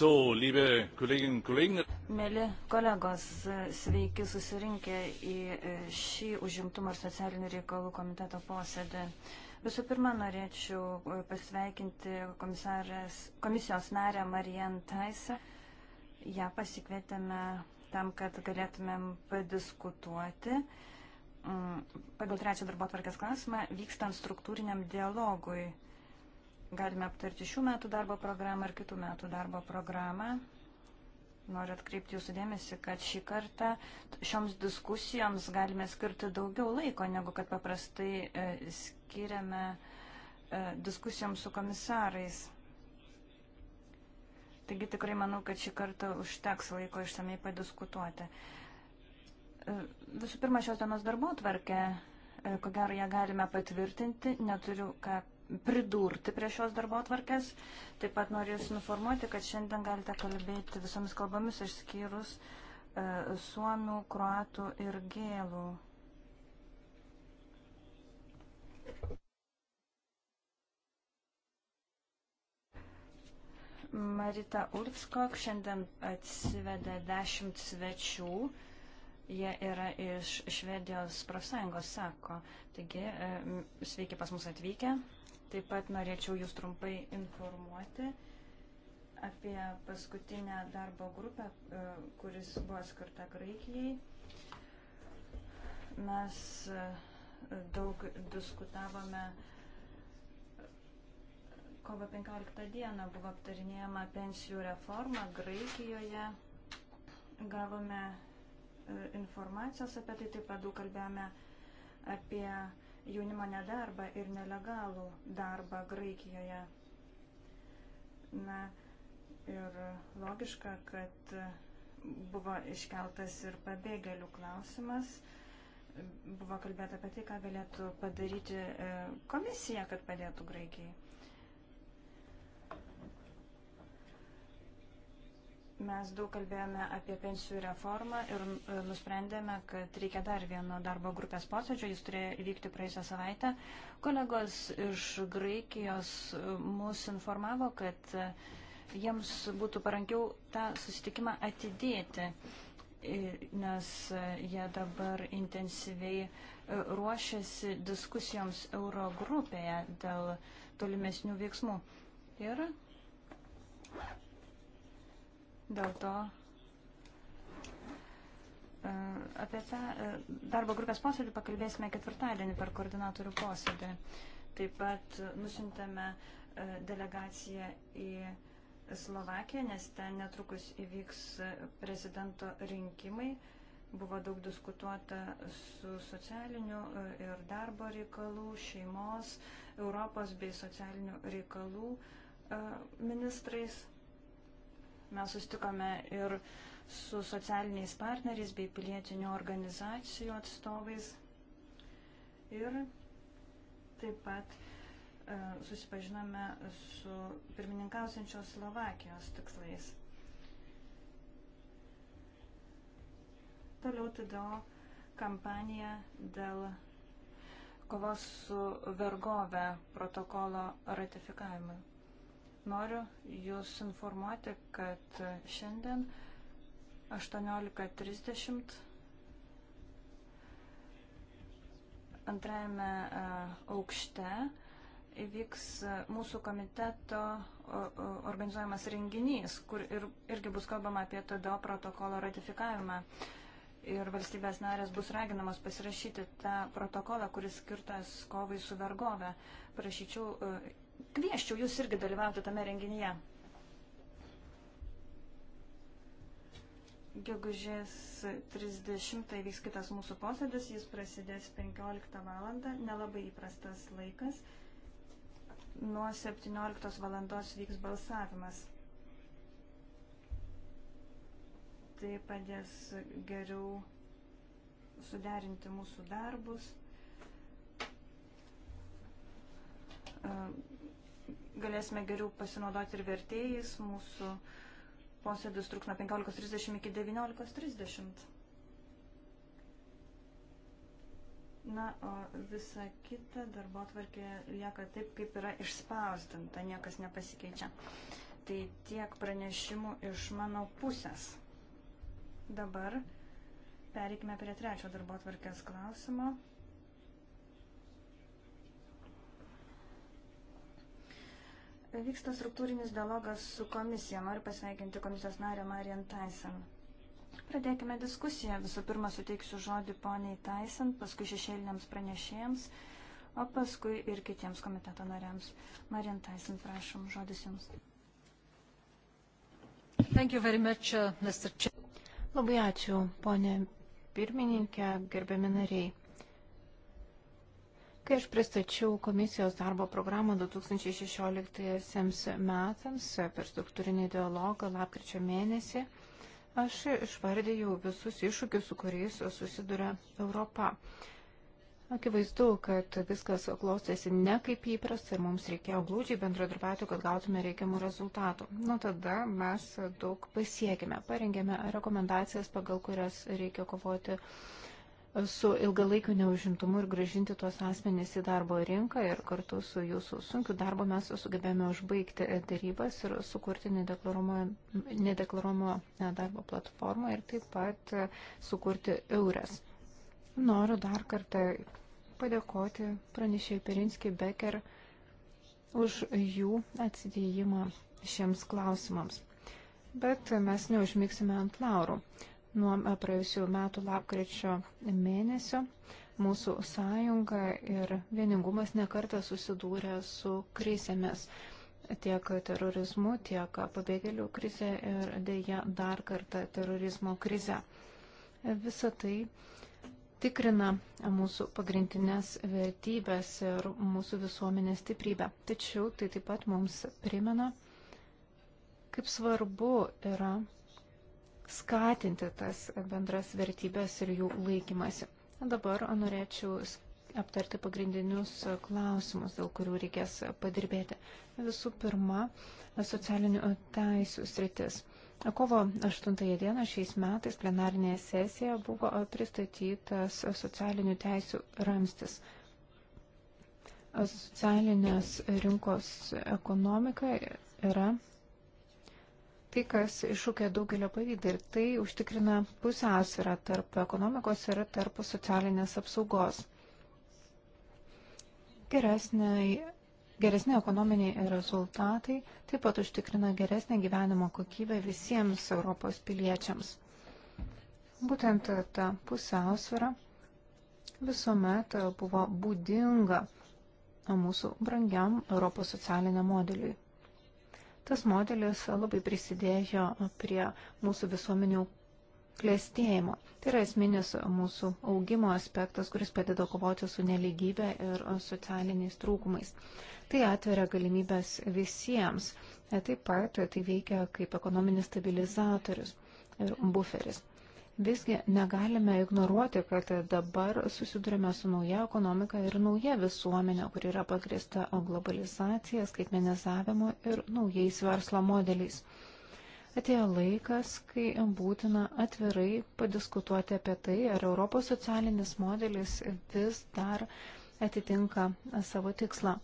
So, liebe Kolleginnen und Kollegen. Mėly kolegos, sveiki susirinkę į e, šį užimtumo ir socialinių reikalų komiteto posėdį. Visų pirma, norėčiau e, pasveikinti komisijos narę Marijan Taisą. Ja pasikvietėme tam, kad galėtumėm padiskutuoti. Mm, pagal trečią darbo tvarkės klausimą vykstant struktūriniam dialogui Galime aptarti šių metų darbo programą ir kitų metų darbo programą. Noriu atkreipti jūsų dėmesį, kad šį kartą šioms diskusijoms galime skirti daugiau laiko, negu kad paprastai e, skiriame e, diskusijoms su komisarais. Taigi tikrai manau, kad šį kartą užteks laiko išsamei padiskutuoti. E, visų pirma, šios dienos darbų tvarkė, ko gero ją galime patvirtinti, neturiu ką pridurti prie šios darbo atvarkės. Taip pat noriu Jūs informuoti, kad šiandien galite kalbėti visomis kalbomis išskyrus e, suomių, kruatų ir gėlų. Marita Ulfskok šiandien atsivedė dešimt svečių. Jie yra iš Švedijos profsąjungos, sako. Taigi, e, sveiki pas mus atvykę. Taip pat norėčiau Jūs trumpai informuoti apie paskutinę darbo grupę, e, kuris buvo skirta Graikijai. Mes e, daug diskutavome. Kovo 15 dieną buvo aptarinėjama pensijų reforma Graikijoje. Gavome e, informacijos apie tai, taip pat daug kalbėjome apie jaunimo nedarbą ir nelegalų darbą Graikijoje. Na ir logiška, kad buvo iškeltas ir pabėgėlių klausimas. Buvo kalbėta apie tai, ką galėtų padaryti e, komisija, kad padėtų Graikijai. Mes daug kalbėjome apie pensijų reformą ir e, nusprendėme, kad reikia dar vieno darbo grupės posėdžio, jis turėjo įvykti praėjusią savaitę. Kolegos iš Graikijos e, mus informavo, kad e, jiems būtų parankiau tą susitikimą atidėti, nes jie dabar intensyviai ruošiasi diskusijoms euro grupėje dėl tolimesnių veiksmų. Ir Dėl to e, apie tą e, darbo grupės posėdį pakalbėsime ketvirtadienį per koordinatorių posėdį. Taip pat nusintame e, delegaciją į Slovakiją, nes ten netrukus įvyks prezidento rinkimai. Buvo daug diskutuota su socialiniu ir darbo reikalų, šeimos, Europos bei socialinių reikalų ministrais. Mes sustikome ir su socialiniais partneriais bei pilietinių organizacijų atstovais. Ir taip pat e, susipažinome su pirmininkausiančios Slovakijos tikslais. Toliau TDO kampanija dėl kovos su vergove protokolo ratifikavimui. Noriu Jūs informuoti, kad šiandien 18.30 antrajame e, aukšte įvyks e, mūsų komiteto organizuojamas renginys, kur ir, irgi bus kalbama apie TDO protokolo ratifikavimą. Ir valstybės narės bus raginamos pasirašyti tą protokolą, kuris skirtas kovai su vergove. Prašyčiau e, kvieščiau jūs irgi dalyvauti tame renginyje. Gegužės 30 vyks kitas mūsų posėdis, jis prasidės 15 valandą, nelabai įprastas laikas. Nuo 17 valandos vyks balsavimas. Tai padės geriau suderinti mūsų darbus galėsime geriau pasinaudoti ir vertėjais. Mūsų posėdis truks nuo 15.30 iki 19.30. Na, o visa kita darbo tvarkė lieka taip, kaip yra išspausdinta, niekas nepasikeičia. Tai tiek pranešimų iš mano pusės. Dabar pereikime prie trečio darbo tvarkės klausimo. Vyksta struktūrinis dialogas su komisija. Noriu pasveikinti komisijos narę Marian Tyson. Pradėkime diskusiją. Visų pirma, suteiksiu žodį poniai Tyson, paskui šešėliniams pranešėjams, o paskui ir kitiems komiteto nariams. Marian Tyson, prašom, žodis jums. Much, uh, Labai ačiū, ponė pirmininkė, gerbiami nariai. Kai aš pristačiau komisijos darbo programą 2016 metams per struktūrinį dialogą lapkričio mėnesį, aš išvardėjau visus iššūkius, su kuriais susiduria Europa. Akivaizdu, kad viskas klostėsi ne kaip įprasta ir mums reikėjo glūdžiai bendradarbiauti, kad gautume reikiamų rezultatų. Nuo tada mes daug pasiekime, parengėme rekomendacijas, pagal kurias reikia kovoti su ilgalaikiu neužimtumu ir gražinti tuos asmenys į darbo rinką ir kartu su jūsų sunkiu darbu mes sugebėjome užbaigti darybas ir sukurti nedeklaruojamo e, darbo platformą ir taip pat e, sukurti eures. Noriu dar kartą padėkoti pranešėjai Pirinskiai Becker už jų atsidėjimą šiems klausimams. Bet mes neužmiksime ant laurų. Nuo praėjusių metų lapkričio mėnesio mūsų sąjunga ir vieningumas nekartą susidūrė su krizėmis tiek terorizmu, tiek pabėgėlių krize ir dėja dar kartą terorizmo krize. Visa tai tikrina mūsų pagrindinės vertybės ir mūsų visuomenės stiprybę. Tačiau tai taip pat mums primena, kaip svarbu yra skatinti tas bendras vertybės ir jų laikymasi. Dabar norėčiau aptarti pagrindinius klausimus, dėl kurių reikės padirbėti. Visų pirma, socialinių teisų sritis. Kovo 8 dieną šiais metais plenarinėje sesijoje buvo pristatytas socialinių teisų ramstis. Socialinės rinkos ekonomika yra tai, kas iššūkia daugelio pavydą ir tai užtikrina pusiausvyrą tarp ekonomikos ir tarp socialinės apsaugos. Geresnė, geresnė ekonominiai rezultatai taip pat užtikrina geresnę gyvenimo kokybę visiems Europos piliečiams. Būtent ta pusiausvyrą visuomet buvo būdinga mūsų brangiam Europos socialiniam modeliui. Tas modelis labai prisidėjo prie mūsų visuomenių klėstėjimo. Tai yra esminis mūsų augimo aspektas, kuris padeda kovoti su neligybė ir socialiniais trūkumais. Tai atveria galimybės visiems. Taip pat tai veikia kaip ekonominis stabilizatorius ir buferis. Visgi negalime ignoruoti, kad dabar susidurime su nauja ekonomika ir nauja visuomenė, kuri yra pagrįsta globalizacija, skaitmenizavimu ir naujais verslo modeliais. Atėjo laikas, kai būtina atvirai padiskutuoti apie tai, ar Europos socialinis modelis vis dar atitinka savo tikslą.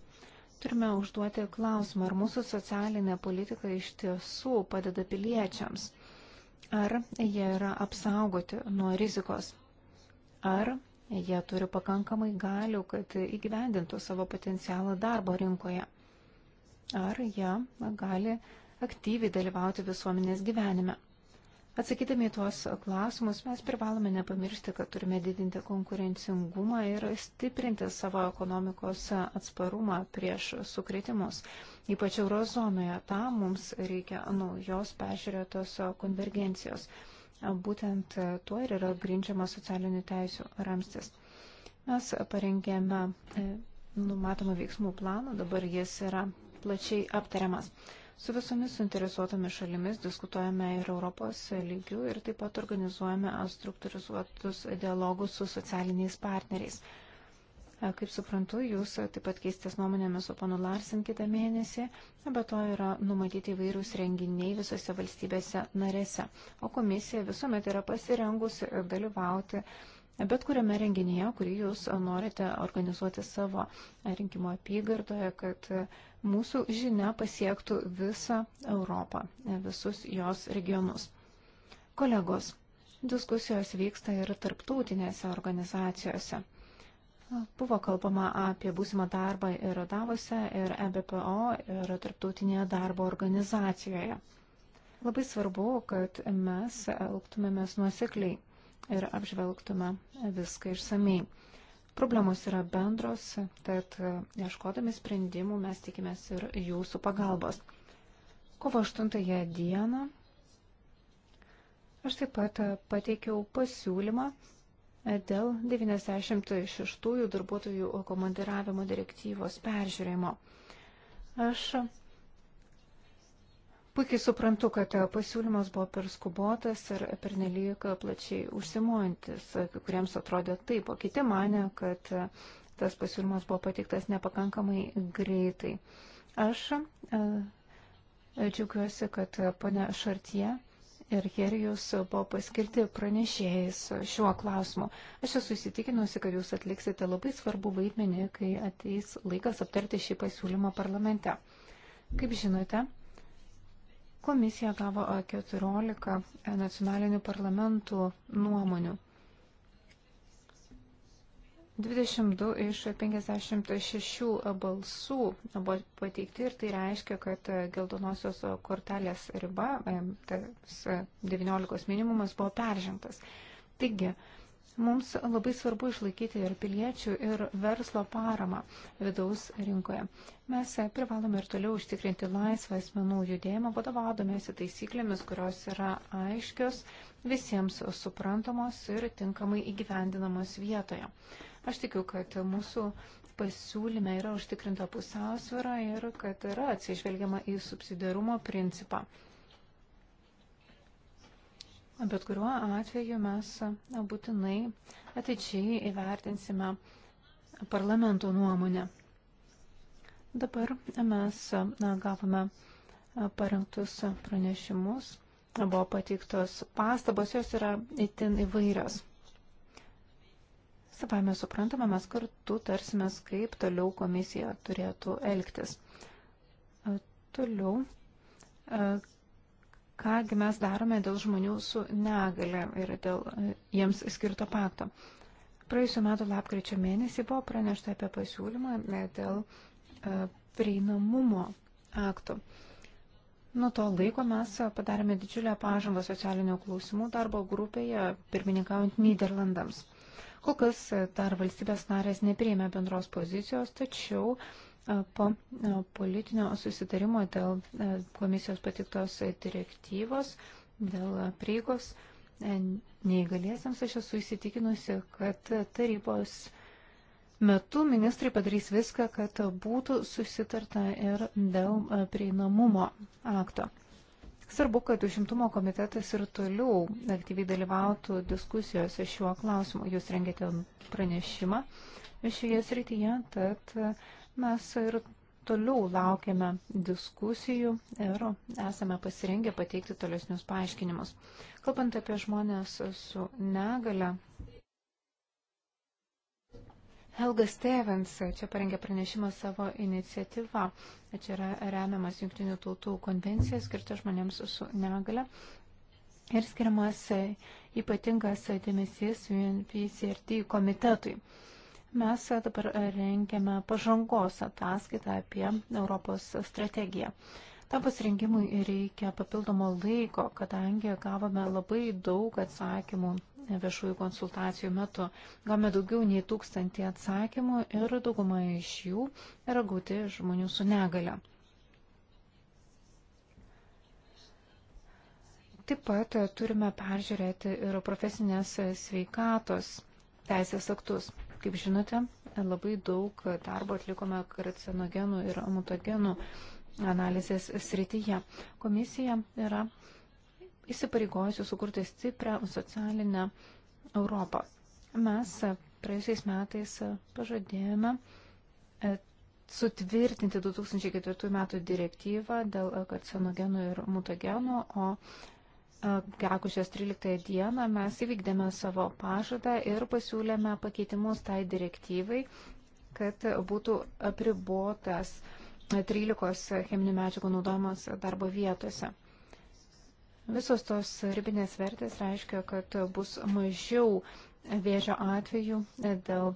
Turime užduoti klausimą, ar mūsų socialinė politika iš tiesų padeda piliečiams ar jie yra apsaugoti nuo rizikos, ar jie turi pakankamai galių, kad įgyvendintų savo potencialą darbo rinkoje, ar jie gali aktyviai dalyvauti visuomenės gyvenime. Atsakydami į tuos klausimus, mes privalome nepamiršti, kad turime didinti konkurencingumą ir stiprinti savo ekonomikos atsparumą prieš sukretimus. Ypač eurozonoje tam mums reikia naujos peržiūrėtos konvergencijos. Būtent tuo ir yra grindžiamas socialinių teisių ramstis. Mes parengėme e, numatomą veiksmų planą, dabar jis yra plačiai aptariamas. Su visomis suinteresuotomis šalimis diskutuojame ir Europos lygių ir taip pat organizuojame struktūrizuotus dialogus su socialiniais partneriais. Kaip suprantu, jūs taip pat keistės nuomonėmis su panu Larsin kitą mėnesį, be to yra numatyti įvairūs renginiai visose valstybėse narėse, o komisija visuomet yra pasirengusi dalyvauti bet kuriame renginyje, kurį jūs norite organizuoti savo rinkimo apygardoje, kad mūsų žinia pasiektų visą Europą, visus jos regionus. Kolegos, diskusijos vyksta ir tarptautinėse organizacijose. Buvo kalbama apie būsimą darbą ir Davose, ir EBPO, ir tarptautinėje darbo organizacijoje. Labai svarbu, kad mes elgtumėmės nuosekliai ir apžvelgtume viską išsamei. Problemos yra bendros, tad e, ieškodami sprendimų mes tikimės ir jūsų pagalbos. Kovo 8 dieną aš taip pat e, pateikiau pasiūlymą e, dėl 96 darbuotojų komandiravimo direktyvos peržiūrėjimo. Aš Puikiai suprantu, kad pasiūlymas buvo per skubotas ir per nelyg plačiai užsimuojantis, kai kuriems atrodė taip, o kiti mane, kad tas pasiūlymas buvo pateiktas nepakankamai greitai. Aš e, džiaugiuosi, kad ponia Šartie ir Herijus buvo paskirti pranešėjais šiuo klausimu. Aš esu įsitikinusi, kad jūs atliksite labai svarbu vaidmenį, kai ateis laikas aptarti šį pasiūlymą parlamente. Kaip žinote, Komisija gavo 14 nacionalinių parlamentų nuomonių. 22 iš 56 balsų buvo pateikti ir tai reiškia, kad geltonosios kortelės riba, tas 19 minimumas buvo peržengtas. Taigi, Mums labai svarbu išlaikyti ir piliečių, ir verslo paramą vidaus rinkoje. Mes privalome ir toliau užtikrinti laisvą asmenų judėjimą, vadovaudomėsi taisyklėmis, kurios yra aiškios, visiems suprantamos ir tinkamai įgyvendinamos vietoje. Aš tikiu, kad mūsų pasiūlyme yra užtikrinta pusiausvėra ir kad yra atsižvelgiama į subsidiarumo principą. Bet kuriuo atveju mes būtinai ateičiai įvertinsime parlamento nuomonę. Dabar mes na, gavome parengtus pranešimus, buvo pateiktos pastabos, jos yra itin įvairios. Savame suprantame, mes kartu tarsimės, kaip toliau komisija turėtų elgtis. Toliau kągi mes darome dėl žmonių su negale ir dėl e, jiems skirto pakto. Praėjusiu metu lapkričio mėnesį buvo pranešta apie pasiūlymą e, dėl e, prieinamumo aktų. Nuo to laiko mes padarėme didžiulę pažangą socialinių klausimų darbo grupėje, pirmininkaujant Niderlandams. Kol kas dar valstybės narės neprieėmė bendros pozicijos, tačiau uh, po politinio susitarimo dėl komisijos patiktos direktyvos, dėl prieigos e, neįgaliesiams, aš esu įsitikinusi, kad tarybos metu ministrai padarys viską, kad būtų susitarta ir dėl prieinamumo akto. Svarbu, kad užimtumo komitetas ir toliau aktyviai dalyvautų diskusijose šiuo klausimu. Jūs rengėte pranešimą šioje srityje, tad Mes ir toliau laukiame diskusijų ir esame pasirengę pateikti tolesnius paaiškinimus. Kalbant apie žmonės su negale, Helga Stevens čia parengė pranešimą savo iniciatyvą. Čia yra remiamas Junktinių tautų konvencija skirta žmonėms su negale. Ir skiriamas ypatingas dėmesys UNPCRT komitetui. Mes dabar rengiame pažangos ataskaitą apie Europos strategiją. Tam pasirinkimui reikia papildomo laiko, kadangi gavome labai daug atsakymų viešųjų konsultacijų metu. Gavome daugiau nei tūkstantį atsakymų ir dauguma iš jų yra gauti žmonių su negale. Taip pat turime peržiūrėti ir profesinės sveikatos teisės aktus. Kaip žinote, labai daug darbo atlikome karcinogenų ir mutagenų analizės srityje. Komisija yra įsipareigojusi sukurti stiprią socialinę Europą. Mes praėjusiais metais pažadėjome e, sutvirtinti 2004 metų direktyvą dėl karcinogenų ir mutagenų, o Gegužės 13 dieną mes įvykdėme savo pažadą ir pasiūlėme pakeitimus tai direktyvai, kad būtų apribotas 13 cheminių medžiagų naudojimas darbo vietose. Visos tos ribinės vertės reiškia, kad bus mažiau vėžio atveju dėl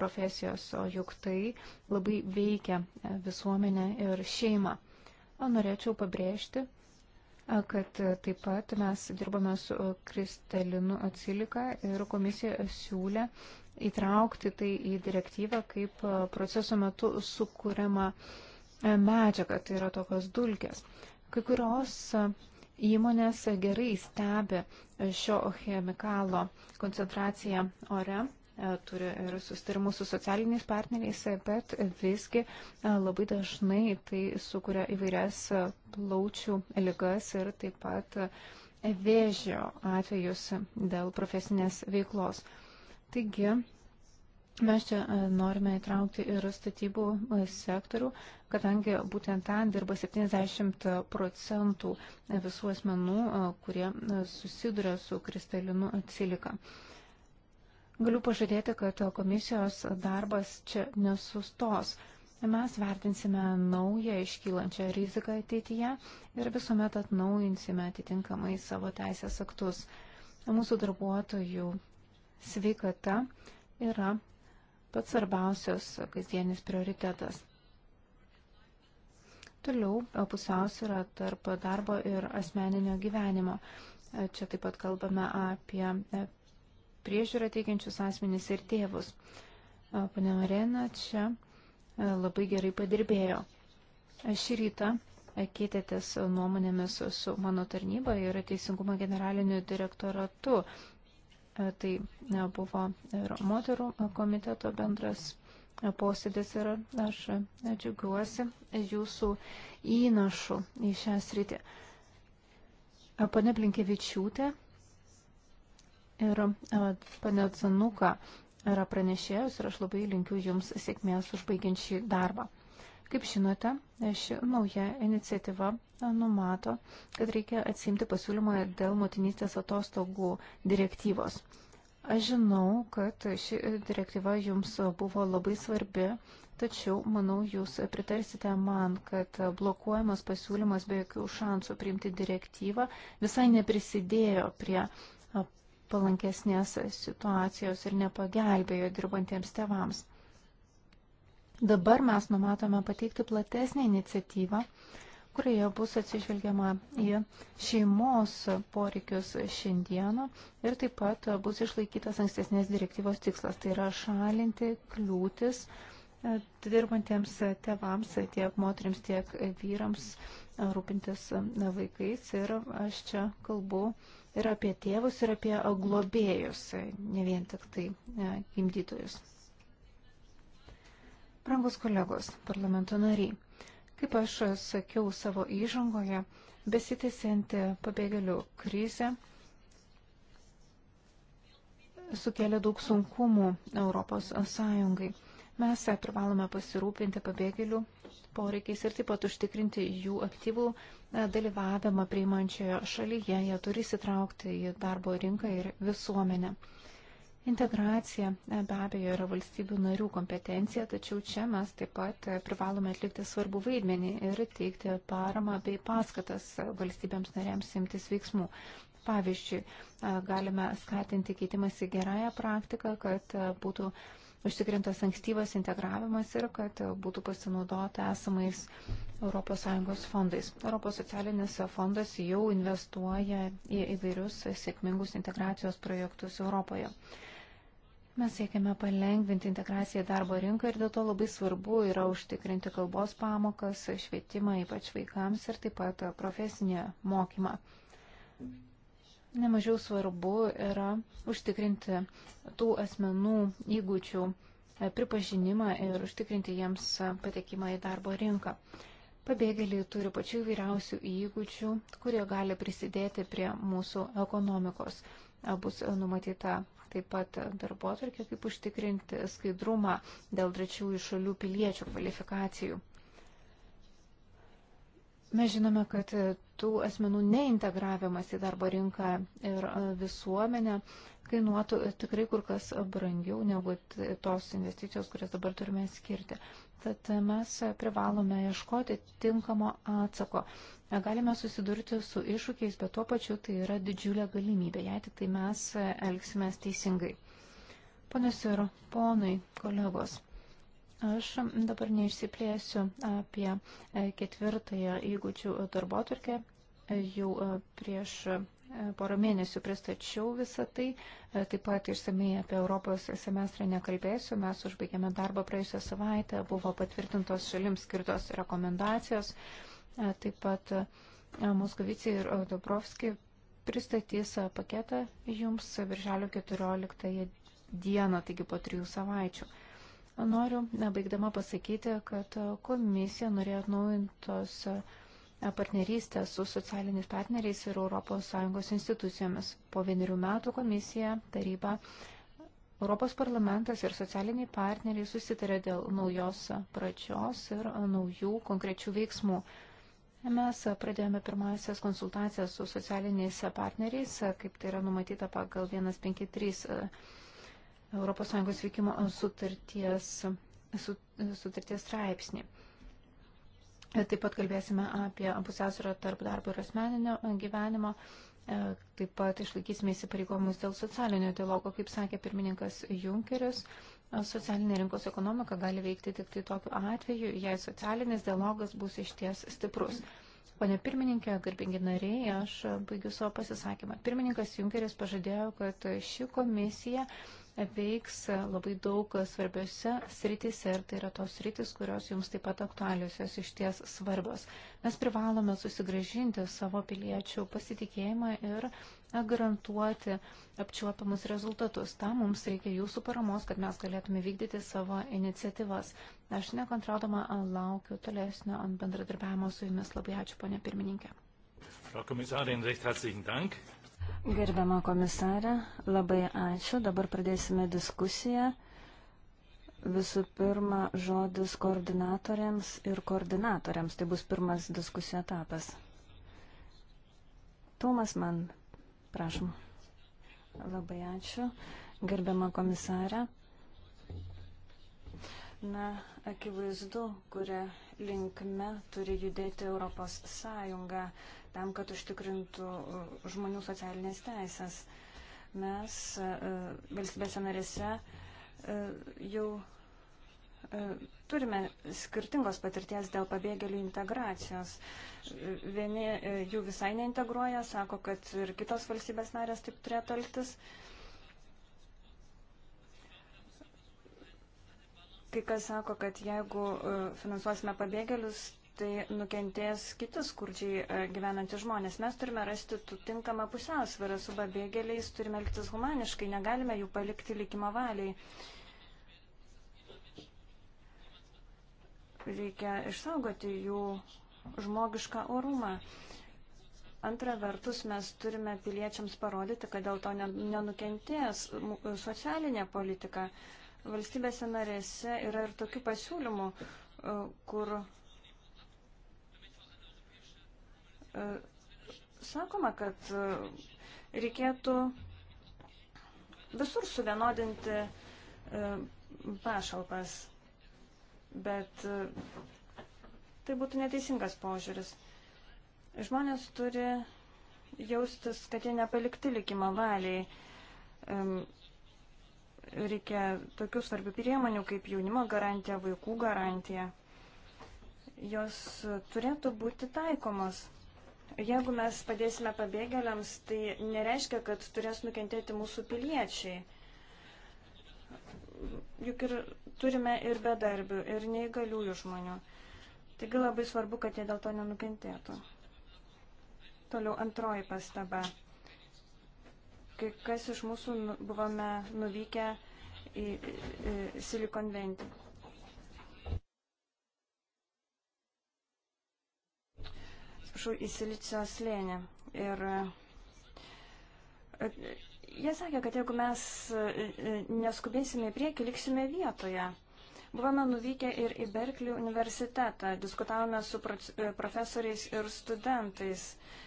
profesijos, o juk tai labai veikia visuomenę ir šeimą. O norėčiau pabrėžti, kad e, taip pat mes dirbame su e, Kristalinu Atsilika ir komisija siūlė įtraukti tai į direktyvą kaip e, proceso metu sukūriama medžiaga, tai yra tokios dulkės. Kai kurios įmonės gerai stebi šio chemikalo koncentraciją ore E, turi ir sustarimus su socialiniais partneriais, bet visgi e, labai dažnai tai sukuria įvairias e, plaučių ligas ir taip pat vėžio atvejus dėl profesinės veiklos. Taigi, mes čia norime įtraukti ir statybų sektorių, kadangi būtent ten dirba 70 procentų visų asmenų, kurie susiduria su kristalinu atsilika. Galiu pažadėti, kad komisijos darbas čia nesustos. Mes vertinsime naują iškylančią riziką ateityje ir visuomet atnaujinsime atitinkamai savo teisės aktus. Mūsų darbuotojų sveikata yra pats svarbiausias kasdienis prioritetas. Toliau e, pusiausvyrą tarp darbo ir asmeninio gyvenimo. E, čia taip pat kalbame apie e, priežiūrą teikiančius asmenys ir tėvus. Pane Marena čia labai gerai padirbėjo. Šį rytą keitėtės nuomonėmis su mano tarnyba ir Teisingumo generaliniu direktoratu. Tai buvo ir moterų komiteto bendras posėdis ir aš džiaugiuosi jūsų įnašu į šią sritį. Pane Blinkevičiūtė Ir e, pane Zanuka yra pranešėjus ir aš labai linkiu Jums sėkmės užbaigiant šį darbą. Kaip žinote, ši nauja iniciatyva e, numato, kad reikia atsimti pasiūlymą dėl motinystės atostogų direktyvos. Aš žinau, kad ši direktyva jums buvo labai svarbi, tačiau, manau, jūs pritarsite man, kad blokuojamas pasiūlymas be jokių šansų priimti direktyvą visai neprisidėjo prie palankesnės situacijos ir nepagelbėjo dirbantiems tevams. Dabar mes numatome pateikti platesnę iniciatyvą, kurioje bus atsižvelgiama į šeimos poreikius šiandieną ir taip pat bus išlaikytas ankstesnės direktyvos tikslas, tai yra šalinti kliūtis e, dirbantiems tevams, tiek moteriams, tiek vyrams rūpintis e, vaikais. Ir aš čia kalbu ir apie tėvus, ir apie globėjus, ne vien tik tai e, gimdytojus. Brangus kolegos, parlamento nariai, kaip aš sakiau savo įžangoje, besitėsianti pabėgėlių krizė sukėlė daug sunkumų Europos Sąjungai. Mes privalome pasirūpinti pabėgėlių poreikiais ir taip pat užtikrinti jų aktyvų dalyvavimą priimančioje šalyje, jie turi įsitraukti į darbo rinką ir visuomenę. Integracija e, be abejo yra valstybių narių kompetencija, tačiau čia mes taip pat e, privalome atlikti svarbų vaidmenį ir teikti paramą bei paskatas valstybėms narėms imtis veiksmų. Pavyzdžiui, e, galime skatinti keitimąsi gerąją praktiką, kad būtų uh, užtikrintas ankstyvas integravimas ir kad būtų pasinaudota esamais ES fondais. ES fondas jau investuoja į įvairius sėkmingus integracijos projektus Europoje. Mes siekiame palengvinti integraciją į darbo rinką ir dėl to labai svarbu yra užtikrinti kalbos pamokas, švietimą, ypač vaikams ir taip pat profesinį mokymą nemažiau svarbu yra užtikrinti tų asmenų įgūdžių e, pripažinimą ir užtikrinti jiems e, patekimą į darbo rinką. Pabėgėliai turi pačių įvairiausių įgūdžių, kurie gali prisidėti prie mūsų ekonomikos. E, bus numatyta taip pat darbo atvarkė, kaip užtikrinti skaidrumą dėl trečiųjų šalių piliečių kvalifikacijų. Mes žinome, kad e, tų asmenų neintegravimas į darbo rinką ir e, visuomenę kainuotų e, tikrai kur kas brangiau negu tos investicijos, kurias dabar turime skirti. Tad mes privalome ieškoti tinkamo atsako. Galime susidurti su iššūkiais, bet tuo pačiu tai yra didžiulė galimybė, jei tik tai mes elgsime teisingai. Ponios ir ponai, kolegos. Aš dabar neišsiplėsiu apie e, ketvirtąją įgūdžių darbotvarkę. E, jau e, prieš porą mėnesių pristačiau visą tai. Taip pat išsamei apie Europos semestrą nekalbėsiu. Mes užbaigėme darbą praėjusią savaitę, buvo patvirtintos šalims skirtos rekomendacijos. Taip pat Moskovici ir Dobrovski pristatys paketą jums virželio 14 dieną, taigi po trijų savaičių. Noriu, baigdama pasakyti, kad komisija norėjo atnaujintos partnerystės su socialiniais partneriais ir ES institucijomis. Po vienerių metų komisija, taryba, Europos parlamentas ir socialiniai partneriai susitarė dėl naujos pradžios ir naujų konkrečių veiksmų. Mes pradėjome pirmasias konsultacijas su socialiniais partneriais, kaip tai yra numatyta pagal 153 ES veikimo sutarties, sutarties straipsnį. Taip pat kalbėsime apie pusiausvyrą tarp darbo ir asmeninio gyvenimo. E, taip pat išlaikysime įsipareigomus dėl socialinio dialogo. Kaip sakė pirmininkas Junkeris, e, socialinė rinkos ekonomika gali veikti tik tai tokiu atveju, jei socialinis dialogas bus išties stiprus. Pane pirmininkė, garbingi nariai, aš baigiu savo pasisakymą. Pirmininkas Junkeris pažadėjo, kad ši komisija veiks labai daug svarbiose sritise ir tai yra tos sritis, kurios jums taip pat aktualios, jos iš ties svarbios. Mes privalome susigražinti savo piliečių pasitikėjimą ir garantuoti apčiuopiamus rezultatus. Tam mums reikia jūsų paramos, kad mes galėtume vykdyti savo iniciatyvas. Aš nekontraudama laukiu tolesnio bendradarbiavimo su jumis. Labai ačiū, ponė pirmininkė. Frau Kommissarin, recht herzlichen Dank. Gerbiama komisarė, labai ačiū. Dabar pradėsime diskusiją. Visų pirma, žodis koordinatoriams ir koordinatoriams. Tai bus pirmas diskusijų etapas. Tomas man, prašom. Labai ačiū. Gerbiama komisarė. Na, akivaizdu, kuria linkme turi judėti Europos Sąjunga tam, kad užtikrintų uh, žmonių socialinės teisės. Mes uh, uh, valstybėse narėse jau turime skirtingos patirties dėl pabėgėlių integracijos. Vieni jų visai neintegruoja, sako, kad ir kitos valstybės narės taip turėtų elgtis. Kai kas sako, kad jeigu finansuosime pabėgėlius, tai nukentės kitas skurdžiai e, gyvenantys žmonės. Mes turime rasti tinkamą pusiausvyrą su pabėgėliais, turime elgtis humaniškai, negalime jų palikti likimo valiai. Reikia išsaugoti jų žmogišką orumą. Antra vertus, mes turime piliečiams parodyti, kad dėl to nenukentės socialinė politika. Valstybėse narėse yra ir tokių pasiūlymų, e, kur E, sakoma, kad e, reikėtų visur suvienodinti e, pašalpas, bet tai būtų neteisingas požiūris. Žmonės turi jaustis, kad jie nepalikti likimo valiai. Reikia tokių svarbių priemonių kaip jaunimo garantija, vaikų garantija. Jos turėtų būti taikomos. Jeigu mes padėsime pabėgėliams, tai nereiškia, kad turės nukentėti mūsų piliečiai. Juk ir turime ir bedarbių, ir neįgaliųjų žmonių. Taigi labai svarbu, kad jie dėl to nenukentėtų. Toliau antroji pastaba. Kai kas iš mūsų nu, buvome nuvykę į Silikon Ventį atsiprašau, į Silicio slėnį. Ir e, jie sakė, kad jeigu mes e, e, neskubėsime į priekį, liksime vietoje. Buvome nuvykę ir į Berkelį universitetą, diskutavome su profesoriais ir studentais.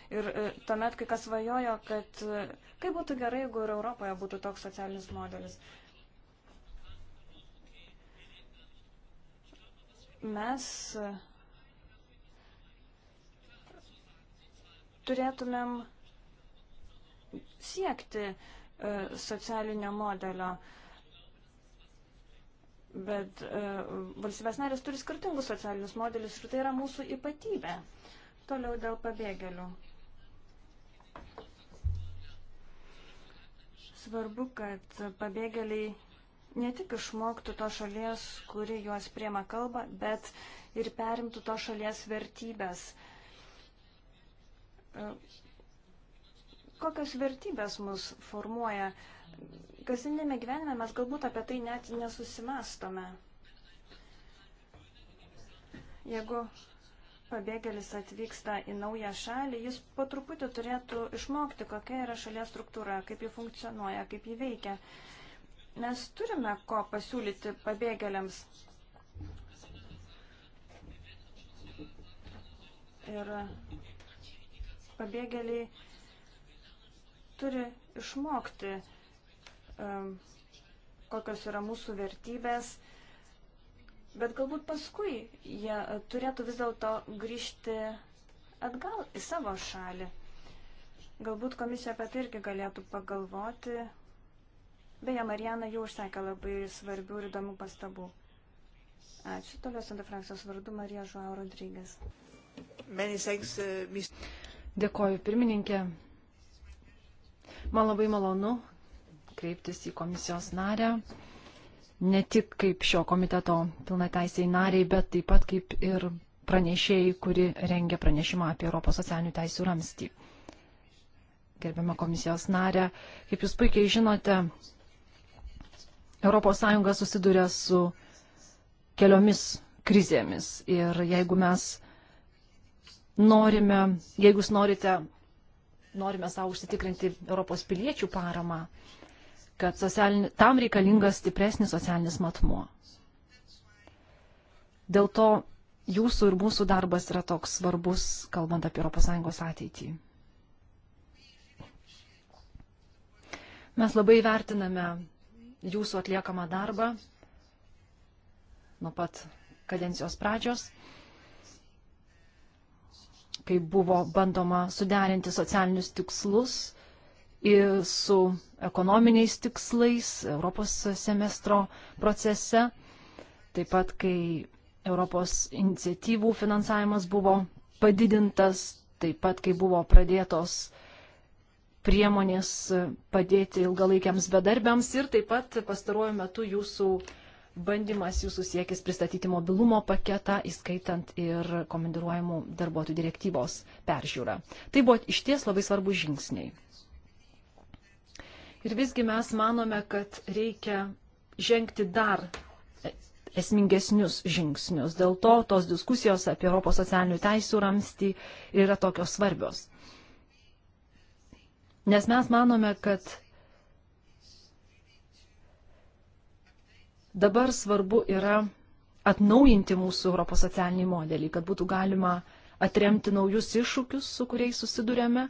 Ir tuomet kai kas vajojo, kad kaip būtų gerai, jeigu ir Europoje būtų toks socialinis modelis. Mes turėtumėm siekti e, socialinio modelio. Bet e, valstybės narės turi skirtingus socialinius modelius ir tai yra mūsų ypatybė. Toliau dėl pabėgėlių. Svarbu, kad pabėgėliai ne tik išmoktų to šalies, kuri juos priema kalbą, bet ir perimtų to šalies vertybės. Uh, kokios vertybės mus formuoja. Kasinėme gyvenime mes galbūt apie tai net nesusimastome. Jeigu pabėgėlis atvyksta į naują šalį, jis po truputį turėtų išmokti, kokia yra šalies struktūra, kaip ji funkcionuoja, kaip ji veikia. Mes turime ko pasiūlyti pabėgėliams. Ir pabėgėliai turi išmokti, kokios yra mūsų vertybės, bet galbūt paskui jie turėtų vis dėlto grįžti atgal į savo šalį. Galbūt komisija apie tai irgi galėtų pagalvoti. Beje, Marijana jau užsakė labai svarbių ir įdomių pastabų. Ačiū. Toliau Santa Francijos vardu Marija Žuau Rodrygės. Dėkoju pirmininkė. Man labai malonu kreiptis į komisijos narę, ne tik kaip šio komiteto pilnateisiai nariai, bet taip pat kaip ir pranešėjai, kuri rengia pranešimą apie Europos socialinių teisų ramstį. Gerbiama komisijos narė, kaip jūs puikiai žinote, ES susiduria su keliomis krizėmis ir jeigu mes norime, jeigu jūs norite, norime savo užsitikrinti Europos piliečių paramą, kad socialin, tam reikalingas stipresnis socialinis matmuo. Dėl to jūsų ir mūsų darbas yra toks svarbus, kalbant apie ES ateitį. Mes labai vertiname jūsų atliekamą darbą nuo pat kadencijos pradžios kai buvo bandoma suderinti socialinius tikslus ir su ekonominiais tikslais Europos semestro procese, taip pat kai Europos iniciatyvų finansavimas buvo padidintas, taip pat kai buvo pradėtos priemonės padėti ilgalaikiams bedarbiams ir taip pat pastaruoju metu jūsų bandymas jūsų siekis pristatyti mobilumo paketą, įskaitant ir komandiruojamų darbuotojų direktyvos peržiūrą. Tai buvo išties labai svarbu žingsniai. Ir visgi mes manome, kad reikia žengti dar esmingesnius žingsnius. Dėl to tos diskusijos apie Europos socialinių teisų ramstį yra tokios svarbios. Nes mes manome, kad Dabar svarbu yra atnaujinti mūsų Europos socialinį modelį, kad būtų galima atremti naujus iššūkius, su kuriais susidurėme.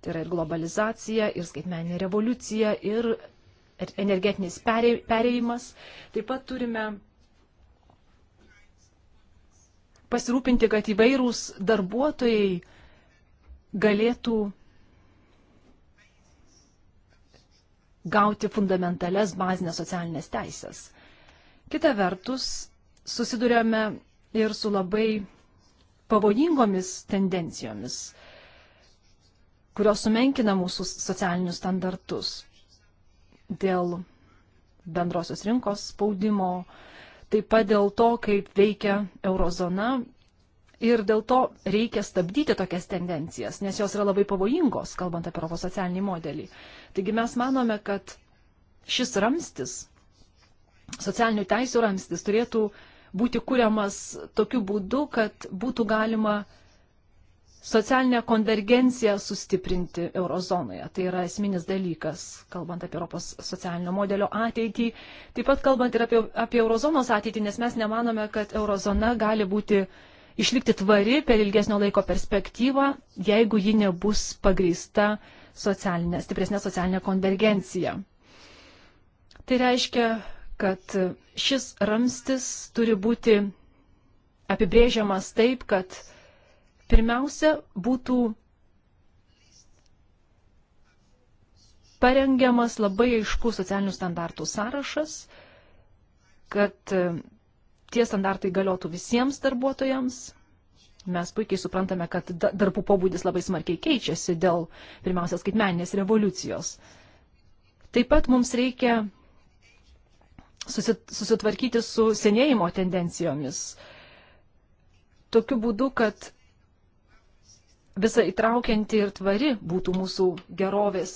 Tai yra ir globalizacija, ir skaitmeninė revoliucija, ir energetinis perėjimas. Taip pat turime pasirūpinti, kad įvairūs darbuotojai galėtų gauti fundamentales bazinės socialinės teisės. Kita vertus, susidurėme ir su labai pavojingomis tendencijomis, kurios sumenkina mūsų socialinius standartus dėl bendrosios rinkos spaudimo, taip pat dėl to, kaip veikia eurozona ir dėl to reikia stabdyti tokias tendencijas, nes jos yra labai pavojingos, kalbant apie Europos socialinį modelį. Taigi mes manome, kad šis ramstis socialinių teisų ramstis turėtų būti kuriamas tokiu būdu, kad būtų galima socialinę konvergenciją sustiprinti eurozonoje. Tai yra esminis dalykas, kalbant apie Europos socialinio modelio ateitį. Taip pat kalbant ir apie, apie eurozonos ateitį, nes mes nemanome, kad eurozona gali būti išlikti tvari per ilgesnio laiko perspektyvą, jeigu ji nebus pagrįsta socialinė, stipresnė socialinė konvergencija. Tai reiškia kad šis ramstis turi būti apibrėžiamas taip, kad pirmiausia būtų parengiamas labai aiškus socialinių standartų sąrašas, kad e, tie standartai galiotų visiems darbuotojams. Mes puikiai suprantame, kad darbų pobūdis labai smarkiai keičiasi dėl, pirmiausia, skaitmeninės revoliucijos. Taip pat mums reikia susitvarkyti su senėjimo tendencijomis. Tokiu būdu, kad visa įtraukianti ir tvari būtų mūsų gerovės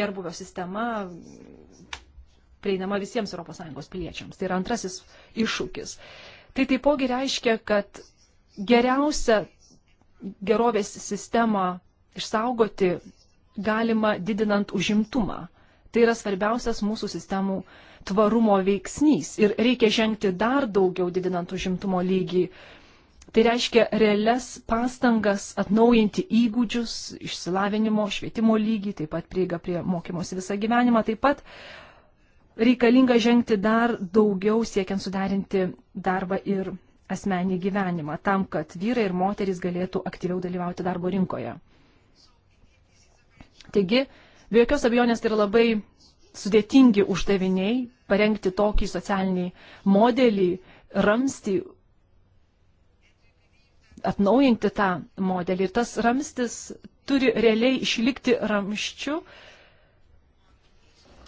gerbuvio sistema prieinama visiems ES piliečiams. Tai yra antrasis iššūkis. Tai taipogi reiškia, kad geriausia gerovės sistemą išsaugoti galima didinant užimtumą. Tai yra svarbiausias mūsų sistemų uh, tvarumo veiksnys ir reikia žengti dar daugiau didinant užimtumo lygį. Tai reiškia realias pastangas atnaujinti įgūdžius, išsilavinimo, švietimo lygį, taip pat prieiga prie mokymosi visą gyvenimą, taip pat reikalinga žengti dar daugiau siekiant suderinti darbą ir asmenį gyvenimą, tam, kad vyrai ir moterys galėtų aktyviau dalyvauti darbo rinkoje. Taigi, be jokios abejonės tai yra labai sudėtingi uždaviniai parengti tokį socialinį modelį, ramstį, atnaujinti tą modelį. Ir tas ramstis turi realiai išlikti ramščiu,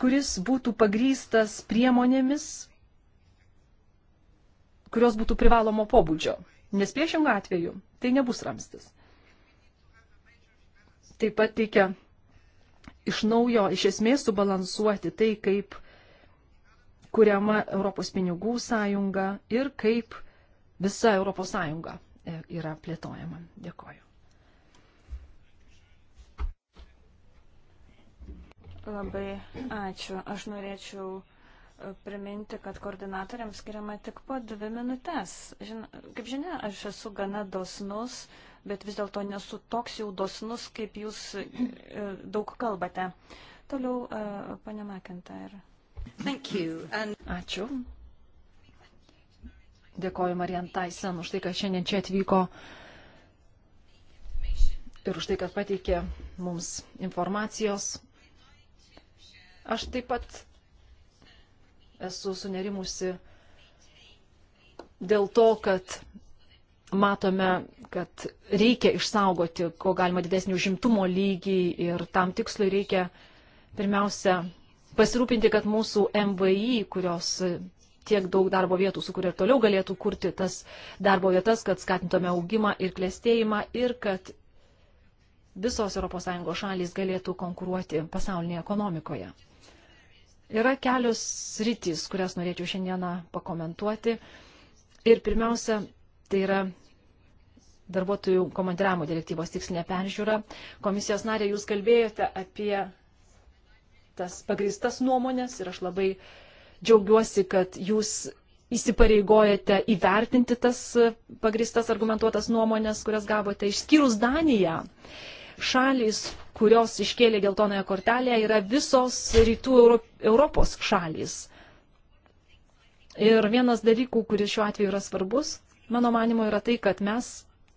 kuris būtų pagrystas priemonėmis, kurios būtų privalomo pobūdžio. Nes priešingų atveju tai nebus ramstis. Taip pat reikia iš naujo, iš esmės subalansuoti tai, kaip kuriama Europos pinigų sąjunga ir kaip visa Europos sąjunga e, yra plėtojama. Dėkoju. Labai ačiū. Aš norėčiau e, priminti, kad koordinatoriams skiriama tik po dvi minutės. Žin, kaip žinia, aš esu gana dosnus. Uh, bet vis dėlto nesu toks jau dosnus, kaip jūs e, daug kalbate. Toliau, pane McIntyre. And... Ačiū. Dėkoju Marian Tyson už tai, kad šiandien čia atvyko ir už tai, kad pateikė mums informacijos. Aš taip pat esu sunerimusi dėl to, kad matome, kad reikia išsaugoti, ko galima didesnį užimtumo lygį ir tam tikslui reikia pirmiausia pasirūpinti, kad mūsų MVI, kurios tiek daug darbo vietų sukuria ir toliau galėtų kurti tas darbo vietas, kad skatintume augimą ir klėstėjimą ir kad visos ES šalys galėtų konkuruoti pasaulinėje ekonomikoje. Yra kelios sritys, kurias norėčiau šiandieną pakomentuoti. Ir pirmiausia, Tai yra darbuotojų komandiravimo direktyvos tikslinė peržiūra. Komisijos narė, jūs kalbėjote apie tas pagristas nuomonės ir aš labai džiaugiuosi, kad jūs įsipareigojate įvertinti tas pagristas argumentuotas nuomonės, kurias gavote, išskyrus Daniją. Šalis, kurios iškėlė geltonąją kortelę, yra visos rytų Europos šalis. Ir vienas dalykų, kuris šiuo atveju yra svarbus, mano manimo, yra tai, kad mes,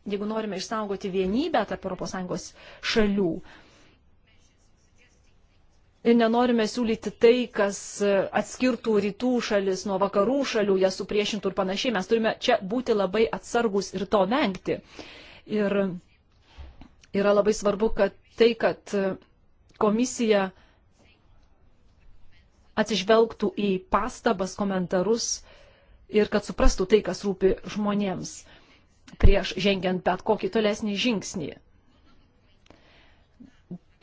jeigu norime išsaugoti vienybę tarp ES šalių ir nenorime siūlyti tai, kas atskirtų rytų šalis nuo vakarų šalių, jas supriešintų ir panašiai, mes turime čia būti labai atsargus ir to vengti. Ir yra labai svarbu, kad tai, kad komisija atsižvelgtų į pastabas, komentarus, ir kad suprastų tai, kas rūpi žmonėms prieš žengiant bet kokį tolesnį žingsnį.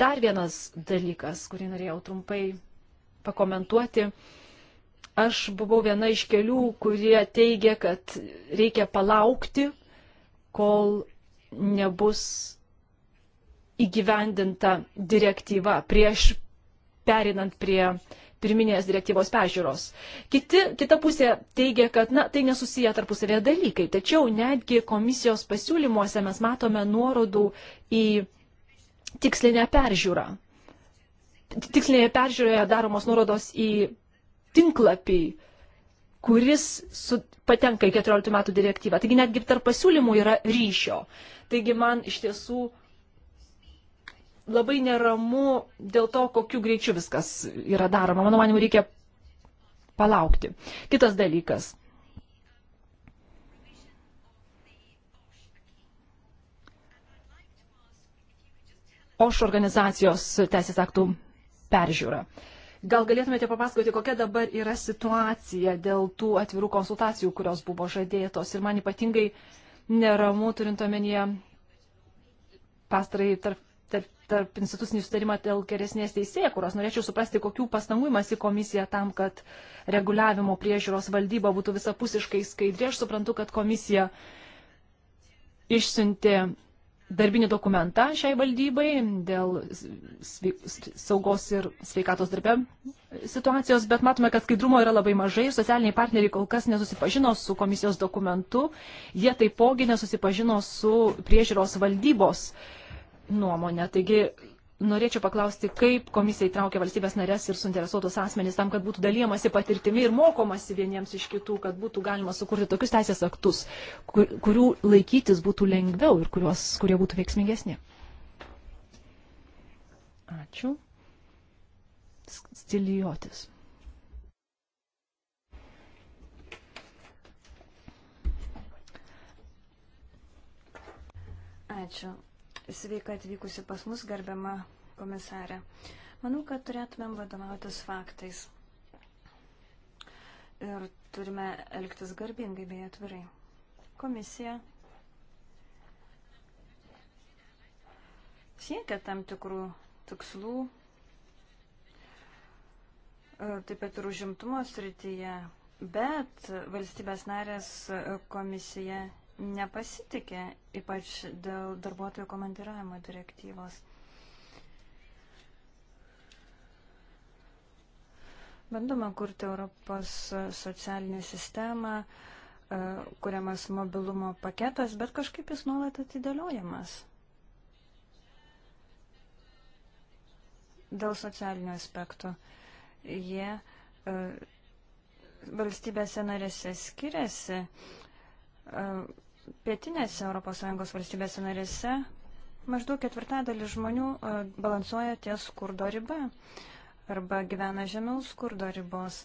Dar vienas dalykas, kurį norėjau trumpai pakomentuoti. Aš buvau viena iš kelių, kurie teigia, kad reikia palaukti, kol nebus įgyvendinta direktyva prieš perinant prie pirminės direktyvos peržiūros. Kiti, kita pusė teigia, kad na, tai nesusiję tarpusavėje dalykai, tačiau netgi komisijos pasiūlymuose mes matome nuorodų į tikslinę peržiūrą. Tikslinėje peržiūroje daromos nuorodos į tinklapį, kuris su, patenka į 14 metų direktyvą. Taigi netgi tarp pasiūlymų yra ryšio. Taigi man iš tiesų labai neramu dėl to, kokiu greičiu viskas yra daroma. Mano manimu, reikia palaukti. Kitas dalykas. OŠ organizacijos teisės aktų peržiūra. Gal galėtumėte papasakoti, kokia dabar yra situacija dėl tų atvirų konsultacijų, kurios buvo žadėtos. Ir man ypatingai neramu turint omenyje pastarai tarp tarp, tarp institucinį sutarimą dėl geresnės teisėjų, kurios norėčiau suprasti, kokių pastangų įmasi komisija tam, kad reguliavimo priežiūros valdyba būtų visapusiškai skaidri. Aš suprantu, kad komisija išsiuntė darbinį dokumentą šiai valdybai dėl saugos ir sveikatos darbe situacijos, bet matome, kad skaidrumo yra labai mažai ir socialiniai partneriai kol kas nesusipažino su komisijos dokumentu, jie taipogi nesusipažino su priežiūros valdybos uh, nuomonę. Taigi norėčiau paklausti, kaip komisija įtraukia valstybės narės ir suinteresuotus asmenys tam, kad būtų dalyjamasi patirtimi ir mokomasi vieniems iš kitų, kad būtų galima sukurti tokius teisės aktus, kur, kurių laikytis būtų lengviau ir kurios, kurie būtų veiksmingesni. Ačiū. Stilijotis. Ačiū. Sveika atvykusi pas mus, gerbiama komisarė. Manau, kad turėtumėm vadovautis faktais. Ir turime elgtis garbingai bei atvirai. Komisija siekia tam tikrų tikslų, e, taip pat ir užimtumo srityje, bet valstybės narės e, komisija nepasitikė, ypač dėl darbuotojų komandiravimo direktyvos. Bandoma kurti Europos socialinę sistemą, e, kuriamas mobilumo paketas, bet kažkaip jis nuolat atidėliojamas. Dėl socialinių aspektų jie e, valstybėse narėse skiriasi e, pietinėse ES valstybėse narėse maždaug ketvirtadalis žmonių e, balansuoja ties skurdo riba arba gyvena žemiau skurdo ribos.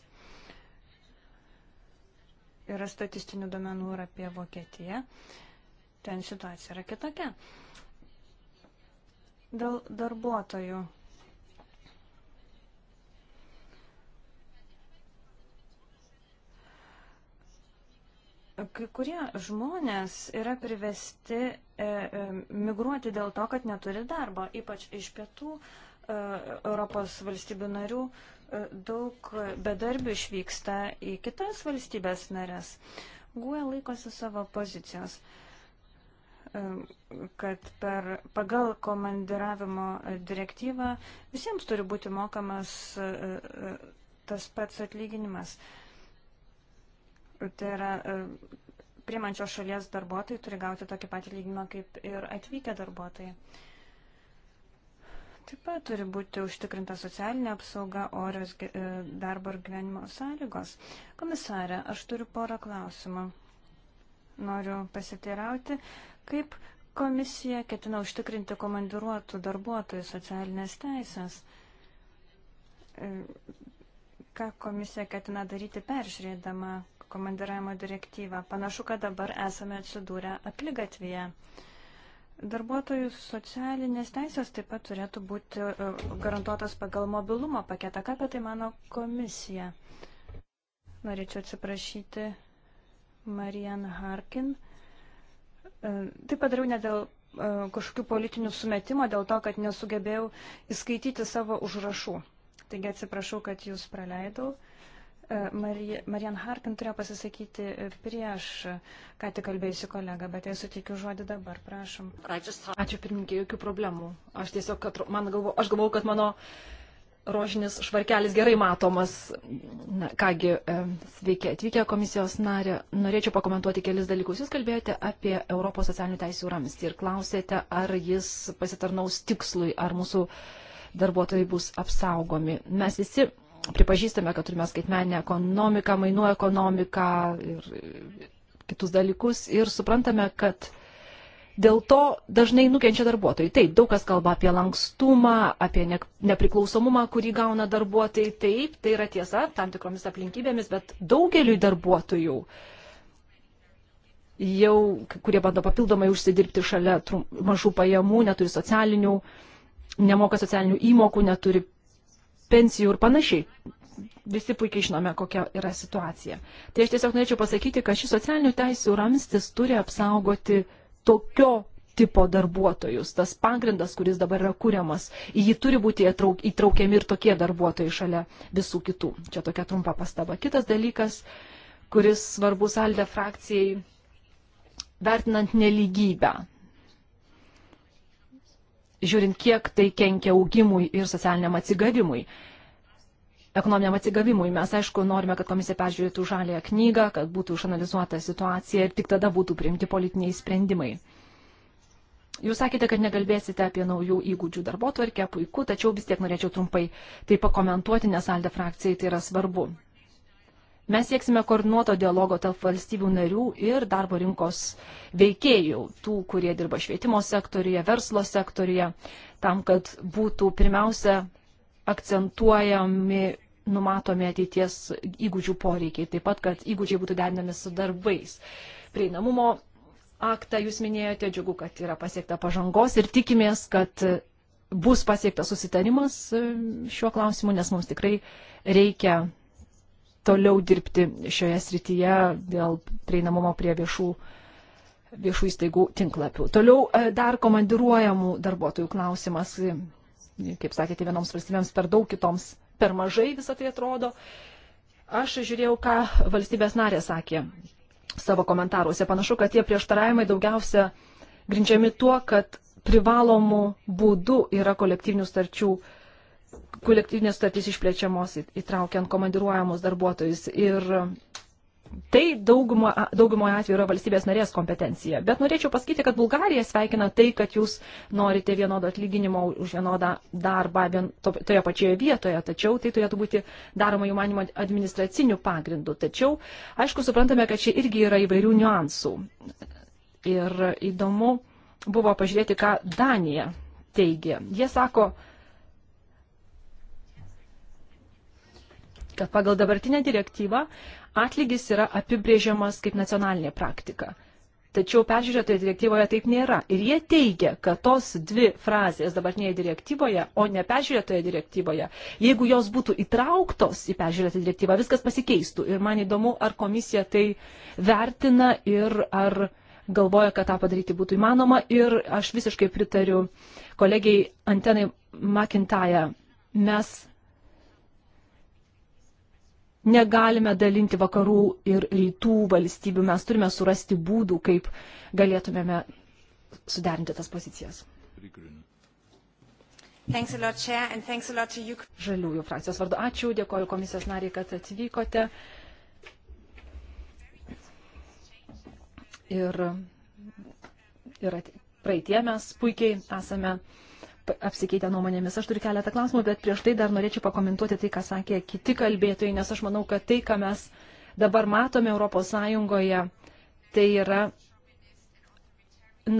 Yra statistinių domenų ir apie Vokietiją. Ten situacija yra kitokia. Dėl darbuotojų Kai kurie žmonės yra privesti e, e, migruoti dėl to, kad neturi darbo, ypač iš pietų e, Europos valstybių narių e, daug bedarbių išvyksta į kitas valstybės narės. Guė laikosi savo pozicijos, e, kad per, pagal komandiravimo direktyvą visiems turi būti mokamas e, tas pats atlyginimas. E, Tai yra e, primančios šalies darbuotojai turi gauti tokį patį atlyginimą kaip ir atvykę darbuotojai. Taip pat turi būti užtikrinta socialinė apsauga, orios e, darbo ir gyvenimo sąlygos. Komisarė, aš turiu porą klausimų. Noriu pasiteirauti, kaip komisija ketina užtikrinti komandiruotų darbuotojų socialinės teisės. E, ką komisija ketina daryti peržiūrėdama komandiravimo direktyvą. Panašu, kad dabar esame atsidūrę aklygatvėje. Darbuotojų socialinės teisės taip pat turėtų būti e, garantuotas pagal mobilumo paketą. Ką apie tai mano komisija? Norėčiau atsiprašyti Marian Harkin. E, tai padariau ne dėl e, kažkokių politinių sumetimų, dėl to, kad nesugebėjau įskaityti savo užrašų. Taigi atsiprašau, kad jūs praleidau. E, Marian Harkin turėjo pasisakyti e, prieš, e, ką tik kalbėjusi kolega, bet jai suteikiu žodį dabar, prašom. Ačiū pirmininkė, jokių problemų. Aš tiesiog, kad man galvo, aš galvau, kad mano rožinis švarkelis gerai matomas. Na, kągi, sveiki atvykę komisijos narė. Norėčiau pakomentuoti kelis dalykus. Jūs kalbėjote apie Europos socialinių teisų ramstį ir klausėte, ar jis pasitarnaus tikslui, ar mūsų darbuotojai bus apsaugomi. Mes visi pripažįstame, kad turime skaitmenę ekonomiką, mainų ekonomiką ir kitus dalykus ir suprantame, kad dėl to dažnai nukenčia darbuotojai. Taip, daug kas kalba apie lankstumą, apie ne, nepriklausomumą, kurį gauna darbuotojai. Taip, tai yra tiesa tam tikromis aplinkybėmis, bet daugeliui darbuotojų jau, kurie bando papildomai užsidirbti šalia trum, mažų pajamų, neturi socialinių, nemoka socialinių įmokų, neturi pensijų ir panašiai. Visi puikiai žinome, kokia yra situacija. Tai aš tiesiog norėčiau pasakyti, kad šis socialinių teisų ramstis turi apsaugoti tokio tipo darbuotojus. Tas pagrindas, kuris dabar yra kuriamas, į jį turi būti įtrauk, įtraukiami ir tokie darbuotojai šalia visų kitų. Čia tokia trumpa pastaba. Kitas dalykas, kuris svarbus Alde frakcijai, vertinant neligybę žiūrint, kiek tai kenkia augimui ir socialiniam atsigavimui. Ekonominiam atsigavimui mes, aišku, norime, kad komisija peržiūrėtų žalėją knygą, kad būtų išanalizuota situacija ir tik tada būtų priimti politiniai sprendimai. Jūs sakėte, kad nekalbėsite apie naujų įgūdžių darbo tvarkę, puiku, tačiau vis tiek norėčiau trumpai tai pakomentuoti, nes Alde frakcijai tai yra svarbu. Mes sieksime koordinuoto dialogo tarp valstybių narių ir darbo rinkos veikėjų, tų, kurie dirba švietimo sektorija, verslo sektorija, tam, kad būtų pirmiausia akcentuojami numatomi ateities įgūdžių poreikiai, taip pat, kad įgūdžiai būtų derinami su darbais. Prieinamumo aktą jūs minėjote, džiugu, kad yra pasiekta pažangos ir tikimės, kad bus pasiektas susitarimas e, šiuo klausimu, nes mums tikrai reikia toliau dirbti šioje srityje dėl prieinamumo prie viešų, viešų įstaigų tinklapių. Toliau e, dar komandiruojamų darbuotojų klausimas, kaip sakėte, vienoms valstybėms per daug, kitoms per mažai visą tai atrodo. Aš žiūrėjau, ką valstybės narė sakė savo komentaruose. Panašu, kad tie prieštaravimai daugiausia grindžiami tuo, kad privalomų būdų yra kolektyvinių starčių uh, kolektyvinės sutartys išplečiamos įtraukiant komandiruojamus darbuotojus ir tai daugumo, daugumoje atveju yra valstybės narės kompetencija. Bet norėčiau pasakyti, kad Bulgarija sveikina tai, kad jūs norite vienodo atlyginimo už vienodą darbą vien to, toje pačioje vietoje, tačiau tai turėtų būti daroma jų manimo administracinių pagrindų. Tačiau, aišku, suprantame, kad čia irgi yra įvairių niuansų. Ir įdomu buvo pažiūrėti, ką Danija teigia. Jie sako, kad pagal dabartinę direktyvą atlygis yra apibrėžiamas kaip nacionalinė praktika. Tačiau peržiūrėtoje direktyvoje taip nėra. Ir jie teigia, kad tos dvi frazės dabartinėje direktyvoje, o ne peržiūrėtoje direktyvoje, jeigu jos būtų įtrauktos į peržiūrėtą direktyvą, viskas pasikeistų. Ir man įdomu, ar komisija tai vertina ir ar galvoja, kad tą padaryti būtų įmanoma. Ir aš visiškai pritariu kolegiai Antenai McIntyre. Mes negalime dalinti vakarų ir rytų valstybių. Mes turime surasti būdų, kaip galėtumėme suderinti tas pozicijas. Lot, Chair, Žaliųjų frakcijos vardu ačiū, dėkoju komisijos nariai, kad atvykote. Ir, ir praeitie mes puikiai esame uh, apsikeitę nuomonėmis. Aš turiu keletą klausimų, bet prieš tai dar norėčiau pakomentuoti tai, ką sakė kiti kalbėtojai, nes aš manau, kad tai, ką mes dabar matome Europos Sąjungoje, tai yra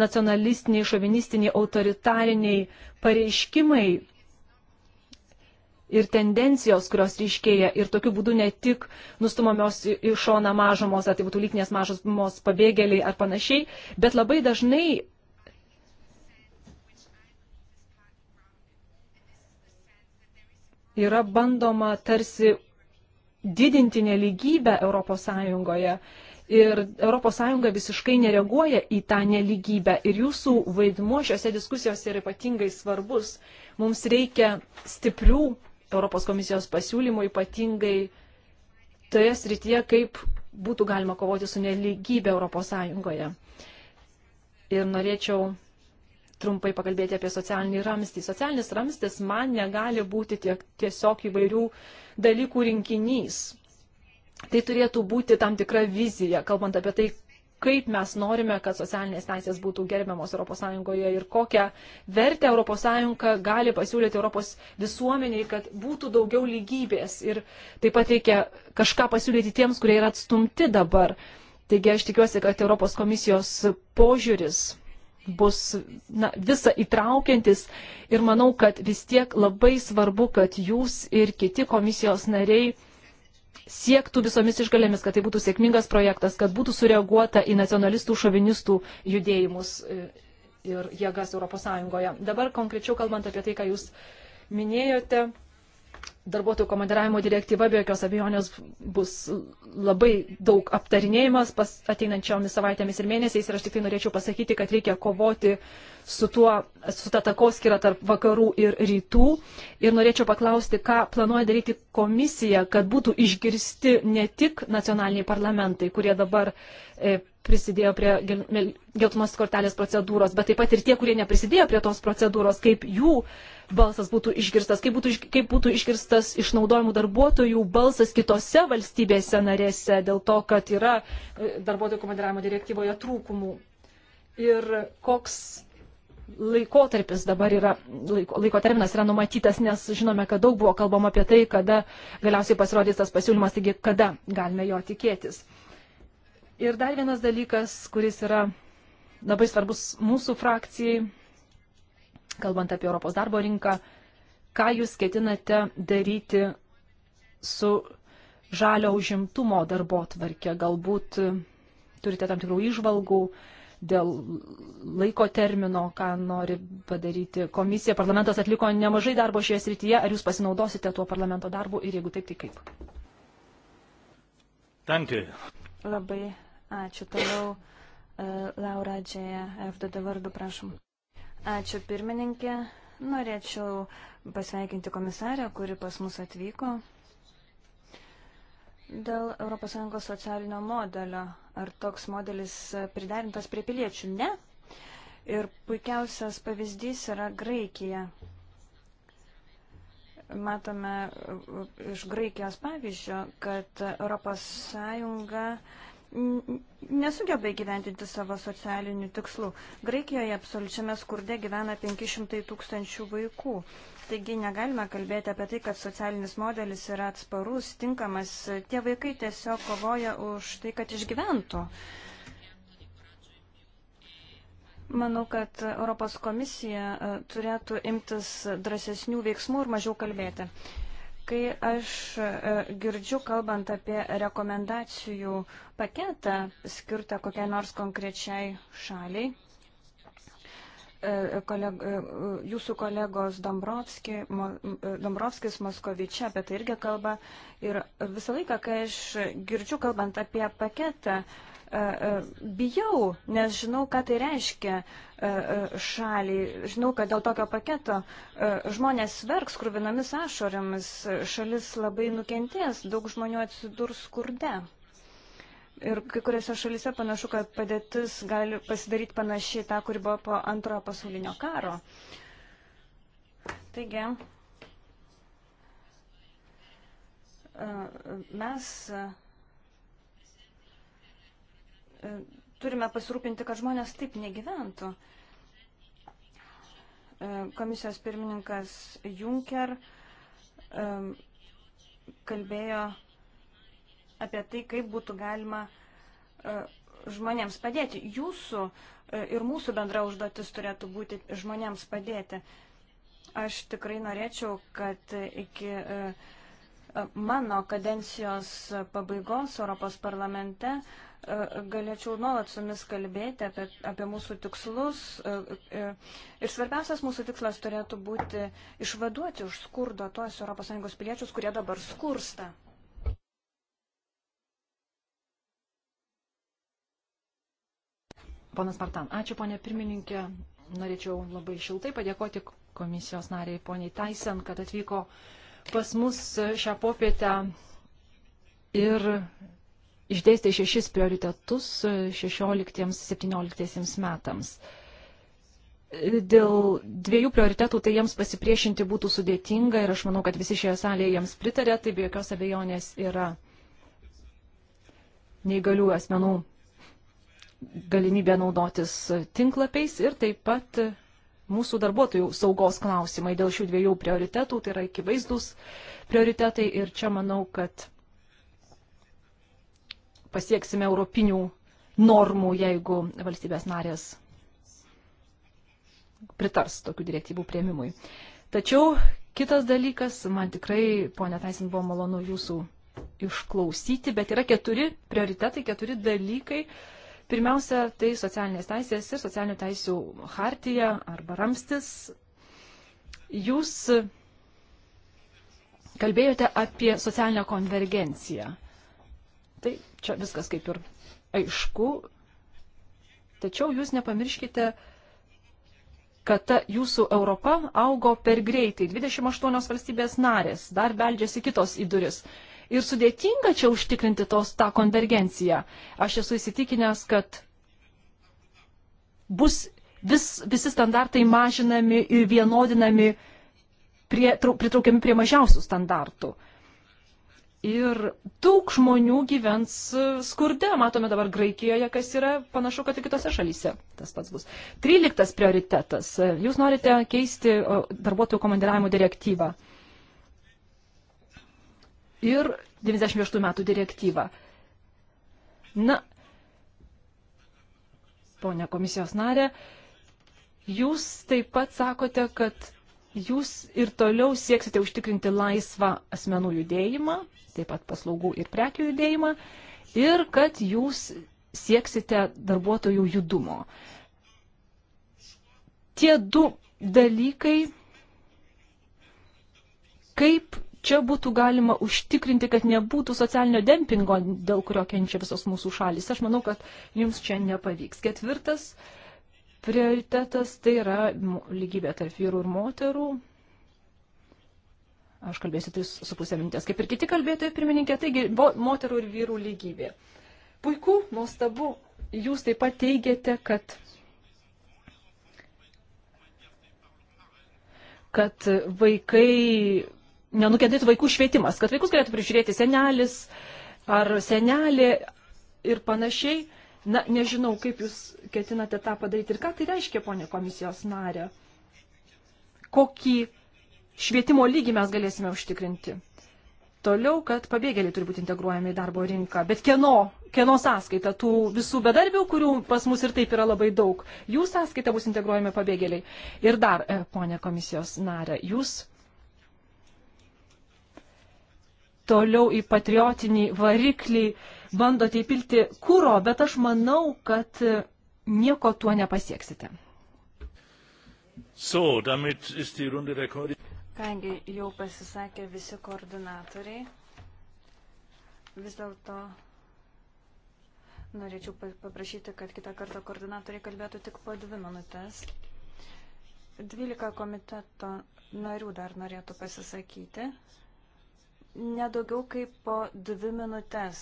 nacionalistiniai, šovinistiniai, autoritariniai pareiškimai ir tendencijos, kurios ryškėja ir tokiu būdu ne tik nustumomios į šoną mažumos, ar tai būtų lytinės mažumos pabėgėliai ar panašiai, bet labai dažnai yra bandoma tarsi didinti neligybę ES. Ir ES visiškai nereaguoja į tą neligybę. Ir jūsų vaidmuo šiuose diskusijose yra ypatingai svarbus. Mums reikia stiprių Europos komisijos pasiūlymų, ypatingai toje srityje, kaip būtų galima kovoti su neligybė ES. Ir norėčiau trumpai pakalbėti apie socialinį ramstį. Socialinis ramstis man negali būti tiek, tiesiog įvairių dalykų rinkinys. Tai turėtų būti tam tikra vizija, kalbant apie tai, kaip mes norime, kad socialinės teisės būtų gerbiamos ES ir kokią vertę ES gali pasiūlyti Europos visuomeniai, kad būtų daugiau lygybės. Ir taip pat reikia kažką pasiūlyti tiems, kurie yra atstumti dabar. Taigi aš tikiuosi, kad Europos komisijos požiūris bus na, visa įtraukiantis ir manau, kad vis tiek labai svarbu, kad jūs ir kiti komisijos nariai siektų visomis išgalėmis, kad tai būtų sėkmingas projektas, kad būtų sureaguota į nacionalistų, šovinistų judėjimus e, ir jėgas ES. Dabar konkrečiau kalbant apie tai, ką jūs minėjote, darbuotojų komandiravimo direktyva be jokios abejonės bus labai daug aptarinėjimas pas ateinančiomis savaitėmis ir mėnesiais ir aš tik tai norėčiau pasakyti, kad reikia kovoti su, tuo, su ta takoskira tarp vakarų ir rytų ir norėčiau paklausti, ką planuoja daryti komisija, kad būtų išgirsti ne tik nacionaliniai parlamentai, kurie dabar E, prisidėjo prie geltonos kortelės procedūros, bet taip pat ir tie, kurie neprisidėjo prie tos procedūros, kaip jų balsas būtų išgirstas, kaip būtų, kaip būtų išgirstas išnaudojimų darbuotojų balsas kitose valstybėse narėse dėl to, kad yra e, darbuotojų komandiravimo direktyvoje trūkumų. Ir koks laikotarpis dabar yra, laiko, laiko terminas yra numatytas, nes žinome, kad daug buvo kalbama apie tai, kada galiausiai pasirodys tas pasiūlymas, taigi kada galime jo tikėtis. Ir dar vienas dalykas, kuris yra labai svarbus mūsų frakcijai, kalbant apie Europos darbo rinką, ką jūs ketinate daryti su žalio užimtumo darbo tvarkė. Galbūt turite tam tikrų išvalgų dėl laiko termino, ką nori padaryti komisija. Parlamentas atliko nemažai darbo šioje srityje. Ar jūs pasinaudosite tuo parlamento darbu ir jeigu taip, tai kaip? Danke. Labai Ačiū toliau. E, Laura Džėja, FDD vardu, prašom. Ačiū pirmininkė. Norėčiau pasveikinti komisarę, kuri pas mus atvyko. Dėl ES socialinio modelio. Ar toks modelis pridarintas prie piliečių? Ne. Ir puikiausias pavyzdys yra Graikija. Matome e, iš Graikijos pavyzdžio, kad ES nesugeba įgyventinti savo socialinių tikslų. Graikijoje absoliučiame skurde gyvena 500 tūkstančių vaikų. Taigi negalime kalbėti apie tai, kad socialinis modelis yra atsparus, tinkamas. Tie vaikai tiesiog kovoja už tai, kad išgyventų. Manau, kad Europos komisija e, turėtų imtis drąsesnių veiksmų ir mažiau kalbėti. Kai aš e, girdžiu, kalbant apie rekomendacijų paketą skirtą kokiai nors konkrečiai šaliai, e, koleg, e, jūsų kolegos Dombrovski, Dombrovskis Moskovičia apie tai irgi kalba. Ir visą laiką, kai aš girdžiu, kalbant apie paketą, uh, bijau, nes žinau, ką tai reiškia šaliai. Žinau, kad dėl tokio paketo žmonės verks kruvinomis ašorėmis, šalis labai nukentės, daug žmonių atsidurs skurde. Ir kai kuriuose šalise panašu, kad padėtis gali pasidaryti panašiai tą, kuri buvo po antrojo pasaulinio karo. Taigi, mes E, turime pasirūpinti, kad žmonės taip negyventų. E, komisijos pirmininkas Juncker e, kalbėjo apie tai, kaip būtų galima žmonėms padėti. Jūsų ir mūsų bendra užduotis turėtų būti žmonėms padėti. Aš tikrai norėčiau, kad iki mano kadencijos pabaigos Europos parlamente uh, E, galėčiau nuolat su jumis kalbėti apie, apie mūsų tikslus. E, e, ir svarbiausias mūsų tikslas turėtų būti išvaduoti už skurdo tuos ES piliečius, kurie dabar skursta. Ponas Martan, ačiū ponė pirmininkė. Norėčiau labai šiltai padėkoti komisijos nariai poniai Taisen, kad atvyko pas mus šią popietę ir išdėstė šešis prioritetus 16-17 metams. Dėl dviejų prioritetų tai jiems pasipriešinti būtų sudėtinga ir aš manau, kad visi šioje salėje jiems pritarė, tai be jokios abejonės yra neįgalių asmenų galimybė naudotis tinklapiais ir taip pat mūsų darbuotojų saugos klausimai dėl šių dviejų prioritetų, tai yra akivaizdus prioritetai ir čia manau, kad pasieksime europinių normų, jeigu valstybės narės pritars tokių direktyvų prieimimui. Tačiau kitas dalykas, man tikrai, ponia Taisin, buvo malonu jūsų išklausyti, bet yra keturi prioritetai, keturi dalykai. Pirmiausia, tai socialinės teisės ir socialinių teisų hartija arba ramstis. Jūs kalbėjote apie socialinę konvergenciją Tai čia viskas kaip ir aišku, tačiau jūs nepamirškite, kad ta jūsų Europa augo per greitai. 28 valstybės narės dar beldžiasi kitos į duris. Ir sudėtinga čia užtikrinti tos, tą konvergenciją. Aš esu įsitikinęs, kad bus vis, visi standartai mažinami ir vienodinami, prie, trau, pritraukiami prie mažiausių standartų. Uh, Ir daug žmonių gyvens e, skurde. Matome dabar Graikijoje, kas yra panašu, kad ir kitose šalyse tas pats bus. Tryliktas prioritetas. E, jūs norite keisti darbuotojų komandiravimo direktyvą. Ir 98 metų direktyvą. Na, ponia komisijos narė, jūs taip pat sakote, kad jūs ir toliau sieksite užtikrinti laisvą asmenų judėjimą, taip pat paslaugų ir prekių judėjimą, ir kad jūs sieksite darbuotojų judumo. Tie du dalykai, kaip čia būtų galima užtikrinti, kad nebūtų socialinio dempingo, dėl kurio kenčia visos mūsų šalis. Aš manau, kad jums čia nepavyks. Ketvirtas prioritetas tai yra lygybė tarp vyrų ir moterų. Aš kalbėsiu tai su pusė minties, kaip ir kiti kalbėtojai pirmininkė, taigi moterų ir vyrų lygybė. Puiku, nuostabu, jūs taip pat teigiate, kad, kad vaikai, nenukentėtų vaikų švietimas, kad vaikus galėtų prižiūrėti senelis ar senelė ir panašiai. Na, nežinau, kaip jūs ketinate tą padaryti ir ką tai reiškia, ponė komisijos narė. Kokį švietimo lygį mes galėsime užtikrinti. Toliau, kad pabėgėliai turi būti integruojami į darbo rinką. Bet kieno, kieno sąskaita, tų visų bedarbių, kurių pas mus ir taip yra labai daug, jų sąskaita bus integruojami pabėgėliai. Ir dar, e, ponė komisijos narė, jūs toliau į patriotinį variklį bandote įpilti kūro, bet aš manau, kad nieko tuo nepasieksite. So, damit ist die Runde der Kągi, jau pasisakė visi koordinatoriai. Vis dėlto norėčiau paprašyti, kad kitą kartą koordinatoriai kalbėtų tik po dvi minutės. 12 komiteto narių dar norėtų pasisakyti nedaugiau kaip po dvi minutės.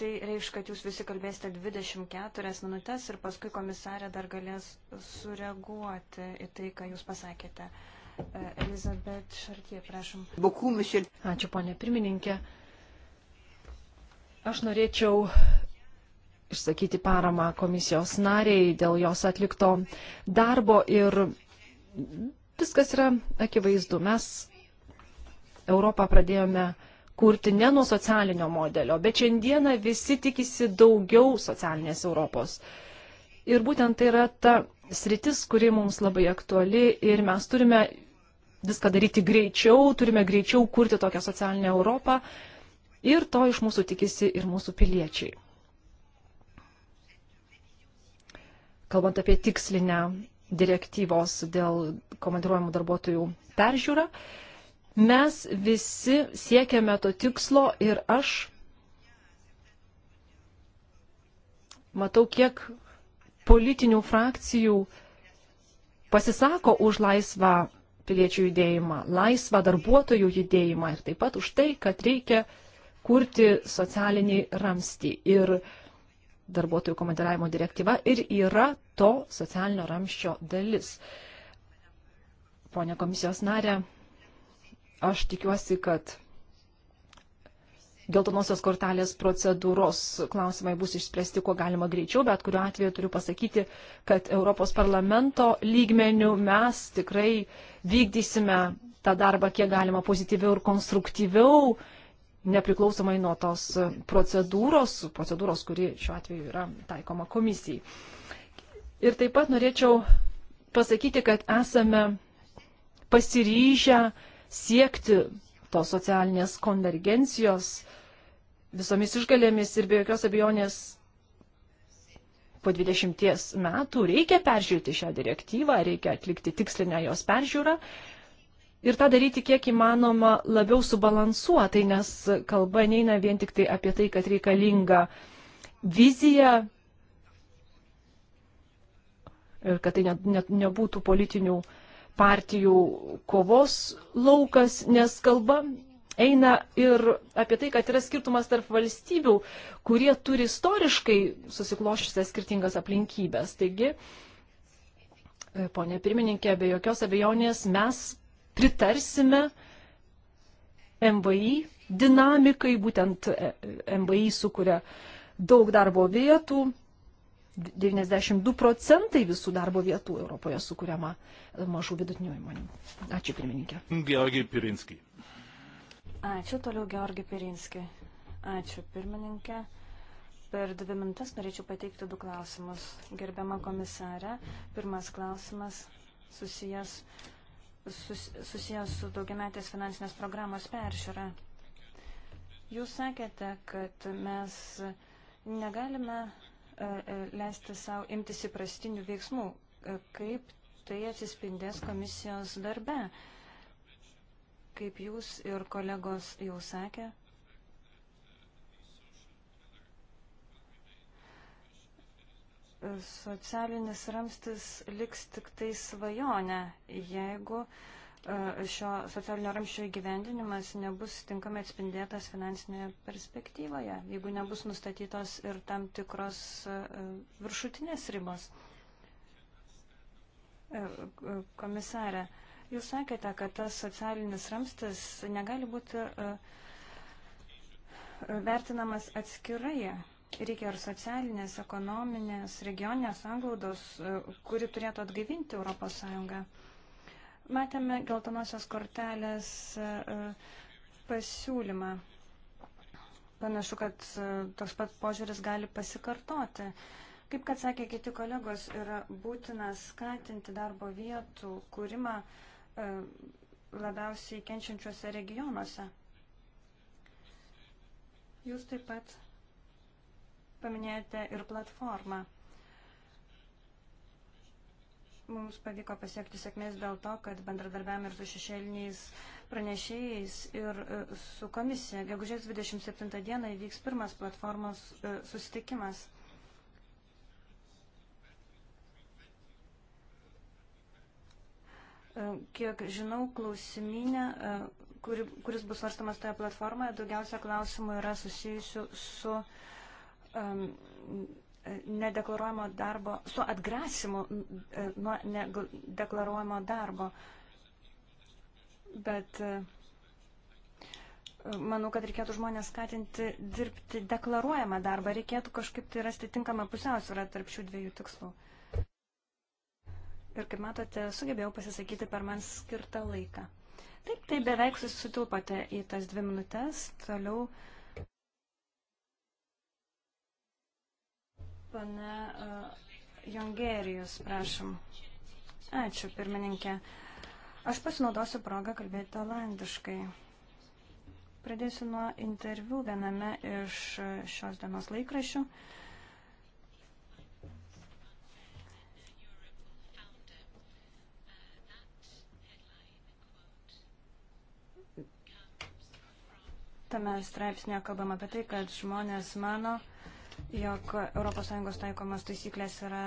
Tai reiškia, kad jūs visi kalbėsite 24 minutės ir paskui komisarė dar galės sureaguoti į tai, ką jūs pasakėte. Elizabet Šartie, prašom. Ačiū, ponė pirmininkė. Aš norėčiau išsakyti paramą komisijos nariai dėl jos atlikto darbo ir viskas yra akivaizdu. Mes Europą pradėjome kurti ne nuo socialinio modelio, bet šiandieną visi tikisi daugiau socialinės Europos. Ir būtent tai yra ta sritis, kuri mums labai aktuali ir mes turime viską daryti greičiau, turime greičiau kurti tokią socialinę Europą ir to iš mūsų tikisi ir mūsų piliečiai. Kalbant apie tikslinę direktyvos dėl komandiruojamų darbuotojų peržiūrą, Mes visi siekiame to tikslo ir aš matau, kiek politinių frakcijų pasisako už laisvą piliečių judėjimą, laisvą darbuotojų judėjimą ir taip pat už tai, kad reikia kurti socialinį ramstį. Ir darbuotojų komandiravimo direktyva ir yra to socialinio ramščio dalis. Pone komisijos narė, Aš tikiuosi, kad geltonosios kortelės procedūros klausimai bus išspręsti kuo galima greičiau, bet kuriuo atveju turiu pasakyti, kad Europos parlamento lygmenių mes tikrai vykdysime tą darbą kiek galima pozityviau ir konstruktyviau, nepriklausomai nuo tos procedūros, procedūros, kuri šiuo atveju yra taikoma komisijai. Ir taip pat norėčiau pasakyti, kad esame pasiryžę siekti tos socialinės konvergencijos visomis išgalėmis ir be jokios abejonės po 20 metų reikia peržiūrėti šią direktyvą, reikia atlikti tikslinę jos peržiūrą ir tą daryti kiek įmanoma labiau subalansuotai, nes kalba neina vien tik tai apie tai, kad reikalinga vizija ir kad tai net, net nebūtų politinių uh, partijų kovos laukas, nes kalba eina ir apie tai, kad yra skirtumas tarp valstybių, kurie turi istoriškai susiklošusias skirtingas aplinkybės. Taigi, e, ponė pirmininkė, be jokios abejonės mes pritarsime MVI dinamikai, būtent e, MVI sukuria daug darbo vietų, 92 procentai visų darbo vietų Europoje sukūriama mažų vidutinių įmonių. Ačiū pirmininkė. Georgi Pirinski. Ačiū toliau Georgi Pirinski. Ačiū pirmininkė. Per dvi minutės norėčiau pateikti du klausimus. Gerbiama komisarė, pirmas klausimas susijęs, sus, susijęs su daugiametės finansinės programos peržiūra. Jūs sakėte, kad mes negalime E, e, leisti savo imtis įprastinių veiksmų. E, kaip tai atsispindės komisijos darbe? Kaip jūs ir kolegos jau sakė, socialinis ramstis liks tik tai svajonė, jeigu uh, E, šio socialinio ramščio įgyvendinimas nebus tinkamai atspindėtas finansinėje perspektyvoje, jeigu nebus nustatytos ir tam tikros e, viršutinės ribos. E, Komisarė, jūs sakėte, kad tas socialinis ramstis negali būti vertinamas atskirai. Reikia ir socialinės, ekonominės, regioninės anglaudos, kuri turėtų atgaivinti Europos Sąjungą. Matėme geltonosios kortelės e, pasiūlymą. Panašu, kad e, toks pat požiūris gali pasikartoti. Kaip kad sakė kiti kolegos, yra būtina skatinti darbo vietų kūrimą e, labiausiai kenčiančiuose regionuose. Jūs taip pat paminėjote ir platformą. Mums pavyko pasiekti sėkmės dėl to, kad bendradarbiavame ir su šešėliniais pranešėjais ir e, su komisija. Gegužės 27 dieną įvyks pirmas platformos e, susitikimas. E, kiek žinau, klausiminė, kuri, kuris bus svarstamas toje platformoje, daugiausia klausimų yra susijusių su um, nedeklaruojamo darbo, su atgrasimu e, nuo nedeklaruojamo darbo. Bet e, manau, kad reikėtų žmonės skatinti dirbti deklaruojamą darbą, reikėtų kažkaip tai rasti tinkamą pusiausvyrą tarp šių dviejų tikslų. Ir kaip matote, sugebėjau pasisakyti per man skirtą laiką. Taip, tai beveik susitilpote į tas dvi minutės. Toliau uh, Pane e, Jongerijus, prašom. Ačiū, pirmininkė. Aš pasinaudosiu progą kalbėti olandiškai. Pradėsiu nuo interviu viename iš šios dienos laikrašių. tame straipsnėje kalbama apie tai, kad žmonės mano, jog ES taikomas taisyklės yra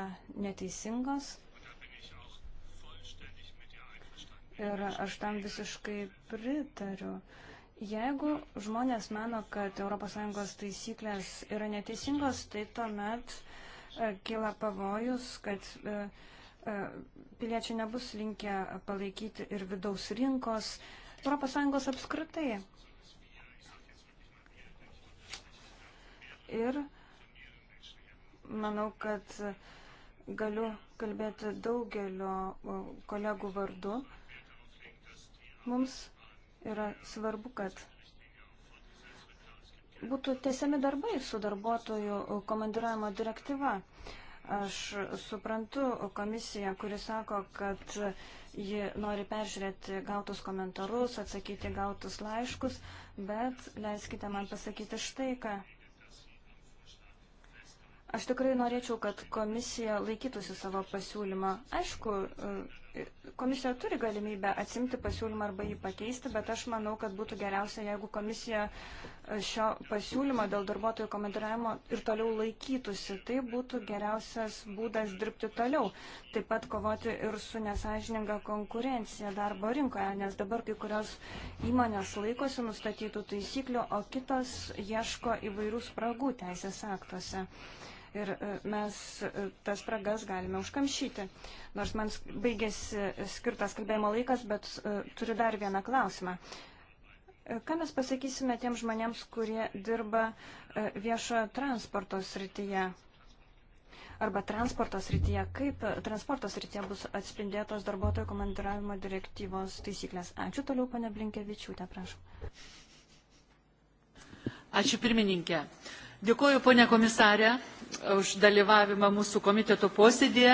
neteisingos. Ir aš tam visiškai pritariu. Jeigu žmonės mano, kad ES taisyklės yra neteisingos, tai tuomet e, kyla pavojus, kad e, e, piliečiai nebus linkę palaikyti ir vidaus rinkos, ES apskritai. Ir uh, manau, kad galiu kalbėti daugelio kolegų vardu. Mums yra svarbu, kad būtų tiesiami darbai su darbuotojų komandiravimo direktyva. Aš suprantu komisiją, kuri sako, kad ji nori peržiūrėti gautus komentarus, atsakyti gautus laiškus, bet leiskite man pasakyti štai ką. Aš tikrai norėčiau, kad komisija laikytųsi savo pasiūlymą. Aišku, e, komisija turi galimybę atsimti pasiūlymą arba jį pakeisti, bet aš manau, kad būtų geriausia, jeigu komisija e, šio pasiūlymo dėl darbuotojų komandiravimo ir toliau laikytųsi. Tai būtų geriausias būdas dirbti toliau. Taip pat kovoti ir su nesažininga konkurencija darbo rinkoje, nes dabar kai kurios įmonės laikosi nustatytų taisyklių, o kitos ieško įvairių spragų teisės aktuose. Uh, ir e, mes e, tas spragas galime užkamšyti. Nors man baigėsi e, skirtas kalbėjimo laikas, bet turiu dar vieną klausimą. Ką mes pasakysime tiem žmonėms, kurie dirba viešojo transporto srityje? Arba transporto srityje, kaip transporto srityje bus atspindėtos darbuotojų komandiravimo direktyvos taisyklės. Ačiū toliau, pane Blinkevičiūtė, prašom. Ačiū pirmininkė. Uh, Dėkuoju, ponė komisarė, už dalyvavimą mūsų komiteto posėdėje.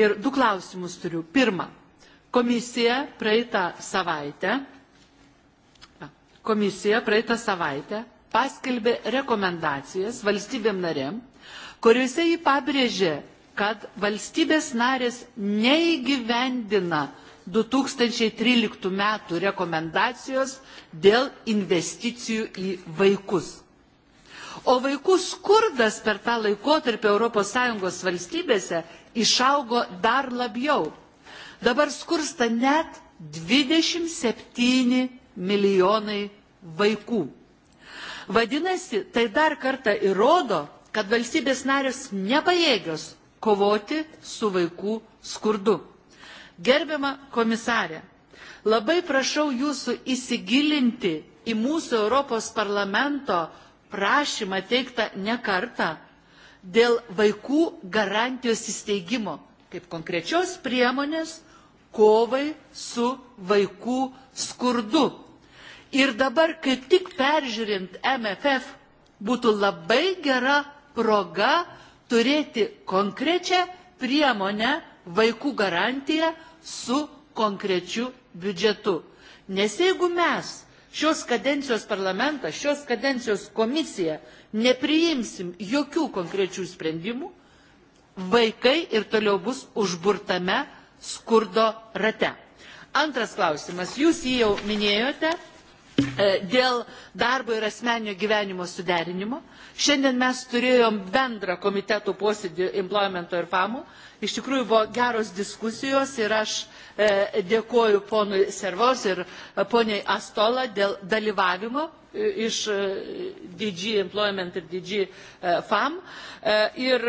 Ir du klausimus turiu. Pirma, komisija praeitą savaitę, komisija praeitą savaitę paskelbė rekomendacijas valstybėm narėm, kuriuose jį pabrėžė, kad valstybės narės neįgyvendina 2013 metų rekomendacijos dėl investicijų į vaikus o vaikų skurdas per tą laikotarpį ES valstybėse išaugo dar labiau. Dabar skursta net 27 milijonai vaikų. Vadinasi, tai dar kartą įrodo, kad valstybės narės nepajėgios kovoti su vaikų skurdu. Gerbiama komisarė, labai prašau jūsų įsigilinti į mūsų Europos parlamento prašymą teiktą ne kartą dėl vaikų garantijos įsteigimo kaip konkrečios priemonės kovai su vaikų skurdu. Ir dabar, kaip tik peržiūrint MFF, būtų labai gera proga turėti konkrečią priemonę vaikų garantiją su konkrečiu biudžetu. Nes jeigu mes šios kadencijos parlamentas, šios kadencijos komisija nepriimsim jokių konkrečių sprendimų, vaikai ir toliau bus užburtame skurdo rate. Antras klausimas. Jūs jį jau minėjote e, dėl darbo ir asmenio gyvenimo suderinimo. Šiandien mes turėjom bendrą komitetų posėdį employmento ir famų. Iš tikrųjų buvo geros diskusijos ir aš E, Dėkuoju ponui Servos ir e, poniai Astola dėl dalyvavimo e, iš DG Employment ir DG FAM. Ir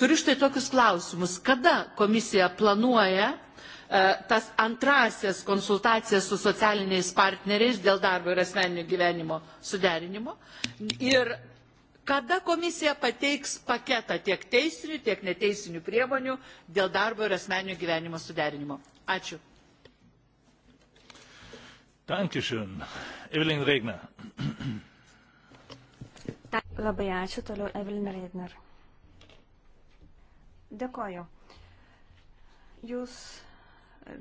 turiu štai tokius klausimus. Kada komisija planuoja tas antrasias konsultacijas su socialiniais partneriais dėl darbo ir asmeninio gyvenimo suderinimo ir kada komisija pateiks paketą tiek teisinių, tiek neteisinių priemonių dėl darbo ir asmeninio gyvenimo suderinimo. Ačiū. Dankišin. Evelyn Regner. Labai ačiū, toliau Evelyn Regner. Dėkoju. Jūs e,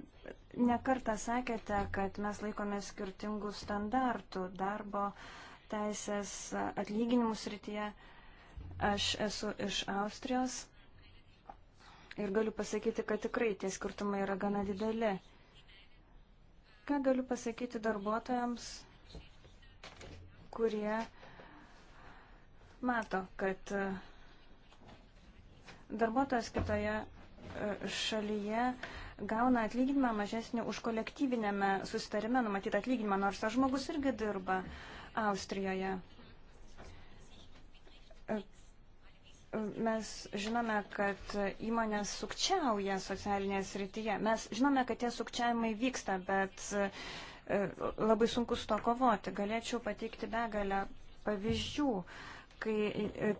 nekartą sakėte, kad mes laikome skirtingų standartų darbo uh, teisės atlyginimų srityje. Aš esu iš Austrijos ir galiu pasakyti, kad tikrai tie skirtumai yra gana dideli. Ką galiu pasakyti darbuotojams, kurie mato, kad e, darbuotojas kitoje e, šalyje gauna atlyginimą mažesnį už kolektyvinėme susitarime numatytą atlyginimą, nors tas žmogus irgi dirba. Uh, Austrijoje. E, e, mes žinome, kad įmonės sukčiauja socialinėje srityje. Mes žinome, kad tie sukčiavimai vyksta, bet e, labai sunku su to kovoti. Galėčiau pateikti begalę pavyzdžių, kai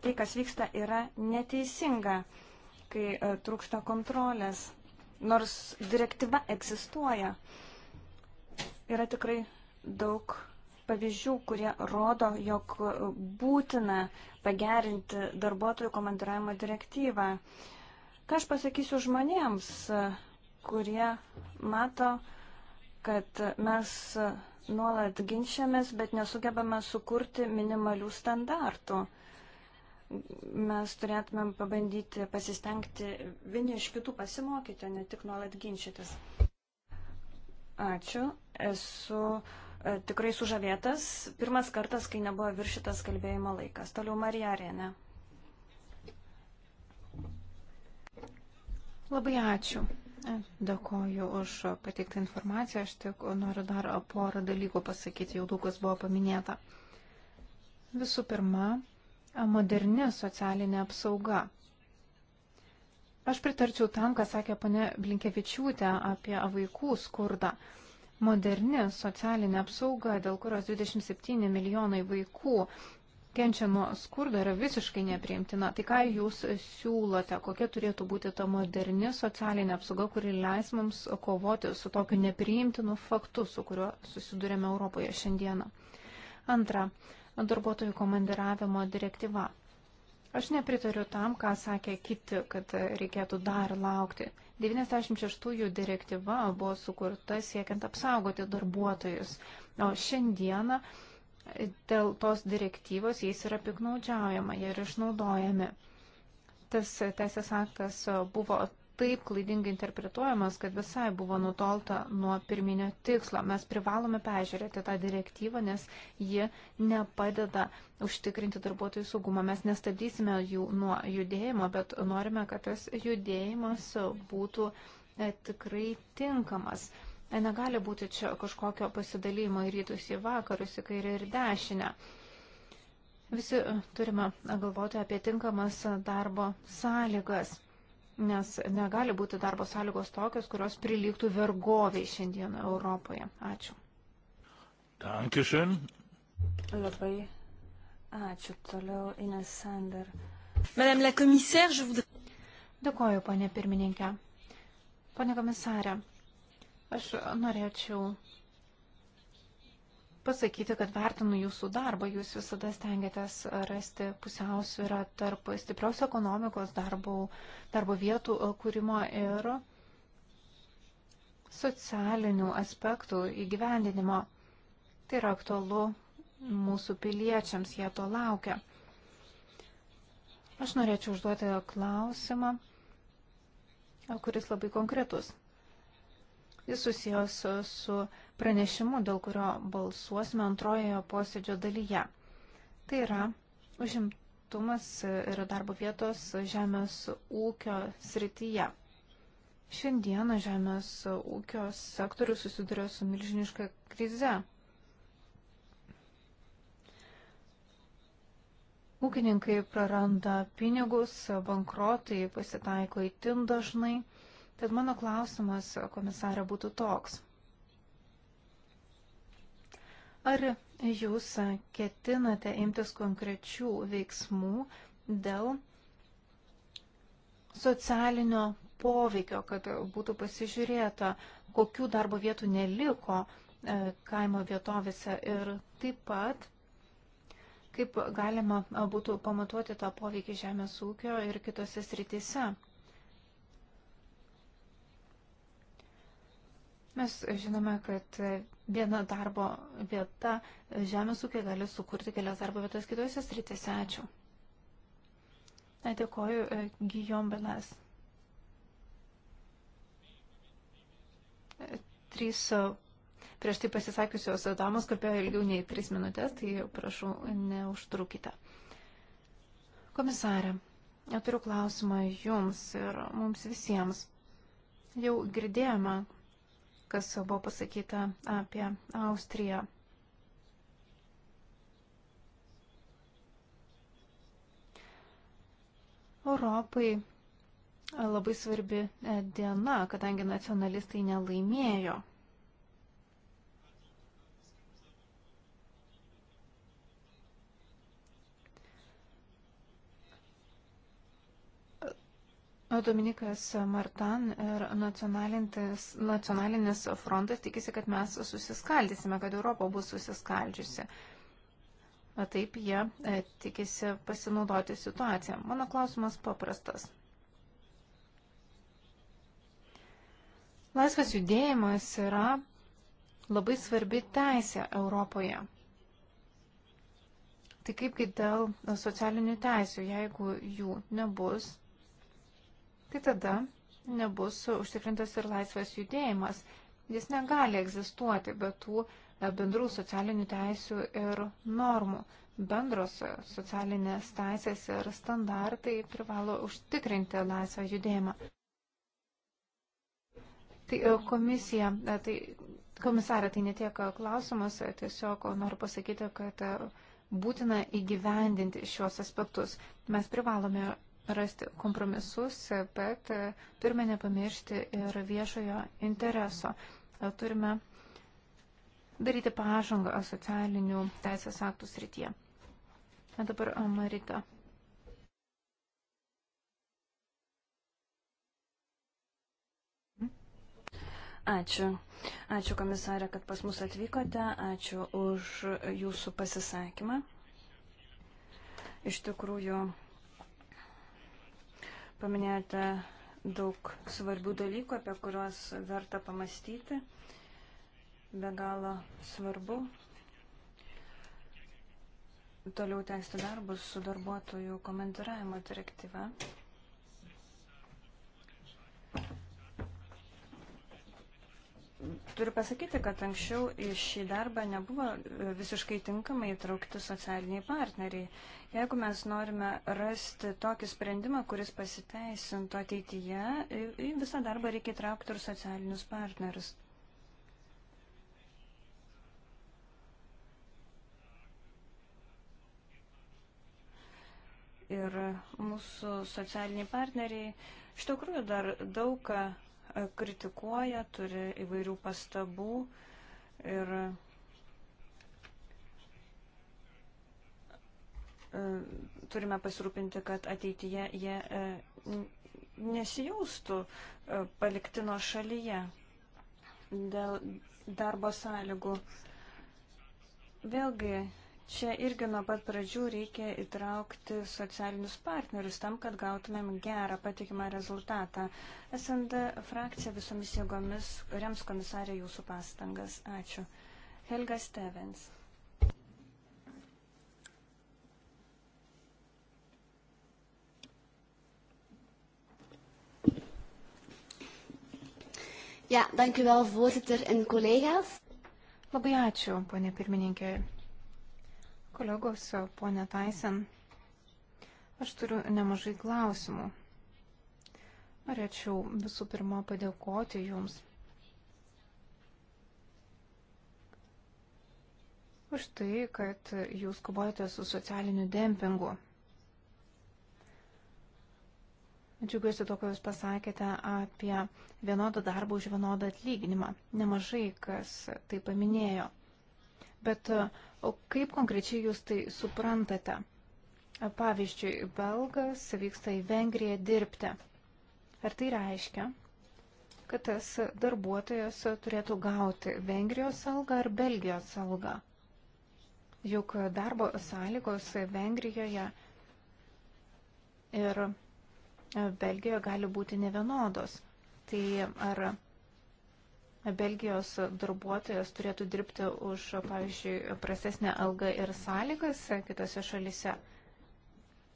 tai, kas vyksta, yra neteisinga, kai trūksta kontrolės, nors direktyva egzistuoja. Yra tikrai daug pavyzdžių, kurie rodo, jog būtina pagerinti darbuotojų komandiravimo direktyvą. Ką aš pasakysiu žmonėms, kurie mato, kad mes nuolat ginčiamės, bet nesugebame sukurti minimalių standartų. Mes turėtumėm pabandyti pasistengti vieni iš kitų pasimokyti, ne tik nuolat ginčytis. Ačiū. Esu uh, E, tikrai sužavėtas. Pirmas kartas, kai nebuvo viršytas kalbėjimo laikas. Toliau Marija Arėne. Labai ačiū. Dėkoju už pateiktą informaciją. Aš tik noriu dar porą dalykų pasakyti, jau daug kas buvo paminėta. Visų pirma, moderni socialinė apsauga. Aš pritarčiau tam, ką sakė pane Blinkevičiūtė apie vaikų skurdą moderni socialinė apsauga, dėl kurios 27 milijonai vaikų kenčia nuo skurdo, yra visiškai nepriimtina. Tai ką jūs siūlote, kokia turėtų būti ta moderni socialinė apsauga, kuri leis mums kovoti su tokiu nepriimtinu faktu, su kuriuo susidurėme Europoje šiandieną. Antra, darbuotojų komandiravimo direktyva. Aš nepritariu tam, ką sakė kiti, kad reikėtų dar laukti. 96 direktyva buvo sukurta siekiant apsaugoti darbuotojus, o šiandieną dėl tos direktyvos jais yra piknaudžiaujama ir išnaudojami. Tas teisės aktas buvo taip klaidingai interpretuojamas, kad visai buvo nutolta nuo pirminio tikslo. Mes privalome peržiūrėti tą direktyvą, nes ji nepadeda užtikrinti darbuotojų saugumą. Mes nestabdysime jų nuo judėjimo, bet norime, kad tas judėjimas būtų e, tikrai tinkamas. E, negali būti čia kažkokio pasidalymo į rytus į vakarus, į kairę ir dešinę. Visi e, turime galvoti apie tinkamas darbo sąlygas nes negali būti darbo sąlygos tokios, kurios prilygtų vergoviai šiandien Europoje. Ačiū. Dankeschön. Labai ačiū toliau, Ines Sander. Madame la commissaire, je voudrais. Dėkoju, ponė pirmininkė. Pone komisarė, aš norėčiau pasakyti, kad vertinu jūsų darbą. Jūs visada stengiatės rasti pusiausvyrą tarp stiprios ekonomikos darbo, darbo vietų e, kūrimo ir socialinių aspektų įgyvendinimo. Tai yra aktualu mūsų piliečiams, jie to laukia. Aš norėčiau užduoti klausimą, kuris labai konkretus. Jis susijęs su pranešimu, dėl kurio balsuosime antrojoje posėdžio dalyje. Tai yra užimtumas ir darbo vietos žemės ūkio srityje. Šiandieną žemės ūkio sektorius susiduria su milžiniška krize. Ūkininkai praranda pinigus, bankrotai pasitaiko įtin dažnai. Tad mano klausimas, komisarė, būtų toks. Ar jūs ketinate imtis konkrečių veiksmų dėl socialinio poveikio, kad būtų pasižiūrėta, kokių darbo vietų neliko e, kaimo vietovėse ir taip pat, kaip galima būtų pamatuoti tą poveikį žemės ūkio ir kitose srityse. Mes žinome, kad viena darbo vieta žemės ūkio gali sukurti kelias darbo vietas kitose sritėse. Ačiū. Dėkoju, e, Gijom Belas. E, trys e, prieš tai pasisakiusios damos kalbėjo ilgiau nei tris minutės, tai prašau, neužtrukite. Komisarė, turiu klausimą jums ir mums visiems. Jau girdėjome, kas buvo pasakyta apie Austriją. Europai labai svarbi diena, kadangi nacionalistai nelaimėjo. Dominikas Martan ir nacionalinis, nacionalinis frontas tikisi, kad mes susiskaldysime, kad Europa bus susiskaldžiusi. Taip jie e, tikisi pasinaudoti situaciją. Mano klausimas paprastas. Laisvas judėjimas yra labai svarbi teisė Europoje. Tai kaipgi dėl socialinių teisių, jeigu jų nebus, tai tada nebus užtikrintas ir laisvas judėjimas. Jis negali egzistuoti be tų e, bendrų socialinių teisių ir normų. Bendros e, socialinės teisės ir standartai privalo užtikrinti laisvą judėjimą. Tai e, komisija, tai komisarė, tai netiek klausimas, tiesiog noriu pasakyti, kad būtina įgyvendinti šios aspektus. Mes privalome rasti kompromisus, bet e, turime nepamiršti ir viešojo intereso. E, turime daryti pažangą socialinių teisės aktų srityje. Na dabar e, Marita. Ačiū. Ačiū komisarė, kad pas mus atvykote. Ačiū už jūsų pasisakymą. Iš tikrųjų, Paminėjote daug svarbių dalykų, apie kuriuos verta pamastyti. Be galo svarbu toliau tęsti darbus su darbuotojų komandiravimo direktyva. Turiu pasakyti, kad anksčiau į šį darbą nebuvo visiškai tinkamai įtraukti socialiniai partneriai. Jeigu mes norime rasti tokį sprendimą, kuris pasiteisintų ateityje, į visą darbą reikia įtraukti ir socialinius partnerius. Ir mūsų socialiniai partneriai iš tikrųjų dar daug ką kritikuoja, turi įvairių pastabų ir e, turime pasirūpinti, kad ateityje jie e, nesijaustų e, palikti nuo šalyje dėl darbo sąlygų. Vėlgi Čia irgi nuo pat pradžių reikia įtraukti socialinius partnerius tam, kad gautumėm gerą patikimą rezultatą. SND frakcija visomis jėgomis rems komisarė jūsų pastangas. Ačiū. Helga Stevens. Ja, dank u wel, voorzitter en collega's. Labai ačiū, ponė pirmininkė Kolegos, ponė Taisen, aš turiu nemažai klausimų. Norėčiau visų pirma padėkoti Jums už tai, kad Jūs kovojate su socialiniu dempingu. Džiugiuosi to, ką Jūs pasakėte apie vienodą darbą už vienodą atlyginimą. Nemažai kas tai paminėjo. Bet uh, O kaip konkrečiai jūs tai suprantate? Pavyzdžiui, belgas vyksta į Vengriją dirbti. Ar tai reiškia, kad tas darbuotojas turėtų gauti Vengrijos algą ar Belgijos algą? Juk darbo sąlygos Vengrijoje ir Belgijoje gali būti nevienodos. Tai ar Belgijos darbuotojas turėtų dirbti už, pavyzdžiui, prastesnę algą ir sąlygas kitose šalise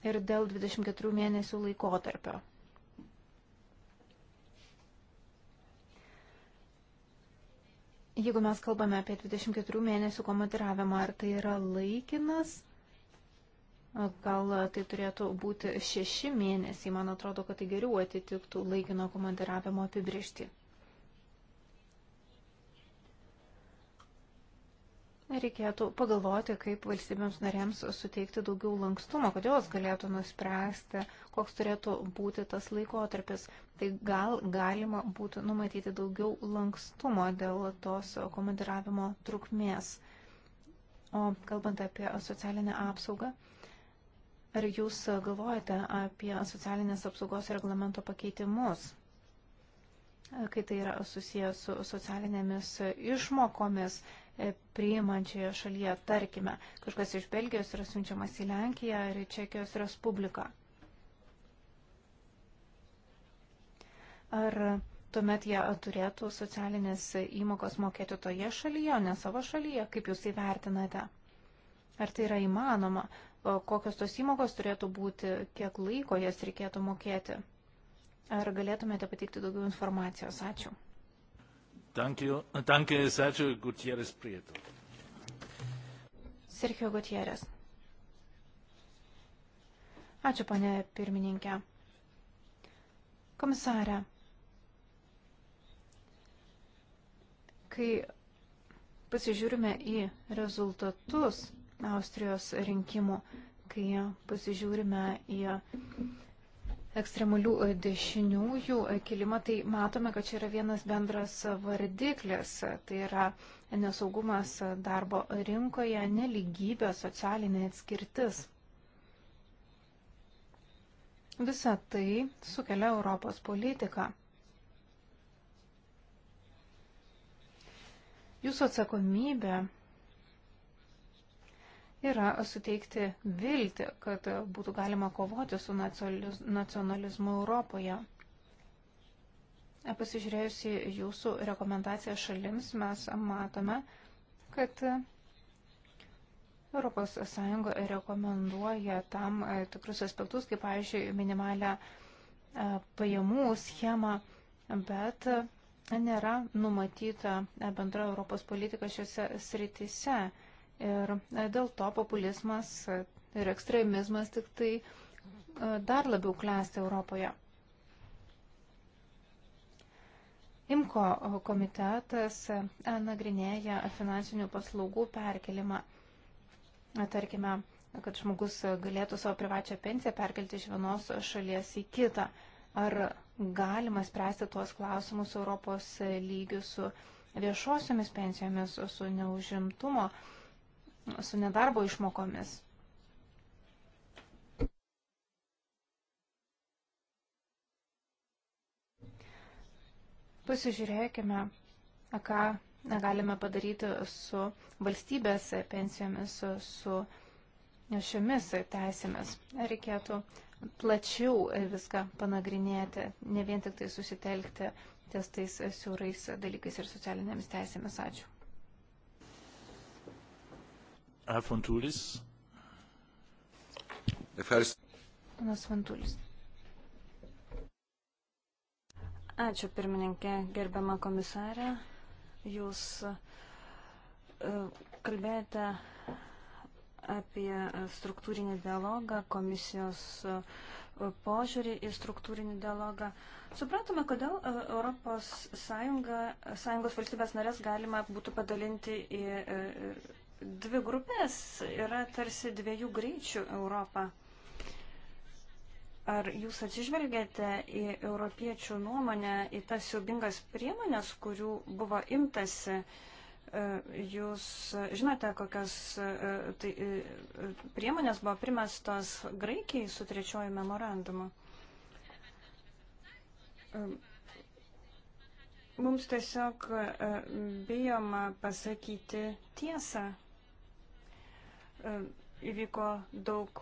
ir dėl 24 mėnesių laikotarpio. Jeigu mes kalbame apie 24 mėnesių komandiravimą, ar tai yra laikinas, gal tai turėtų būti 6 mėnesiai, man atrodo, kad tai geriau atitiktų laikino komandiravimo apibriežtį. reikėtų pagalvoti, kaip valstybėms narėms suteikti daugiau lankstumo, kad jos galėtų nuspręsti, koks turėtų būti tas laikotarpis. Tai gal galima būtų numatyti daugiau lankstumo dėl tos komandiravimo trukmės. O kalbant apie socialinę apsaugą, ar jūs galvojate apie socialinės apsaugos reglamento pakeitimus? kai tai yra susijęs su socialinėmis išmokomis, E, priimančioje šalyje, tarkime, kažkas iš Belgijos yra siunčiamas į Lenkiją ar į Čekijos Respubliką. Ar tuomet jie turėtų socialinės įmokos mokėti toje šalyje, o ne savo šalyje, kaip jūs įvertinate? Ar tai yra įmanoma? Kokios tos įmokos turėtų būti, kiek laiko jas reikėtų mokėti? Ar galėtumėte pateikti daugiau informacijos? Ačiū. Danke, danke Sergio Gutierrez Prieto. Sergio Gutierrez. Ačiū, ponė pirmininkė. Komisarė, kai pasižiūrime į rezultatus Austrijos rinkimų, kai pasižiūrime į ekstremalių e, dešiniųjų e, kilimą, tai matome, kad čia yra vienas bendras vardiklis. Tai yra nesaugumas darbo rinkoje, neligybė, socialinė atskirtis. Visa tai sukelia Europos politiką. Jūsų atsakomybė yra suteikti viltį, kad būtų galima kovoti su nacionalizmu Europoje. Pasižiūrėjus į jūsų rekomendaciją šalims, mes matome, kad ES rekomenduoja tam e, tikrus aspektus, kaip, pavyzdžiui, minimalę e, pajamų schemą, bet nėra numatyta e, bendra Europos politika šiuose srityse. Ir e, dėl to populizmas ir ekstremizmas tik tai e, dar labiau klesti Europoje. IMKO komitetas e, nagrinėja finansinių paslaugų perkelimą. Tarkime, kad žmogus galėtų savo privačią pensiją perkelti iš vienos šalies į kitą. Ar galima spręsti tuos klausimus Europos lygių su viešosiomis pensijomis, su neužimtumo? Uh, su nedarbo išmokomis. Pasižiūrėkime, ką galime padaryti su valstybės pensijomis, su šiomis teisėmis. Reikėtų plačiau viską panagrinėti, ne vien tik tai susitelkti ties tais siūrais dalykais ir socialinėmis teisėmis. Ačiū. Fontūlis. Panas Fontūlis. Ačiū pirmininkė, gerbiama komisarė. Jūs e, kalbėjote apie struktūrinį dialogą, komisijos e, požiūrį į struktūrinį dialogą. Supratome, kodėl e, Europos Sąjunga, Sąjungos valstybės narės galima būtų padalinti į dvi grupės, yra tarsi dviejų greičių Europą. Ar jūs atsižvelgėte į europiečių nuomonę, į tas siubingas priemonės, kurių buvo imtasi? E, jūs žinote, kokios e, tai, e, priemonės buvo primestos Graikijai su trečioju memorandumu? Mums tiesiog bijoma pasakyti tiesą. E, įvyko daug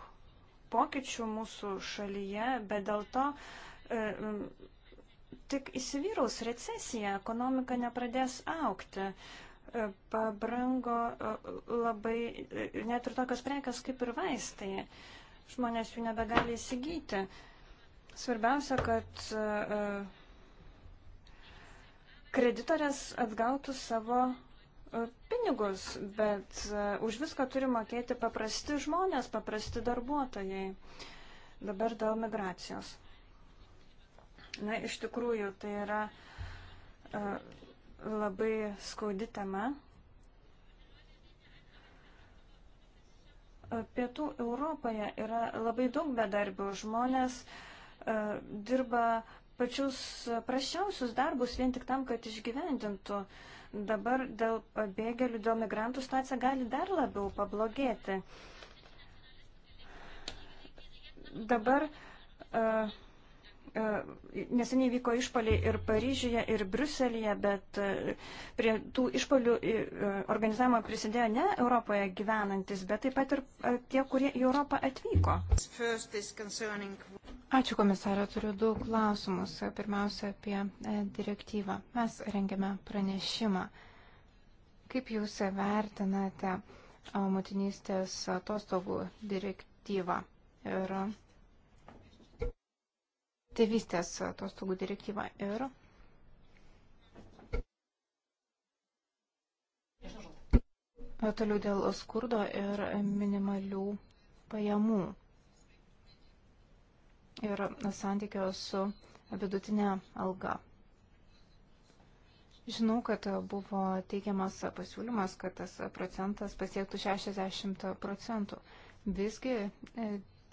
pokyčių mūsų šalyje, bet dėl to e, tik įsivyraus recesija, ekonomika nepradės aukti. E, pabrango labai net ir tokios prekes kaip ir vaistai. Žmonės jų nebegali įsigyti. Svarbiausia, kad kreditorės atgautų savo pinigus, bet e, už viską turi mokėti paprasti žmonės, paprasti darbuotojai. Dabar dėl migracijos. Na, iš tikrųjų, tai yra e, labai skaudi tema. E, pietų Europoje yra labai daug bedarbių žmonės, dirba pačius prašiausius darbus vien tik tam, kad išgyvendintų uh, Dabar dėl pabėgėlių, dėl migrantų situacija gali dar labiau pablogėti. Dabar uh, neseniai vyko išpoliai ir Paryžiuje, ir Bruselėje, bet e, prie tų išpolių organizavimo prisidėjo ne Europoje gyvenantis, bet taip pat ir tie, kurie į Europą atvyko. Ačiū komisarė, turiu du klausimus. Pirmiausia, apie e, direktyvą. Mes rengiame pranešimą. Kaip jūs vertinate e, motinystės atostogų direktyvą ir tėvystės atostogų direktyvą ir toliau dėl skurdo ir minimalių pajamų ir santykio su vidutinė alga. Žinau, kad buvo teikiamas pasiūlymas, kad tas procentas pasiektų 60 procentų. Visgi e,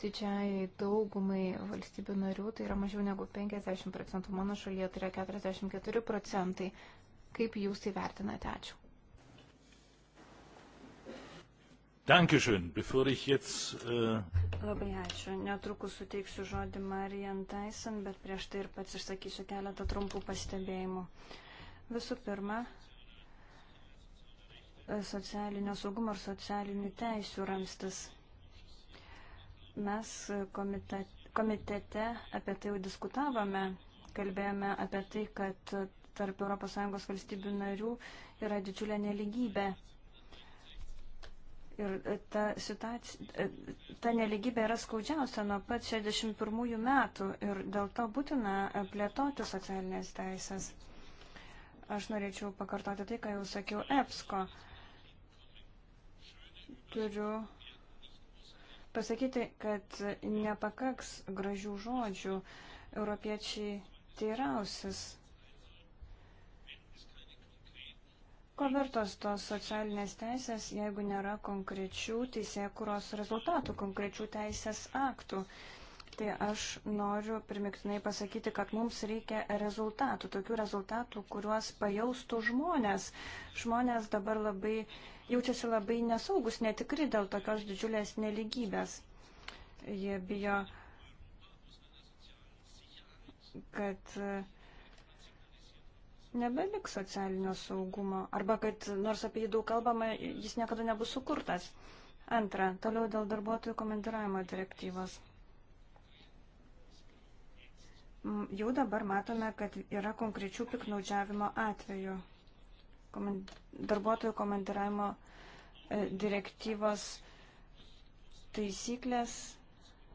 didžiai daugumai valstybių narių tai yra mažiau negu 50 procentų, mano šalyje tai yra 44 procentai. Kaip jūs tai vertinate? Ačiū. Dankeschön. Bevor ich jetzt. Äh... Labai ačiū. Netrukus suteiksiu žodį Marijan Tyson, bet prieš tai ir pats išsakysiu keletą trumpų pastebėjimų. Visų pirma, socialinio saugumo ir socialinių teisių ramstis. Mes komitete, komitete apie tai jau diskutavome, kalbėjome apie tai, kad tarp ES valstybių narių yra didžiulė neligybė Ir ta, situacija, ta neligybė yra skaudžiausia nuo pat 61 metų ir dėl to būtina plėtoti socialinės teisės. Aš norėčiau pakartoti tai, ką jau sakiau EPSCO. Turiu pasakyti, kad nepakaks gražių žodžių. Europiečiai teirausis Ko vertos tos socialinės teisės, jeigu nėra konkrečių teisėkuros rezultatų, konkrečių teisės aktų? Tai aš noriu primiktinai pasakyti, kad mums reikia rezultatų, tokių rezultatų, kuriuos pajaustų žmonės. Žmonės dabar labai jaučiasi labai nesaugus, netikri dėl tokios didžiulės neligybės. Jie bijo, kad uh, nebeliks socialinio saugumo arba kad nors apie jį daug kalbama, jis niekada nebus sukurtas. Antra, toliau dėl darbuotojų komandiravimo direktyvos. Jau dabar matome, kad yra konkrečių piknaudžiavimo atvejų. Darbuotojų komandiravimo e, direktyvos taisyklės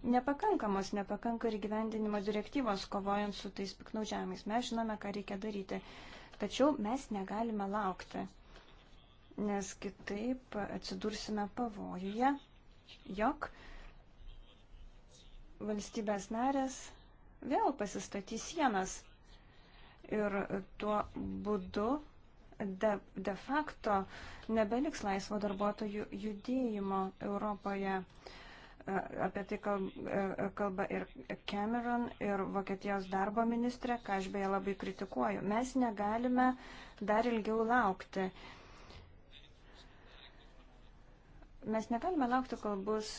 nepakankamos, nepakanka ir gyvendinimo direktyvos kovojant su tais piknaudžiavimais. Mes žinome, ką reikia daryti, tačiau mes negalime laukti, nes kitaip atsidursime pavojuje, jog valstybės narės vėl pasistatys sienas ir tuo būdu de, de facto nebeliks laisvo darbuotojų judėjimo Europoje. Uh, Apie tai e, e, kalba ir Cameron, ir Vokietijos darbo ministrė, ką aš beje labai kritikuoju. Mes negalime dar ilgiau laukti. Mes negalime laukti, kol bus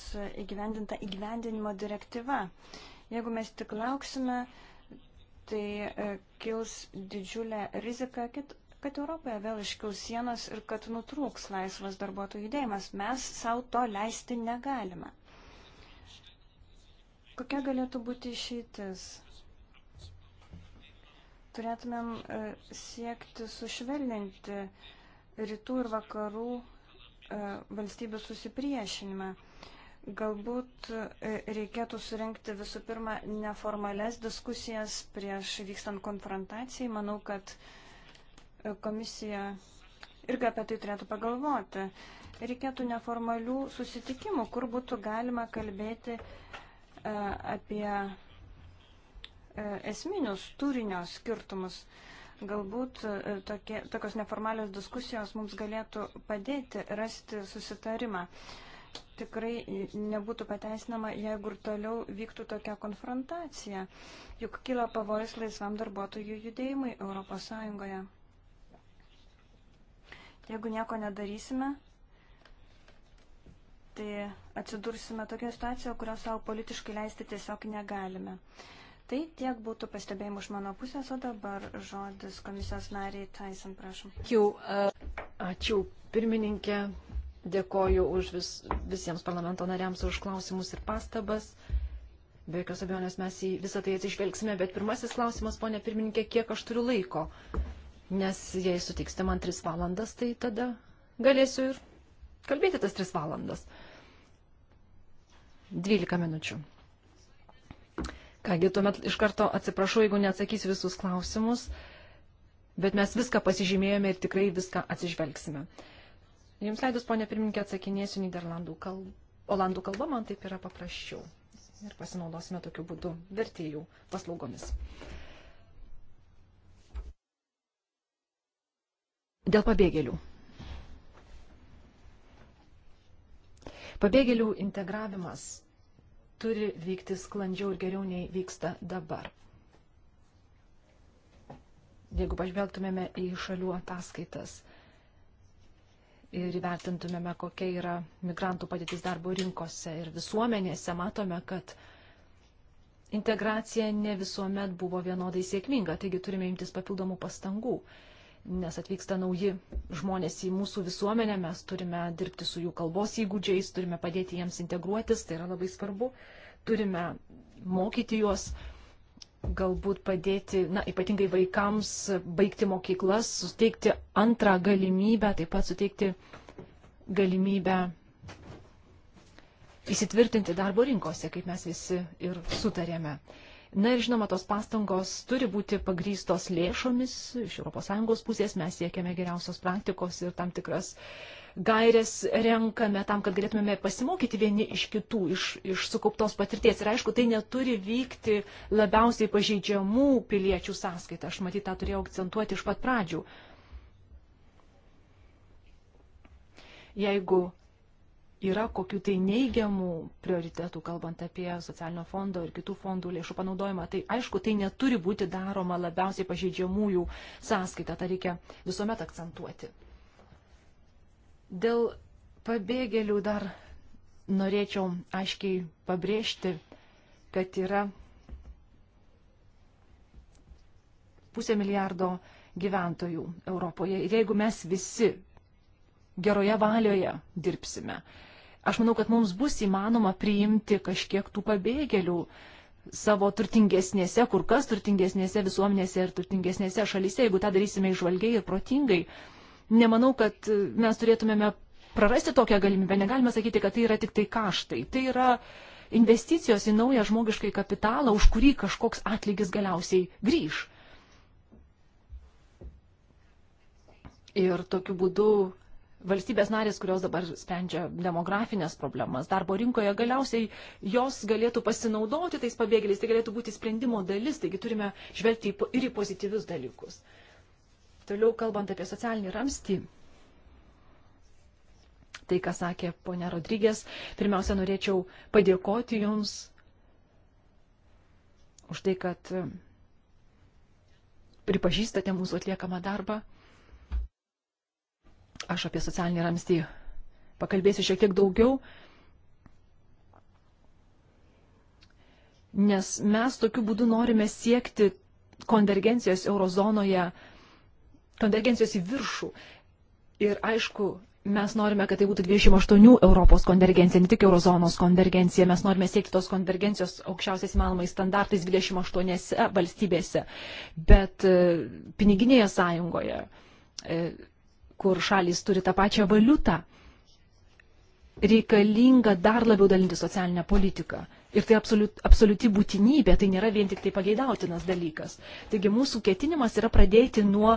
įgyvendinta įgyvendinimo direktyva. Jeigu mes tik lauksime, tai e, kils didžiulė rizika, kad Europoje vėl iškils sienos ir kad nutrūks laisvas darbuotojų judėjimas. Mes savo to leisti negalime. Kokia galėtų būti išeitis? Turėtumėm e, siekti sušvelninti rytų ir vakarų e, valstybių susipriešinimą. Galbūt e, reikėtų surinkti visų pirma neformales diskusijas prieš vykstant konfrontacijai. Manau, kad komisija irgi apie tai turėtų pagalvoti. Reikėtų neformalių susitikimų, kur būtų galima kalbėti apie esminius turinio skirtumus. Galbūt tokie, tokios neformalios diskusijos mums galėtų padėti rasti susitarimą. Tikrai nebūtų pateisinama, jeigu ir toliau vyktų tokia konfrontacija, juk kyla pavojus laisvam darbuotojų judėjimui ES. Jeigu nieko nedarysime, tai atsidursime tokia situacija, kurios savo politiškai leisti tiesiog negalime. Tai tiek būtų pastebėjimų iš mano pusės, o dabar žodis komisijos nariai Tyson, prašom. Ačiū, uh, ačiū pirmininkė, dėkoju už vis, visiems parlamento nariams už klausimus ir pastabas. Be jokios abejonės mes į visą tai atsižvelgsime, bet pirmasis klausimas, ponė pirmininkė, kiek aš turiu laiko, nes jei sutiksite man tris valandas, tai tada galėsiu ir kalbėti tas tris valandas. 12 minučių. Kągi, tuomet iš karto atsiprašau, jeigu neatsakysiu visus klausimus, bet mes viską pasižymėjome ir tikrai viską atsižvelgsime. Jums leidus, ponė pirmininkė, atsakinėsiu Niderlandų kalbą. Olandų kalba man taip yra paprasčiau. Ir pasinaudosime tokiu būdu vertėjų paslaugomis. Dėl pabėgėlių. Pabėgėlių integravimas turi vykti sklandžiau ir geriau nei vyksta dabar. Jeigu pažvelgtumėme į šalių ataskaitas ir įvertintumėme, kokia yra migrantų padėtis darbo rinkose ir visuomenėse, matome, kad integracija ne visuomet buvo vienodai sėkminga, taigi turime imtis papildomų pastangų nes atvyksta nauji žmonės į mūsų visuomenę, mes turime dirbti su jų kalbos įgūdžiais, turime padėti jiems integruotis, tai yra labai svarbu, turime mokyti juos, galbūt padėti, na, ypatingai vaikams baigti mokyklas, suteikti antrą galimybę, taip pat suteikti galimybę įsitvirtinti darbo rinkose, kaip mes visi ir sutarėme. Na ir žinoma, tos pastangos turi būti pagrystos lėšomis iš ES pusės, mes siekiame geriausios praktikos ir tam tikras gairės renkame tam, kad galėtumėme pasimokyti vieni iš kitų, iš, iš sukauptos patirties. Ir aišku, tai neturi vykti labiausiai pažeidžiamų piliečių sąskaitą. Aš matyt, tą turėjau akcentuoti iš pat pradžių. Jeigu yra kokių tai neigiamų prioritetų, kalbant apie socialinio fondo ir kitų fondų lėšų panaudojimą, tai aišku, tai neturi būti daroma labiausiai pažeidžiamųjų sąskaitą, tą reikia visuomet akcentuoti. Dėl pabėgėlių dar norėčiau aiškiai pabrėžti, kad yra pusė milijardo gyventojų Europoje. Ir jeigu mes visi geroje valioje dirbsime, Aš manau, kad mums bus įmanoma priimti kažkiek tų pabėgėlių savo turtingesnėse, kur kas turtingesnėse visuomenėse ir turtingesnėse šalyse, jeigu tą darysime išvalgiai ir protingai. Nemanau, kad mes turėtumėme prarasti tokią galimybę. Negalime sakyti, kad tai yra tik tai kaštai. Tai yra investicijos į naują žmogiškai kapitalą, už kurį kažkoks atlygis galiausiai grįž. Ir tokiu būdu valstybės narės, kurios dabar sprendžia demografinės problemas darbo rinkoje, galiausiai jos galėtų pasinaudoti tais pabėgėliais, tai galėtų būti sprendimo dalis, taigi turime žvelgti ir į pozityvius dalykus. Toliau kalbant apie socialinį ramstį, tai, ką sakė ponia Rodrygės, pirmiausia, norėčiau padėkoti Jums už tai, kad pripažįstate mūsų atliekamą darbą Aš apie socialinį ramstį pakalbėsiu šiek tiek daugiau, nes mes tokiu būdu norime siekti konvergencijos eurozonoje, konvergencijos į viršų. Ir aišku, mes norime, kad tai būtų 28 Europos konvergencija, ne tik eurozonos konvergencija. Mes norime siekti tos konvergencijos aukščiausiais įmanomais standartais 28 valstybėse, bet e, piniginėje sąjungoje e, kur šalis turi tą pačią valiutą, reikalinga dar labiau dalinti socialinę politiką. Ir tai absoliut, absoliuti būtinybė, tai nėra vien tik tai pageidautinas dalykas. Taigi mūsų ketinimas yra pradėti nuo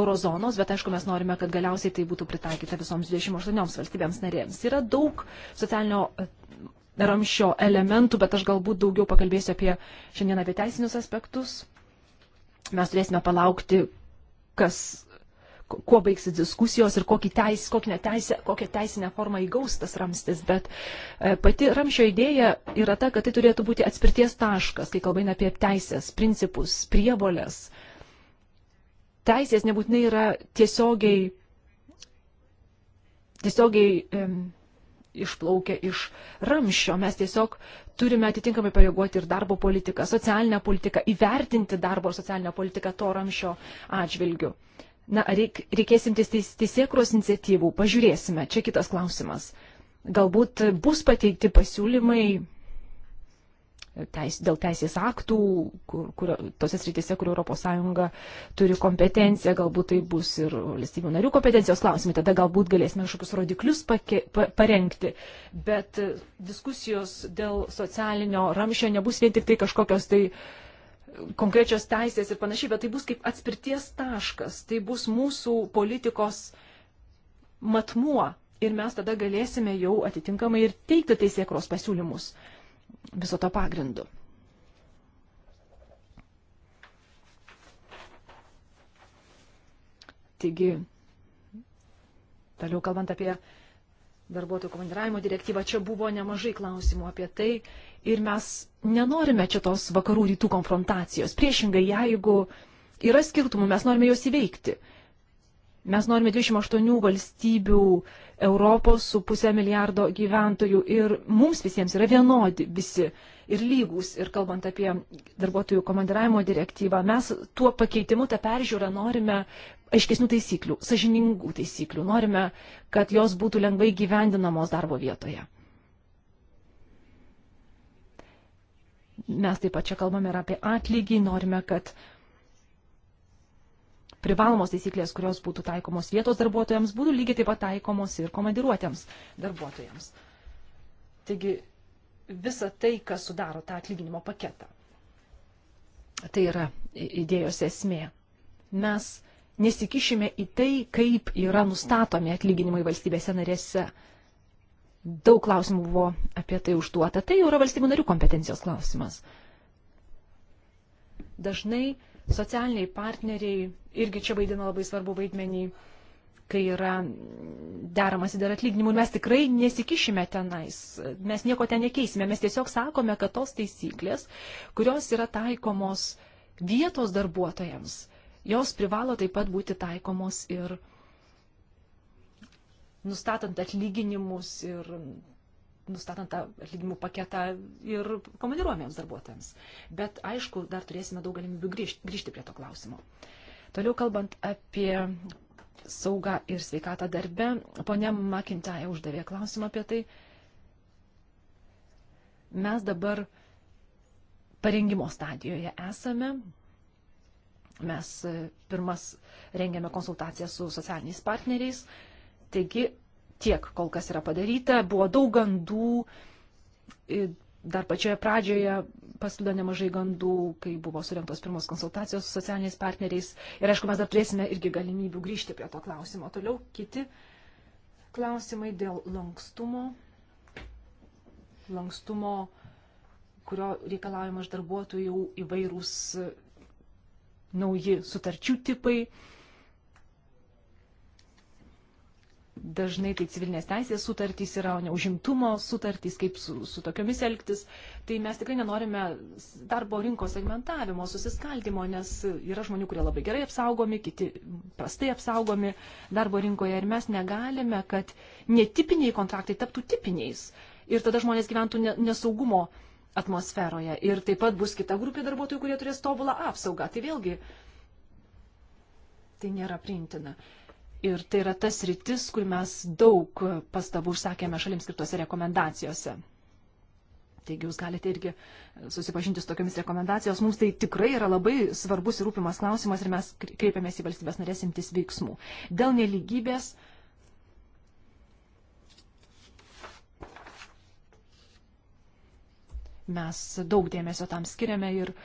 eurozonos, bet aišku, mes norime, kad galiausiai tai būtų pritaikyta visoms 28 valstybėms narėms. Yra daug socialinio e, ramšio elementų, bet aš galbūt daugiau pakalbėsiu apie šiandien apie teisinius aspektus. Mes turėsime palaukti, kas kuo baigsis diskusijos ir kokį teis, kokią, teisę, kokią teisinę formą įgaus tas ramstis, bet e, pati ramšio idėja yra ta, kad tai turėtų būti atspirties taškas, kai kalbain apie teisės, principus, prievolės. Teisės nebūtinai yra tiesiogiai, tiesiogiai išplaukia iš ramščio. Mes tiesiog turime atitinkamai pareigoti ir darbo politiką, socialinę politiką, įvertinti darbo ir socialinę politiką to ramščio atžvilgiu. Na, reik, reikės imtis teis, teisėkros iniciatyvų, pažiūrėsime, čia kitas klausimas. Galbūt bus pateikti pasiūlymai e, teis, dėl teisės aktų, kur, kur, tose srityse, kur ES turi kompetenciją, galbūt tai bus ir valstybių narių kompetencijos klausimai, tada galbūt galėsime kažkokius rodiklius pake, pa, parengti. Bet e, diskusijos dėl socialinio ramšio nebus vien tik tai kažkokios tai uh, konkrečios teisės ir panašiai, bet tai bus kaip atspirties taškas, tai bus mūsų politikos matmuo ir mes tada galėsime jau atitinkamai ir teikti teisėkros pasiūlymus viso to pagrindu. Taigi, toliau kalbant apie darbuotojų komandiravimo direktyvą, čia buvo nemažai klausimų apie tai ir mes nenorime čia tos vakarų rytų konfrontacijos. Priešingai, jeigu yra skirtumų, mes norime juos įveikti. Mes norime 28 valstybių Europos su pusę milijardo gyventojų ir mums visiems yra vienodi visi ir lygus. Ir kalbant apie darbuotojų komandiravimo direktyvą, mes tuo pakeitimu, tą peržiūrą norime aiškesnių taisyklių, sažiningų taisyklių. Norime, kad jos būtų lengvai gyvendinamos darbo vietoje. Mes taip pat čia kalbame ir apie atlygį, norime, kad privalomos taisyklės, kurios būtų taikomos vietos darbuotojams, būtų lygiai taip pat taikomos ir komandiruotėms darbuotojams. Taigi visa tai, kas sudaro tą atlyginimo paketą, tai yra idėjos esmė. Mes nesikišime į tai, kaip yra nustatomi atlyginimai valstybėse narėse. Daug klausimų buvo apie tai užduota. Tai jau yra valstybių narių kompetencijos klausimas. Dažnai socialiniai partneriai irgi čia vaidina labai svarbu vaidmenį, kai yra deramasi dėl atlyginimų. Mes tikrai nesikišime tenais, mes nieko ten nekeisime, mes tiesiog sakome, kad tos taisyklės, kurios yra taikomos vietos darbuotojams, jos privalo taip pat būti taikomos ir darbuotojams nustatant atlyginimus ir nustatant tą atlyginimų paketą ir komandiruojamiems darbuotojams. Bet aišku, dar turėsime daug galimybių grįžti, grįžti prie to klausimo. Toliau kalbant apie saugą ir sveikatą darbe, ponia Makintaja uždavė klausimą apie tai. Mes dabar parengimo stadijoje esame. Mes e, pirmas rengiame konsultaciją su socialiniais partneriais. Uh, Taigi tiek kol kas yra padaryta. Buvo daug gandų, dar pačioje pradžioje pasklido nemažai gandų, kai buvo surinktos pirmos konsultacijos su socialiniais partneriais. Ir aišku, mes dar turėsime irgi galimybių grįžti prie to klausimo. Toliau kiti klausimai dėl lankstumo. Lankstumo, kurio reikalaujama iš darbuotojų įvairūs nauji sutarčių tipai dažnai tai civilinės teisės sutartys yra, o ne užimtumo sutartys, kaip su, su tokiomis elgtis. Tai mes tikrai nenorime darbo rinkos segmentavimo, susiskaldimo, nes yra žmonių, kurie labai gerai apsaugomi, kiti prastai apsaugomi darbo rinkoje ir mes negalime, kad netipiniai kontraktai taptų tipiniais ir tada žmonės gyventų nesaugumo atmosferoje. Ir taip pat bus kita grupė darbuotojų, kurie turės tobulą apsaugą. Tai vėlgi tai nėra priimtina. Ir tai yra tas rytis, kur mes daug pastabų užsakėme šalims skirtose rekomendacijose. Taigi jūs galite irgi susipažinti su tokiamis rekomendacijos. Mums tai tikrai yra labai svarbus ir rūpimas klausimas ir mes kreipiamės į valstybės narės imtis veiksmų. Dėl neligybės. Mes daug dėmesio tam skiriame ir uh,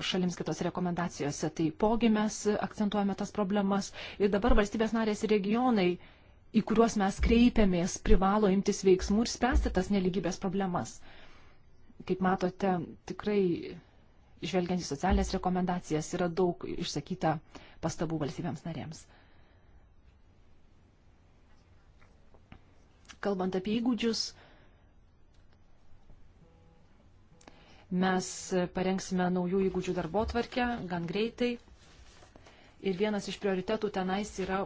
šalims kitose rekomendacijose. Taipogi mes akcentuojame tas problemas ir dabar valstybės narės ir regionai, į kuriuos mes kreipiamės, privalo imtis veiksmų ir spręsti tas neligybės problemas. Kaip matote, tikrai, žvelgiant į socialinės rekomendacijas, yra daug išsakyta pastabų valstybėms narėms. Kalbant apie įgūdžius, Mes parengsime naujų įgūdžių darbo tvarkę gan greitai. Ir vienas iš prioritetų tenais yra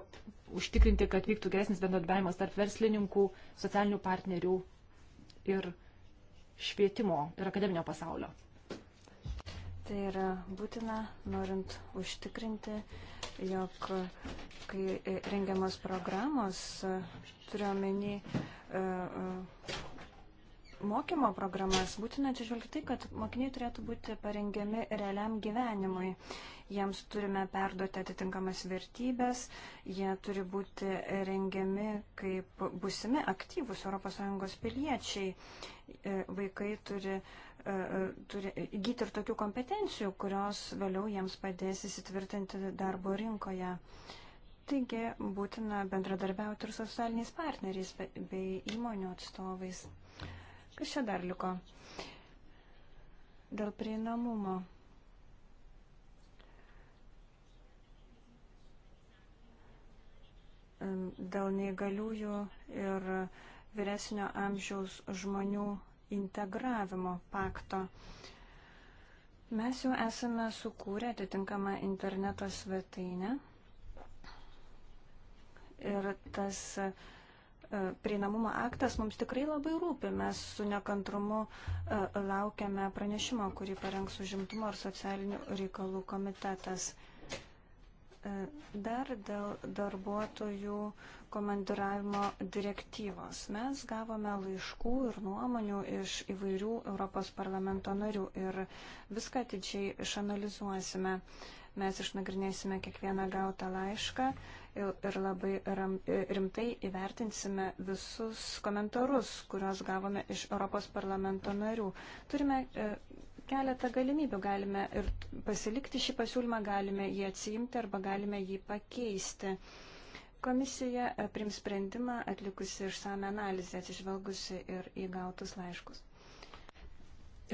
užtikrinti, kad vyktų geresnis bendradarbiavimas tarp verslininkų, socialinių partnerių ir švietimo ir akademinio pasaulio. Tai yra būtina, norint užtikrinti, jog kai rengiamos programos, turiuomenį e, e, mokymo programas, būtina atsižvelgti tai, kad mokiniai turėtų būti parengiami realiam gyvenimui. Jiems turime perduoti atitinkamas vertybės, jie turi būti rengiami kaip busimi aktyvus ES piliečiai. E, vaikai turi, e, e, turi įgyti ir tokių kompetencijų, kurios vėliau jiems padės įsitvirtinti darbo rinkoje. Taigi būtina bendradarbiauti ir socialiniais partneriais bei įmonių atstovais. Kas čia dar liko? Dėl prieinamumo. Dėl neįgaliųjų ir vyresnio amžiaus žmonių integravimo pakto. Mes jau esame sukūrę atitinkamą interneto svetainę ir tas uh, E, prieinamumo aktas mums tikrai labai rūpi. Mes su nekantrumu e, laukiame pranešimo, kurį parengs užimtumo ir socialinių reikalų komitetas. E, dar dėl darbuotojų komandiravimo direktyvos. Mes gavome laiškų ir nuomonių iš įvairių Europos parlamento narių ir viską atidžiai išanalizuosime. Mes išnagrinėsime kiekvieną gautą laišką ir labai rimtai įvertinsime visus komentarus, kuriuos gavome iš Europos parlamento narių. Turime e, keletą galimybių. Galime ir pasilikti šį pasiūlymą, galime jį atsiimti arba galime jį pakeisti. Komisija e, prims sprendimą atlikusi išsame analizę, atsižvelgusi ir įgautus laiškus.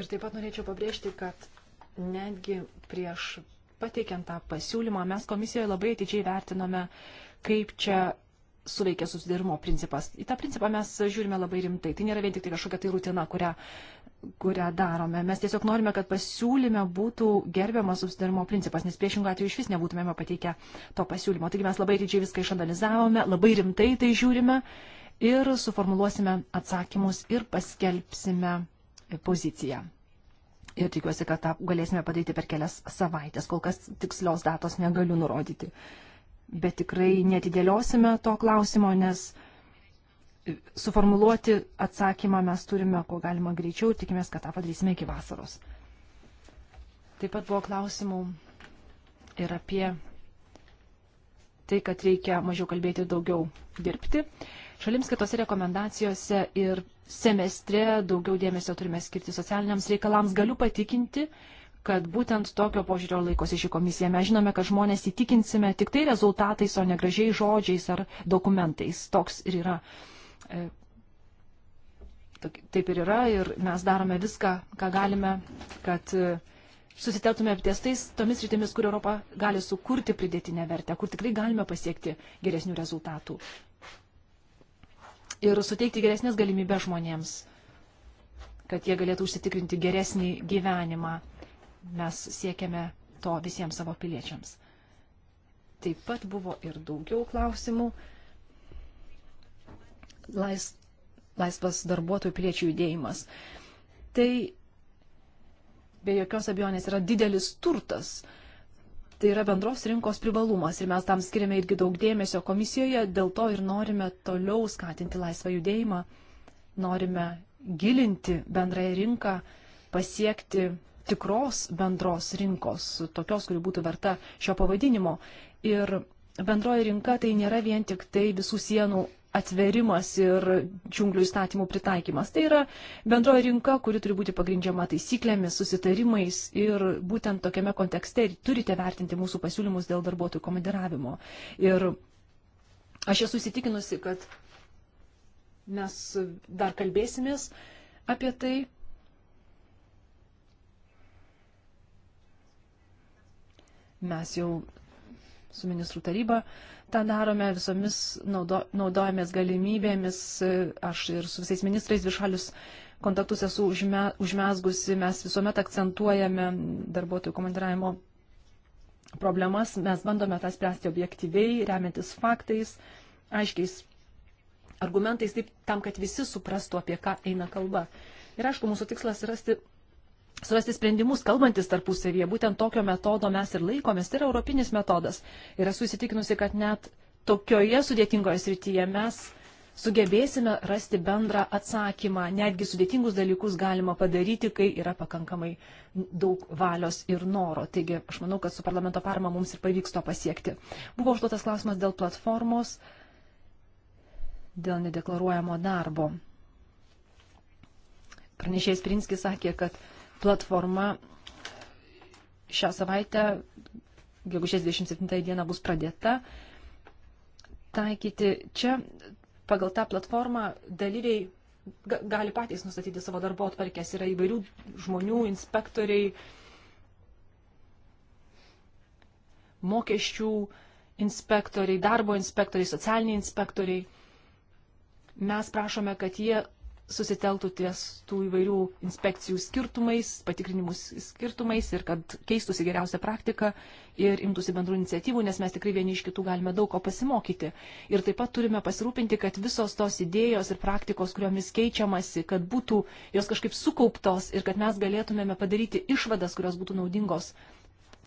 Ir taip pat norėčiau pabrėžti, kad netgi prieš pateikiant tą pasiūlymą, mes komisijoje labai atidžiai vertinome, kaip čia suveikia susidarimo principas. Į tą principą mes žiūrime labai rimtai. Tai nėra vien tik tai kažkokia tai rutina, kurią, kurią darome. Mes tiesiog norime, kad pasiūlyme būtų gerbiamas susidarimo principas, nes priešingų atveju iš vis nebūtumėme pateikę to pasiūlymo. Taigi mes labai atidžiai viską išanalizavome, labai rimtai tai žiūrime ir suformuluosime atsakymus ir paskelbsime poziciją ir tikiuosi, kad tą galėsime padaryti per kelias savaitės. Kol kas tikslios datos negaliu nurodyti. Bet tikrai netidėliosime to klausimo, nes suformuluoti atsakymą mes turime, ko galima greičiau, ir tikimės, kad tą padarysime iki vasaros. Taip pat buvo klausimų ir apie tai, kad reikia mažiau kalbėti ir daugiau dirbti. Šalims kitose rekomendacijose ir semestre daugiau dėmesio turime skirti socialiniams reikalams. Galiu patikinti, kad būtent tokio požiūrio laikosi ši komisija. Mes žinome, kad žmonės įtikinsime tik tai rezultatais, o ne gražiai žodžiais ar dokumentais. Toks ir yra. E, taip ir yra ir mes darome viską, ką galime, kad e, susiteltume ties tais tomis rytimis, kur Europa gali sukurti pridėtinę vertę, kur tikrai galime pasiekti geresnių rezultatų ir suteikti geresnės galimybės žmonėms, kad jie galėtų užsitikrinti geresnį gyvenimą. Mes siekiame to visiems savo piliečiams. Taip pat buvo ir daugiau klausimų. Lais, laisvas darbuotojų piliečių judėjimas. Tai be jokios abejonės yra didelis turtas, uh, Tai yra bendros rinkos privalumas ir mes tam skiriame irgi daug dėmesio komisijoje, dėl to ir norime toliau skatinti laisvą judėjimą, norime gilinti bendrąją rinką, pasiekti tikros bendros rinkos, tokios, kuri būtų verta šio pavadinimo. Ir bendroji rinka tai nėra vien tik tai visų sienų atverimas ir džiunglių įstatymų pritaikymas. Tai yra bendroji rinka, kuri turi būti pagrindžiama taisyklėmis, susitarimais ir būtent tokiame kontekste turite vertinti mūsų pasiūlymus dėl darbuotojų komandiravimo. Ir aš esu įsitikinusi, kad mes dar kalbėsimės apie tai. Mes jau su ministrų taryba tą darome visomis naudo, naudojamės galimybėmis. Aš ir su visais ministrais viršalius kontaktus esu užme, užmesgusi. Mes visuomet akcentuojame darbuotojų komandiravimo problemas. Mes bandome tą spręsti objektyviai, remiantis faktais, aiškiais argumentais, taip, tam, kad visi suprastų, apie ką eina kalba. Ir aišku, mūsų tikslas rasti surasti sprendimus, kalbantis tarpusavyje. Būtent tokio metodo mes ir laikomės. Tai yra europinis metodas. Ir esu įsitikinusi, kad net tokioje sudėtingoje srityje mes sugebėsime rasti bendrą atsakymą. Netgi sudėtingus dalykus galima padaryti, kai yra pakankamai daug valios ir noro. Taigi aš manau, kad su parlamento parama mums ir pavyks to pasiekti. Buvo užduotas klausimas dėl platformos, dėl nedeklaruojamo darbo. Pranešėjas Prinskis sakė, kad platforma šią savaitę, gegužės 27 dieną, bus pradėta taikyti. Čia pagal tą platformą dalyviai gali patys nustatyti savo darbo atvarkės. Yra įvairių žmonių, inspektoriai, mokesčių inspektoriai, darbo inspektoriai, socialiniai inspektoriai. Mes prašome, kad jie susiteltų ties tų įvairių inspekcijų skirtumais, patikrinimus skirtumais ir kad keistųsi geriausia praktika ir imtųsi bendrų iniciatyvų, nes mes tikrai vieni iš kitų galime daug ko pasimokyti. Ir taip pat turime pasirūpinti, kad visos tos idėjos ir praktikos, kuriomis keičiamasi, kad būtų jos kažkaip sukauptos ir kad mes galėtumėme padaryti išvadas, kurios būtų naudingos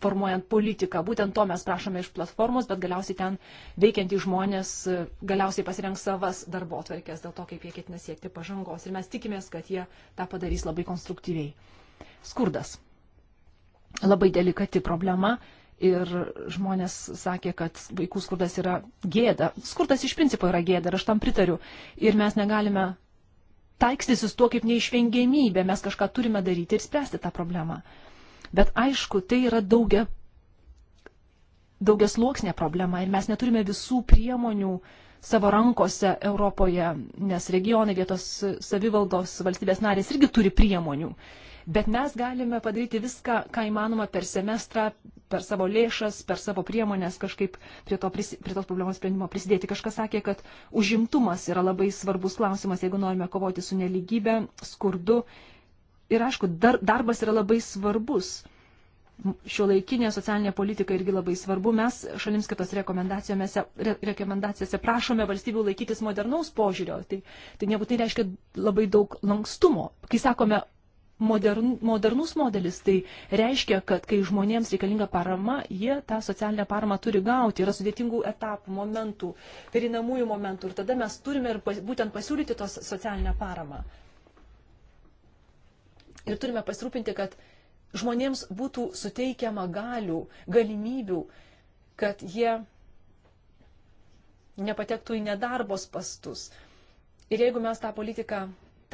formuojant politiką. Būtent to mes prašome iš platformos, bet galiausiai ten veikiantys žmonės e, galiausiai pasirengs savas darbo atverkės dėl to, kaip jie ketina siekti pažangos. Ir mes tikimės, kad jie tą padarys labai konstruktyviai. Skurdas. Labai delikati problema. Ir žmonės sakė, kad vaikų skurdas yra gėda. Skurdas iš principo yra gėda ir aš tam pritariu. Ir mes negalime taikstysis tuo kaip neišvengiamybė. Mes kažką turime daryti ir spręsti tą problemą. Uh, Bet aišku, tai yra daugia, daugia sluoksnė problema ir mes neturime visų priemonių savo rankose Europoje, nes regionai vietos savivaldos valstybės narės irgi turi priemonių. Bet mes galime padaryti viską, ką įmanoma per semestrą, per savo lėšas, per savo priemonės kažkaip prie, to, prie tos problemos sprendimo prisidėti. Kažkas sakė, kad užimtumas yra labai svarbus klausimas, jeigu norime kovoti su neligybė, skurdu ir aišku, dar, darbas yra labai svarbus. Šio laikinė socialinė politika irgi labai svarbu. Mes šalims kitos rekomendacijose, re, rekomendacijose prašome valstybių laikytis modernaus požiūrio. Tai, tai nebūtinai reiškia labai daug lankstumo. Kai sakome modern, modernus modelis, tai reiškia, kad kai žmonėms reikalinga parama, jie tą socialinę paramą turi gauti. Yra sudėtingų etapų, momentų, perinamųjų momentų. Ir tada mes turime ir pas, būtent pasiūlyti tos socialinę paramą. Ir turime pasirūpinti, kad žmonėms būtų suteikiama galių, galimybių, kad jie nepatektų į nedarbos pastus. Ir jeigu mes tą politiką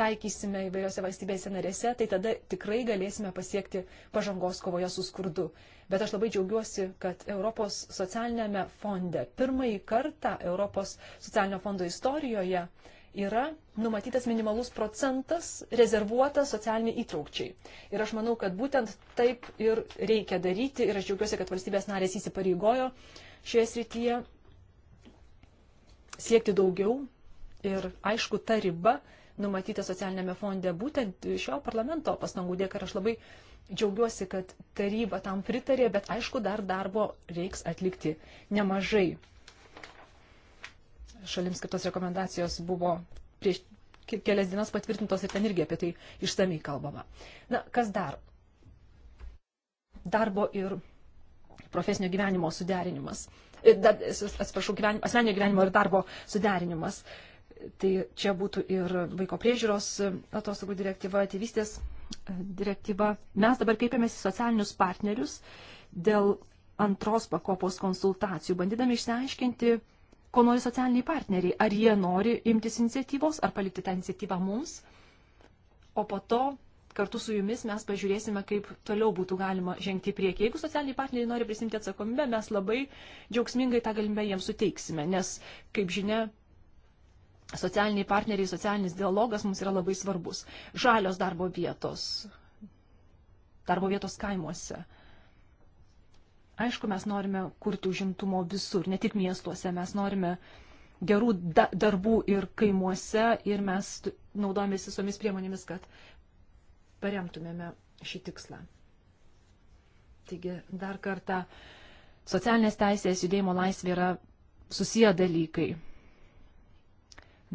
taikysime įvairiose valstybėse narėse, tai tada tikrai galėsime pasiekti pažangos kovoje su skurdu. Bet aš labai džiaugiuosi, kad Europos socialinėme fonde pirmąjį kartą Europos socialinio fondo istorijoje yra numatytas minimalus procentas rezervuotas socialiniai įtraukčiai. Ir aš manau, kad būtent taip ir reikia daryti ir aš džiaugiuosi, kad valstybės narės įsipareigojo šioje srityje siekti daugiau ir aišku, ta riba numatyta socialinėme fonde būtent šio parlamento pastangų dėka ir aš labai džiaugiuosi, kad taryba tam pritarė, bet aišku, dar darbo reiks atlikti nemažai šalims skirtos rekomendacijos buvo prieš kelias dienas patvirtintos ir ten irgi apie tai išsamei kalbama. Na, kas dar? Darbo ir profesinio gyvenimo suderinimas. E, da, atsiprašau, gyvenim, asmeninio gyvenimo ir darbo suderinimas. Tai čia būtų ir vaiko priežiūros atostogų direktyva, tėvystės direktyva. Mes dabar kreipiamės į socialinius partnerius dėl antros pakopos konsultacijų, bandydami išsiaiškinti, ko nori socialiniai partneriai. Ar jie nori imtis iniciatyvos, ar palikti tą iniciatyvą mums. O po to kartu su jumis mes pažiūrėsime, kaip toliau būtų galima žengti į priekį. Jeigu socialiniai partneriai nori prisimti atsakomybę, mes labai džiaugsmingai tą galimybę jiems suteiksime, nes, kaip žinia, socialiniai partneriai, socialinis dialogas mums yra labai svarbus. Žalios darbo vietos, darbo vietos kaimuose Aišku, mes norime kurti užimtumo visur, ne tik miestuose, mes norime gerų da darbų ir kaimuose ir mes naudojamės visomis priemonėmis, kad paremtumėme šį tikslą. Taigi, dar kartą, socialinės teisės, judėjimo laisvė yra susiję dalykai.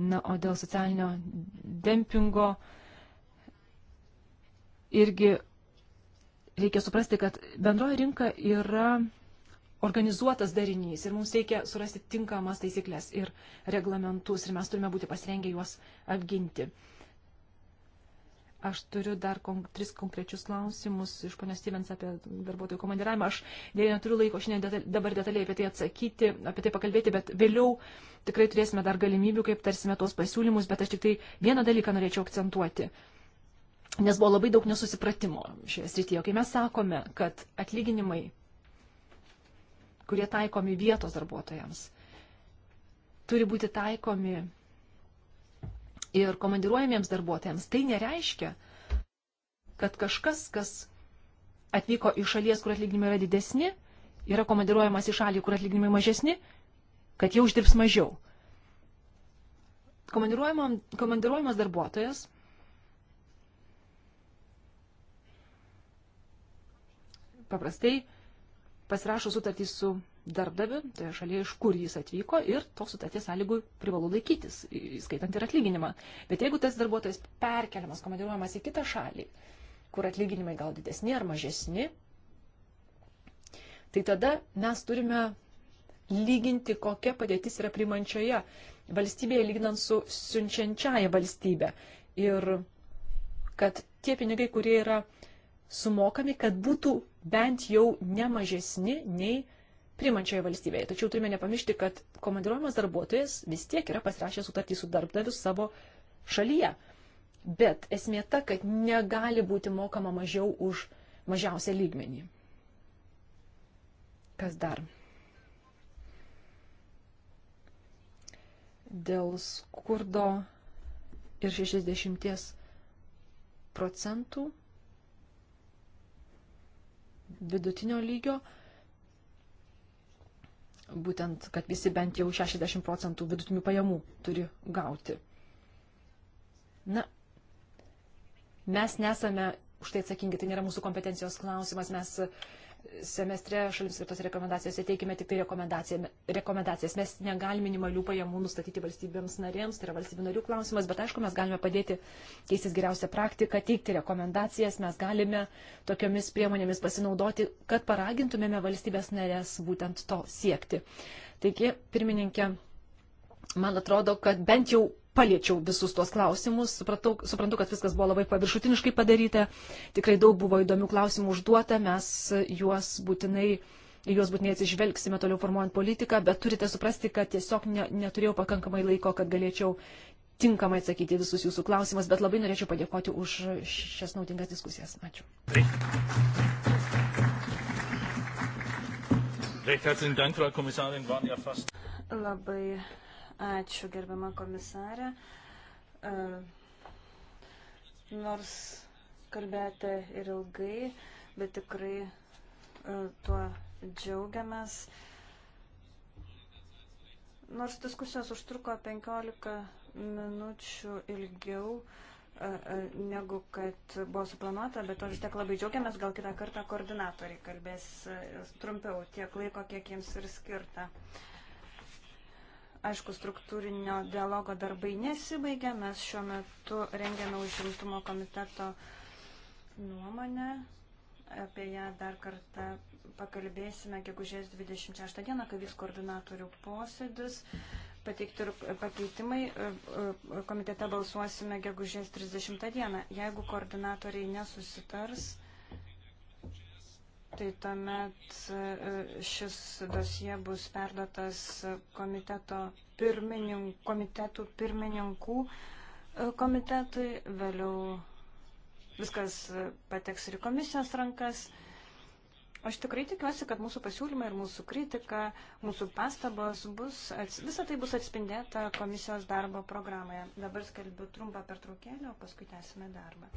Na, o dėl socialinio dempingo irgi reikia suprasti, kad bendroji rinka yra organizuotas darinys ir mums reikia surasti tinkamas taisyklės ir reglamentus ir mes turime būti pasirengę juos apginti. Aš turiu dar kon tris konkrečius klausimus iš ponios Stevens apie darbuotojų komandiravimą. Aš dėja neturiu laiko šiandien detal dabar detaliai apie tai atsakyti, apie tai pakalbėti, bet vėliau tikrai turėsime dar galimybių, kaip tarsime tuos pasiūlymus, bet aš tik tai vieną dalyką norėčiau akcentuoti. Uh, nes buvo labai daug nesusipratimo šioje srityje. Kai mes sakome, kad atlyginimai, kurie taikomi vietos darbuotojams, turi būti taikomi ir komandiruojamiems darbuotojams, tai nereiškia, kad kažkas, kas atvyko iš šalies, kur atlyginimai yra didesni, yra komandiruojamas į šalį, kur atlyginimai mažesni, kad jie uždirbs mažiau. Komandiruojamas darbuotojas paprastai pasirašo sutartį su darbdaviu, tai šalia iš kur jis atvyko ir tos sutarties sąlygų privalu laikytis, įskaitant ir atlyginimą. Bet jeigu tas darbuotojas perkeliamas, komandiruojamas į kitą šalį, kur atlyginimai gal didesni ar mažesni, tai tada mes turime lyginti, kokia padėtis yra primančioje valstybėje, lyginant su siunčiančiaja valstybė. Ir kad tie pinigai, kurie yra sumokami, kad būtų bent jau nemažesni nei primančioje valstybėje. Tačiau turime nepamiršti, kad komandiruojamas darbuotojas vis tiek yra pasirašęs sutartį su darbdaviu savo šalyje. Bet esmė ta, kad negali būti mokama mažiau už mažiausią lygmenį. Kas dar? Dėl skurdo ir 60 procentų vidutinio lygio, būtent, kad visi bent jau 60 procentų vidutinių pajamų turi gauti. Na, mes nesame už tai atsakingi, tai nėra mūsų kompetencijos klausimas, mes semestre šalims skirtose rekomendacijose teikime tik tai rekomendacijas. Mes negalime minimalių pajamų nustatyti valstybėms narėms, tai yra valstybių narių klausimas, bet aišku, mes galime padėti keistis geriausią praktiką, teikti rekomendacijas, mes galime tokiomis priemonėmis pasinaudoti, kad paragintumėme valstybės narės būtent to siekti. Taigi, pirmininkė, Man atrodo, kad bent jau paliečiau visus tuos klausimus, supratau, suprantu, kad viskas buvo labai paviršutiniškai padaryta, tikrai daug buvo įdomių klausimų užduota, mes juos būtinai, juos būtinai atsižvelgsime toliau formuojant politiką, bet turite suprasti, kad tiesiog ne, neturėjau pakankamai laiko, kad galėčiau tinkamai atsakyti visus jūsų klausimus, bet labai norėčiau padėkoti už šias naudingas diskusijas. Ačiū. Recht herzlichen Dank, Frau Kommissarin, waren ja fast. Labai Ačiū, gerbiama komisarė. E, nors kalbėjote ir ilgai, bet tikrai e, tuo džiaugiamės. Nors diskusijos užtruko 15 minučių ilgiau e, negu kad buvo suplanuota, bet to vis tiek labai džiaugiamės, gal kitą kartą koordinatoriai kalbės trumpiau tiek laiko, kiek jiems ir skirta. Uh, Aišku, struktūrinio dialogo darbai nesibaigia, mes šiuo metu rengiame užimtumo komiteto nuomonę, apie ją dar kartą pakalbėsime gegužės 26 dieną, kai vis koordinatorių posėdis, pateikti ir pakeitimai, e, e, komitete balsuosime gegužės 30 dieną. Jeigu koordinatoriai nesusitars, tai tuomet e, šis dosie bus perdotas komiteto pirmininkų, komitetų pirmininkų e, komitetui, vėliau viskas pateks ir komisijos rankas. Aš tikrai tikiuosi, kad mūsų pasiūlymai ir mūsų kritika, mūsų pastabos bus, visą tai bus atspindėta komisijos darbo programoje. Dabar skelbiu trumpą pertraukėlę, o paskui tęsime darbą.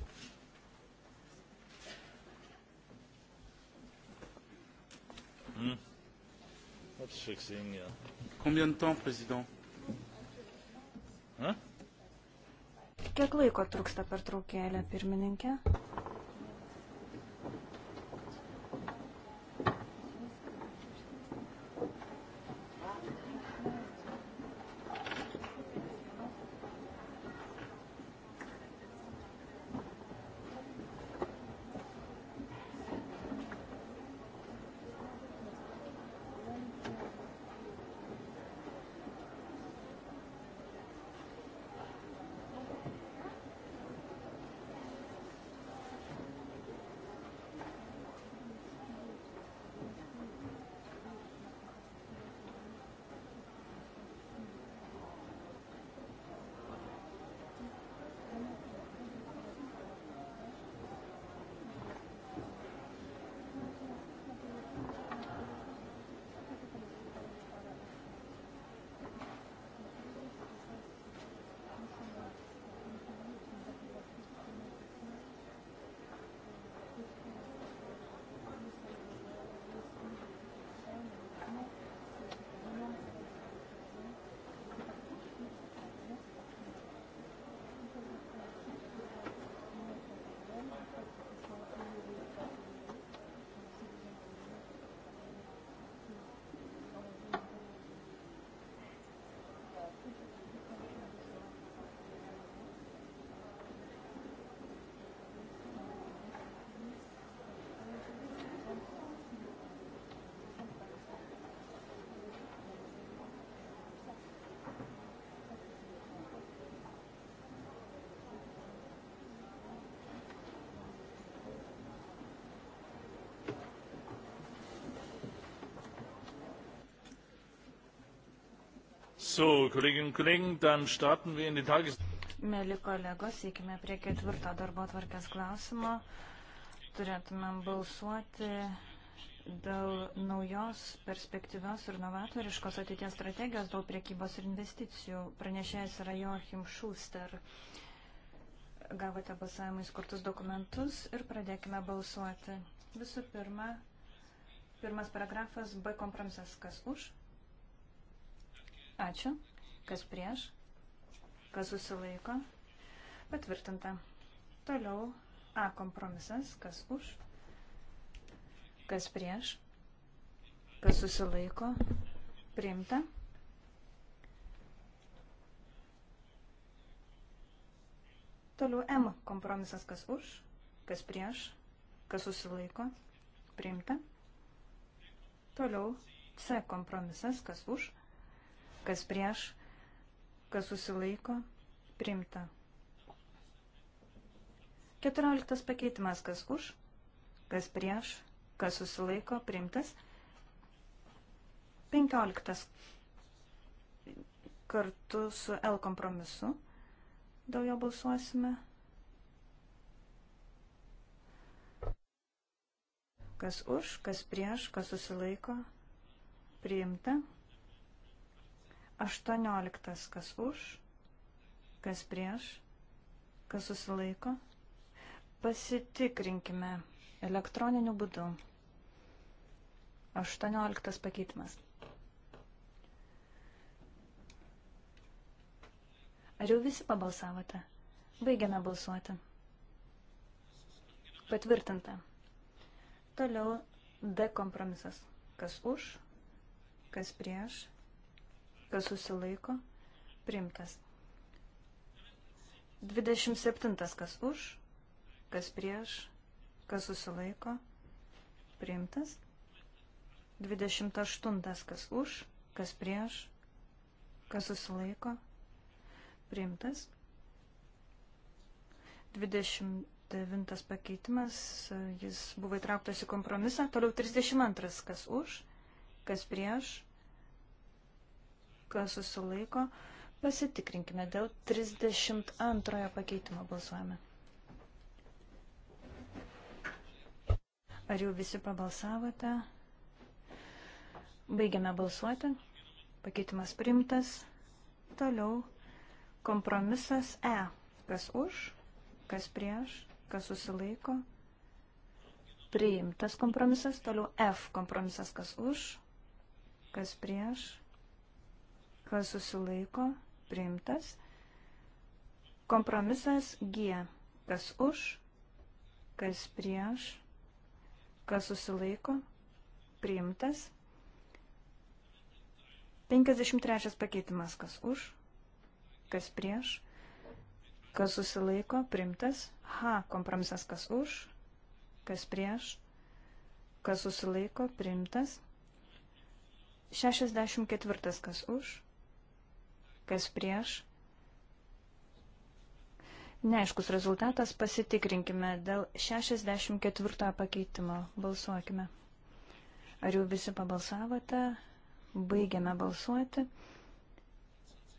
Hmm. What's fixing, yeah. Combien de temps, président? Huh? Kiek laiko trūksta per traukėlę, pirmininkė? So, Kolleginnen und Kollegen, dann starten wir in den Tages... Mėly kolegos, eikime prie ketvirto darbo tvarkės klausimo. Turėtumėm balsuoti dėl naujos, perspektyvios ir novatoriškos ateities strategijos dėl priekybos ir investicijų. Pranešėjas yra Joachim Schuster. Gavote balsavimui skurtus dokumentus ir pradėkime balsuoti. Visų pirma, pirmas paragrafas B kompromisas. Kas už? Ačiū. Kas prieš? Kas susilaiko? Patvirtinta. Toliau A kompromisas. Kas už? Kas prieš? Kas susilaiko? Priimta. Toliau M kompromisas. Kas už? Kas prieš? Kas susilaiko? Priimta. Toliau C kompromisas. Kas už? kas prieš, kas susilaiko, primta. 14 pakeitimas, kas už, kas prieš, kas susilaiko, primtas. 15 kartu su L kompromisu, dėl jo balsuosime. Kas už, kas prieš, kas susilaiko, priimta. Priimta. 18. Kas už, kas prieš, kas susilaiko. Pasitikrinkime elektroniniu būdu. 18. pakeitimas. Ar jau visi pabalsavote? Baigiame balsuoti. Patvirtinta. Toliau D kompromisas. Kas už, kas prieš, kas susilaiko, primtas. 27. kas už, kas prieš, kas susilaiko, primtas. 28. kas už, kas prieš, kas susilaiko, primtas. 29 pakeitimas, jis buvo įtrauktas į kompromisą. Toliau 32. kas už, kas prieš, kas susilaiko. Pasitikrinkime dėl 32 pakeitimo balsuojame. Ar jau visi pabalsavote? Baigiame balsuoti. Pakeitimas priimtas. Toliau kompromisas E. Kas už, kas prieš, kas susilaiko. Priimtas kompromisas. Toliau F kompromisas, kas už, kas prieš, kas susilaiko, priimtas. Kompromisas G, kas už, kas prieš, kas susilaiko, priimtas. 53 pakeitimas, kas už, kas prieš, kas susilaiko, priimtas. H, kompromisas, kas už, kas prieš, kas susilaiko, priimtas. 64, kas už, kas prieš. Neaiškus rezultatas pasitikrinkime dėl 64 pakeitimo. Balsuokime. Ar jau visi pabalsavote? Baigiame balsuoti.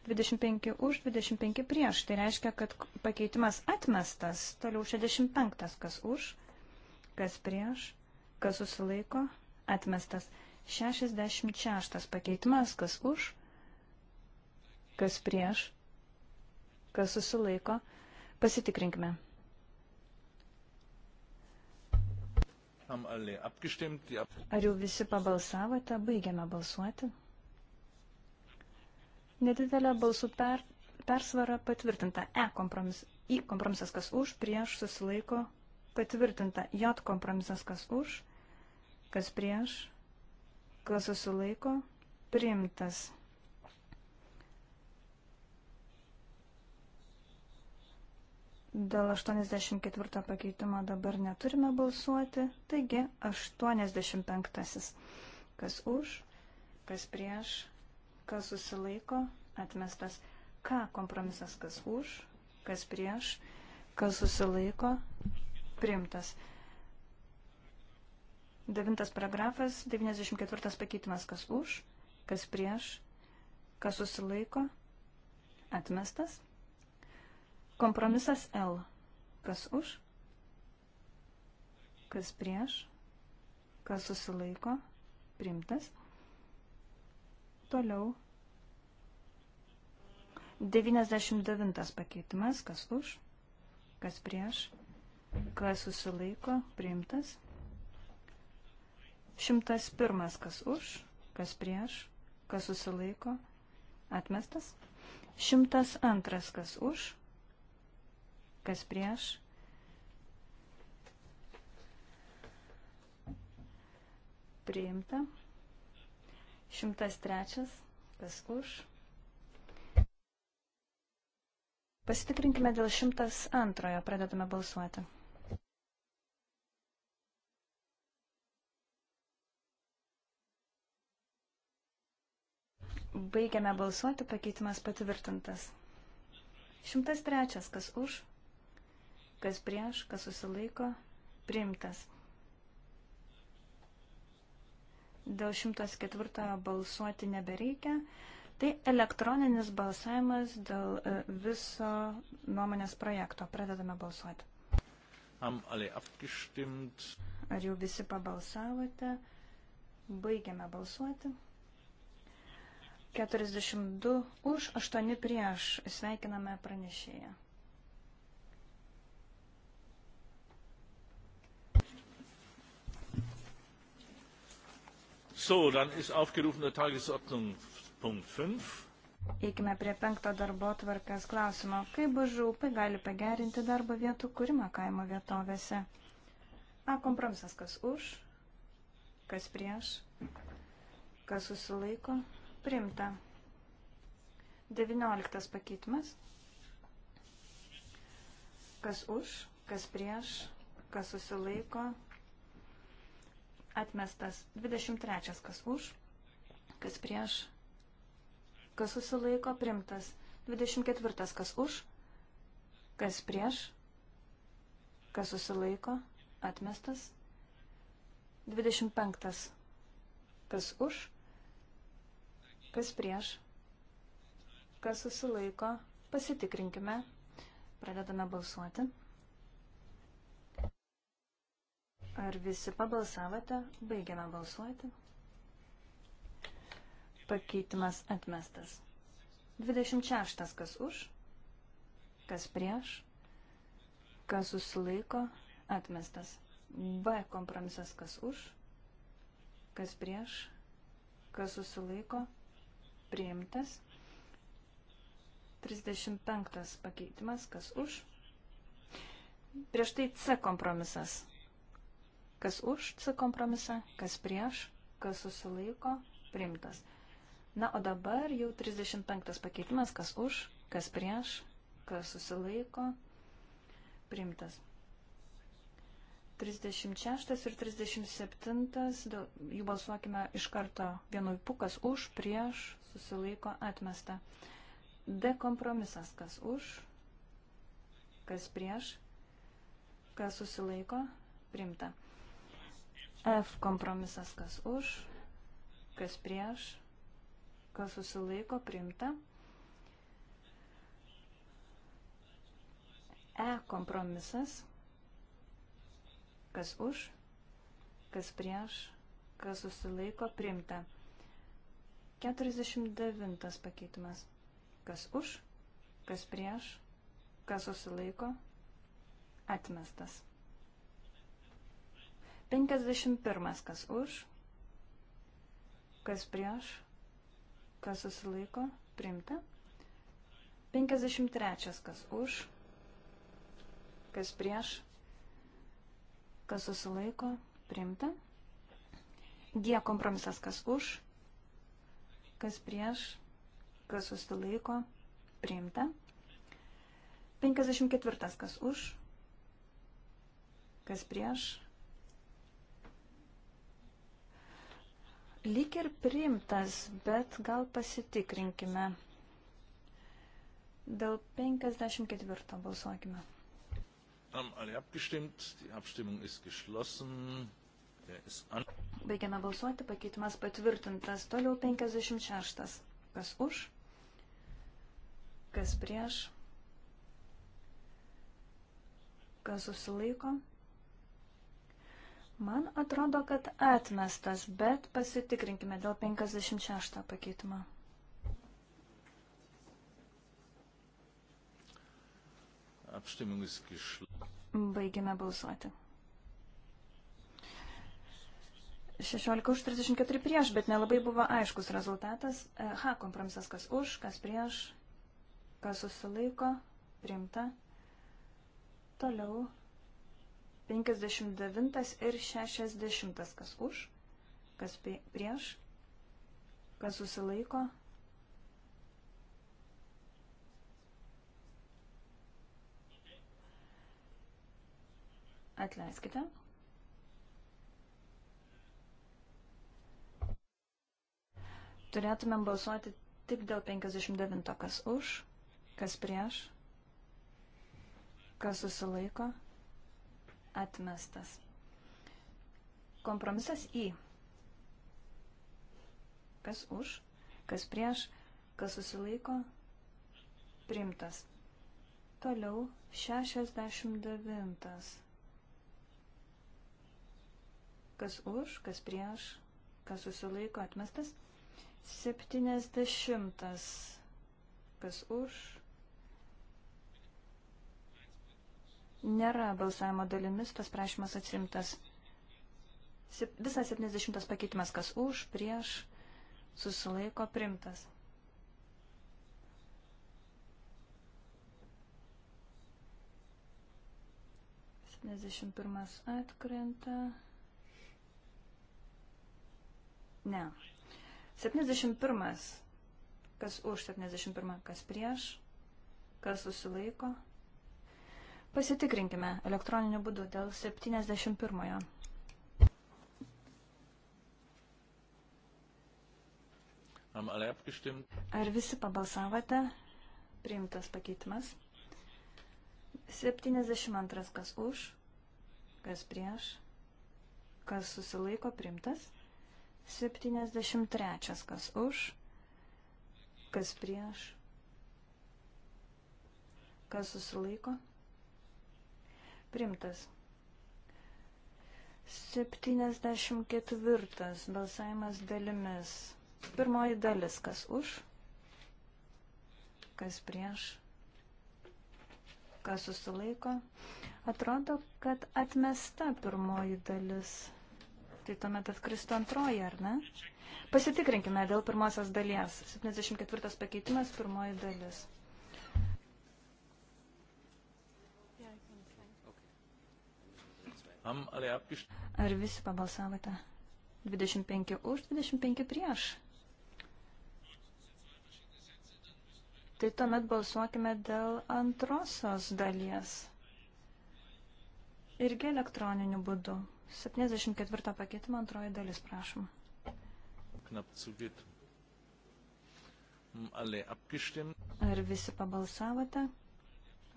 25 už, 25 prieš. Tai reiškia, kad pakeitimas atmestas. Toliau 65 kas už, kas prieš, kas susilaiko, atmestas. 66 pakeitimas kas už, kas prieš, kas susilaiko, pasitikrinkime. Ar jau visi pabalsavote, baigiame balsuoti? Nedidelė balsų per, persvara patvirtinta. E kompromis, I kompromisas kas už, prieš susilaiko patvirtinta. J kompromisas kas už, kas prieš, kas susilaiko, priimtas. Dėl 84 pakeitimo dabar neturime balsuoti, taigi 85. Kas už, kas prieš, kas susilaiko, atmestas. Ką kompromisas, kas už, kas prieš, kas susilaiko, primtas. Devintas paragrafas, 94 pakeitimas, kas už, kas prieš, kas susilaiko, atmestas. Kompromisas L. Kas už? Kas prieš? Kas susilaiko? Primtas. Toliau. 99 pakeitimas. Kas už? Kas prieš? Kas susilaiko? Primtas. 101 kas už? Kas prieš? Kas susilaiko? Atmestas. 102 kas už? kas prieš. Priimta. 103, kas už. Pasitikrinkime dėl 102, pradedame balsuoti. Baigiame balsuoti, pakeitimas patvirtintas. 103, kas už kas prieš, kas susilaiko, priimtas. Dėl 104 balsuoti nebereikia. Tai elektroninis balsavimas dėl e, viso nuomonės projekto. Pradedame balsuoti. Ar jau visi pabalsavote? Baigiame balsuoti. 42 už, 8 prieš. Sveikiname pranešėją. So, dann ist aufgerufen der Tagesordnungspunkt 5. Eikime prie penkto darbo tvarkas klausimo. Kaip žaupai gali pagerinti darbo vietų kūrimą kaimo vietovėse? A, kompromisas kas už, kas prieš, kas susilaiko, primta. 19 pakeitimas. Kas už, kas prieš, kas susilaiko, Atmestas 23. Kas už, kas prieš, kas susilaiko, primtas 24. Kas už, kas prieš, kas susilaiko, atmestas 25. Kas už, kas prieš, kas susilaiko, pasitikrinkime, pradedame balsuoti. Ar visi pabalsavote? Baigiame balsuoti. Pakeitimas atmestas. 26. Kas už? Kas prieš? Kas susilaiko? Atmestas. B kompromisas. Kas už? Kas prieš? Kas susilaiko? Priimtas. 35. Pakeitimas. Kas už? Prieš tai C kompromisas Kas už C kompromisą, kas prieš, kas susilaiko, priimtas. Na, o dabar jau 35 pakeitimas, kas už, kas prieš, kas susilaiko, priimtas. 36 ir 37, jų balsuokime iš karto vienoj pukas už, prieš, susilaiko, atmesta. D kompromisas, kas už, kas prieš, kas susilaiko, primta. F kompromisas kas už, kas prieš, kas susilaiko priimta. E kompromisas kas už, kas prieš, kas susilaiko priimta. 49 pakeitimas. Kas už, kas prieš, kas susilaiko, atmestas. 51. Kas už? Kas prieš? Kas susilaiko? Priimta. 53. Kas už? Kas prieš? Kas susilaiko? Priimta. G kompromisas. Kas už? Kas prieš? Kas susilaiko? Priimta. 54. Kas už? Kas prieš? lyg ir priimtas, bet gal pasitikrinkime. Dėl 54 balsuokime. Baigiame balsuoti, pakeitimas patvirtintas. Toliau 56. Kas už? Kas prieš? Kas susilaiko? Man atrodo, kad atmestas, bet pasitikrinkime dėl 56 pakeitimo. Baigime balsuoti. 16 už 34 prieš, bet nelabai buvo aiškus rezultatas. E, H, kompromisas kas už, kas prieš, kas susilaiko, priimta. Toliau 59 ir 60, kas už, kas prieš, kas susilaiko. Atleiskite. Turėtumėm balsuoti tik dėl 59, kas už, kas prieš, kas susilaiko atmestas. Kompromisas į. Kas už, kas prieš, kas susilaiko, primtas. Toliau 69. Kas už, kas prieš, kas susilaiko, atmestas. 70. Kas už, Nėra balsavimo dalimis, tas prašymas atsimtas. Visas 70 pakeitimas, kas už, prieš, susilaiko primtas. Septyniasdešimt pirmas atkrenta. Ne. 71. Kas už 71, kas prieš, kas susilaiko, Pasitikrinkime elektroniniu būdu dėl 71-ojo. Ar visi pabalsavote? Priimtas pakeitimas. 72 kas už, kas prieš, kas susilaiko priimtas. 73 kas už, kas prieš, kas susilaiko priimtas Primtas. 74. Balsavimas dalimis. Pirmoji dalis. Kas už? Kas prieš? Kas susilaiko? Atrodo, kad atmesta pirmoji dalis. Tai tuomet atkristų antroji, ar ne? Pasitikrinkime dėl pirmosios dalies. 74 pakeitimas, pirmoji dalis. Ar visi pabalsavote? 25 už, 25 prieš. Tai tuomet balsuokime dėl antrosios dalies. Irgi elektroniniu būdu. 74 pakeitimo antroji dalis, prašom. Hm, Ar visi pabalsavote?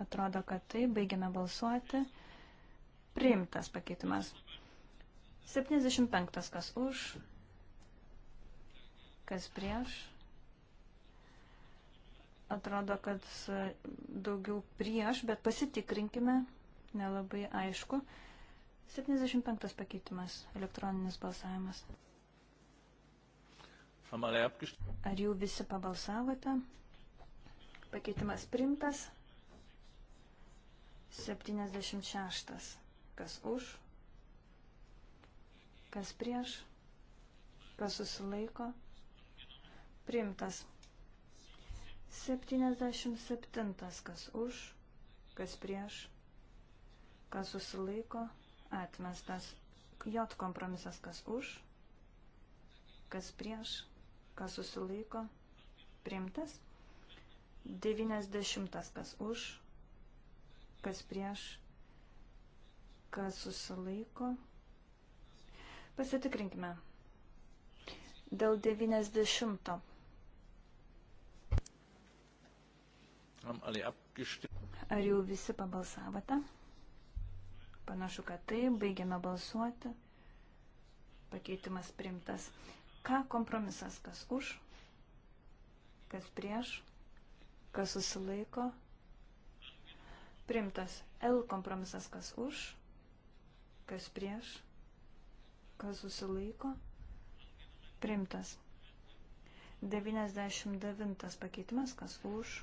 Atrodo, kad taip, baigiame balsuoti. Priimtas pakeitimas. 75. Kas už, kas prieš. Atrodo, kad daugiau prieš, bet pasitikrinkime. Nelabai aišku. 75 pakeitimas, elektroninis balsavimas. Ar jau visi pabalsavote? Pakeitimas primtas. 76 kas už, kas prieš, kas susilaiko, priimtas. 77, kas už, kas prieš, kas susilaiko, atmestas. J kompromisas, kas už, kas prieš, kas susilaiko, priimtas. 90, kas už, kas prieš, kas susilaiko. Pasitikrinkime. Dėl 90. Ar jau visi pabalsavote? Panašu, kad taip, baigiame balsuoti. Pakeitimas primtas. Ką kompromisas, kas už, kas prieš, kas susilaiko? Primtas L kompromisas, kas už, kas prieš, kas susilaiko, primtas. 99 pakeitimas, kas už,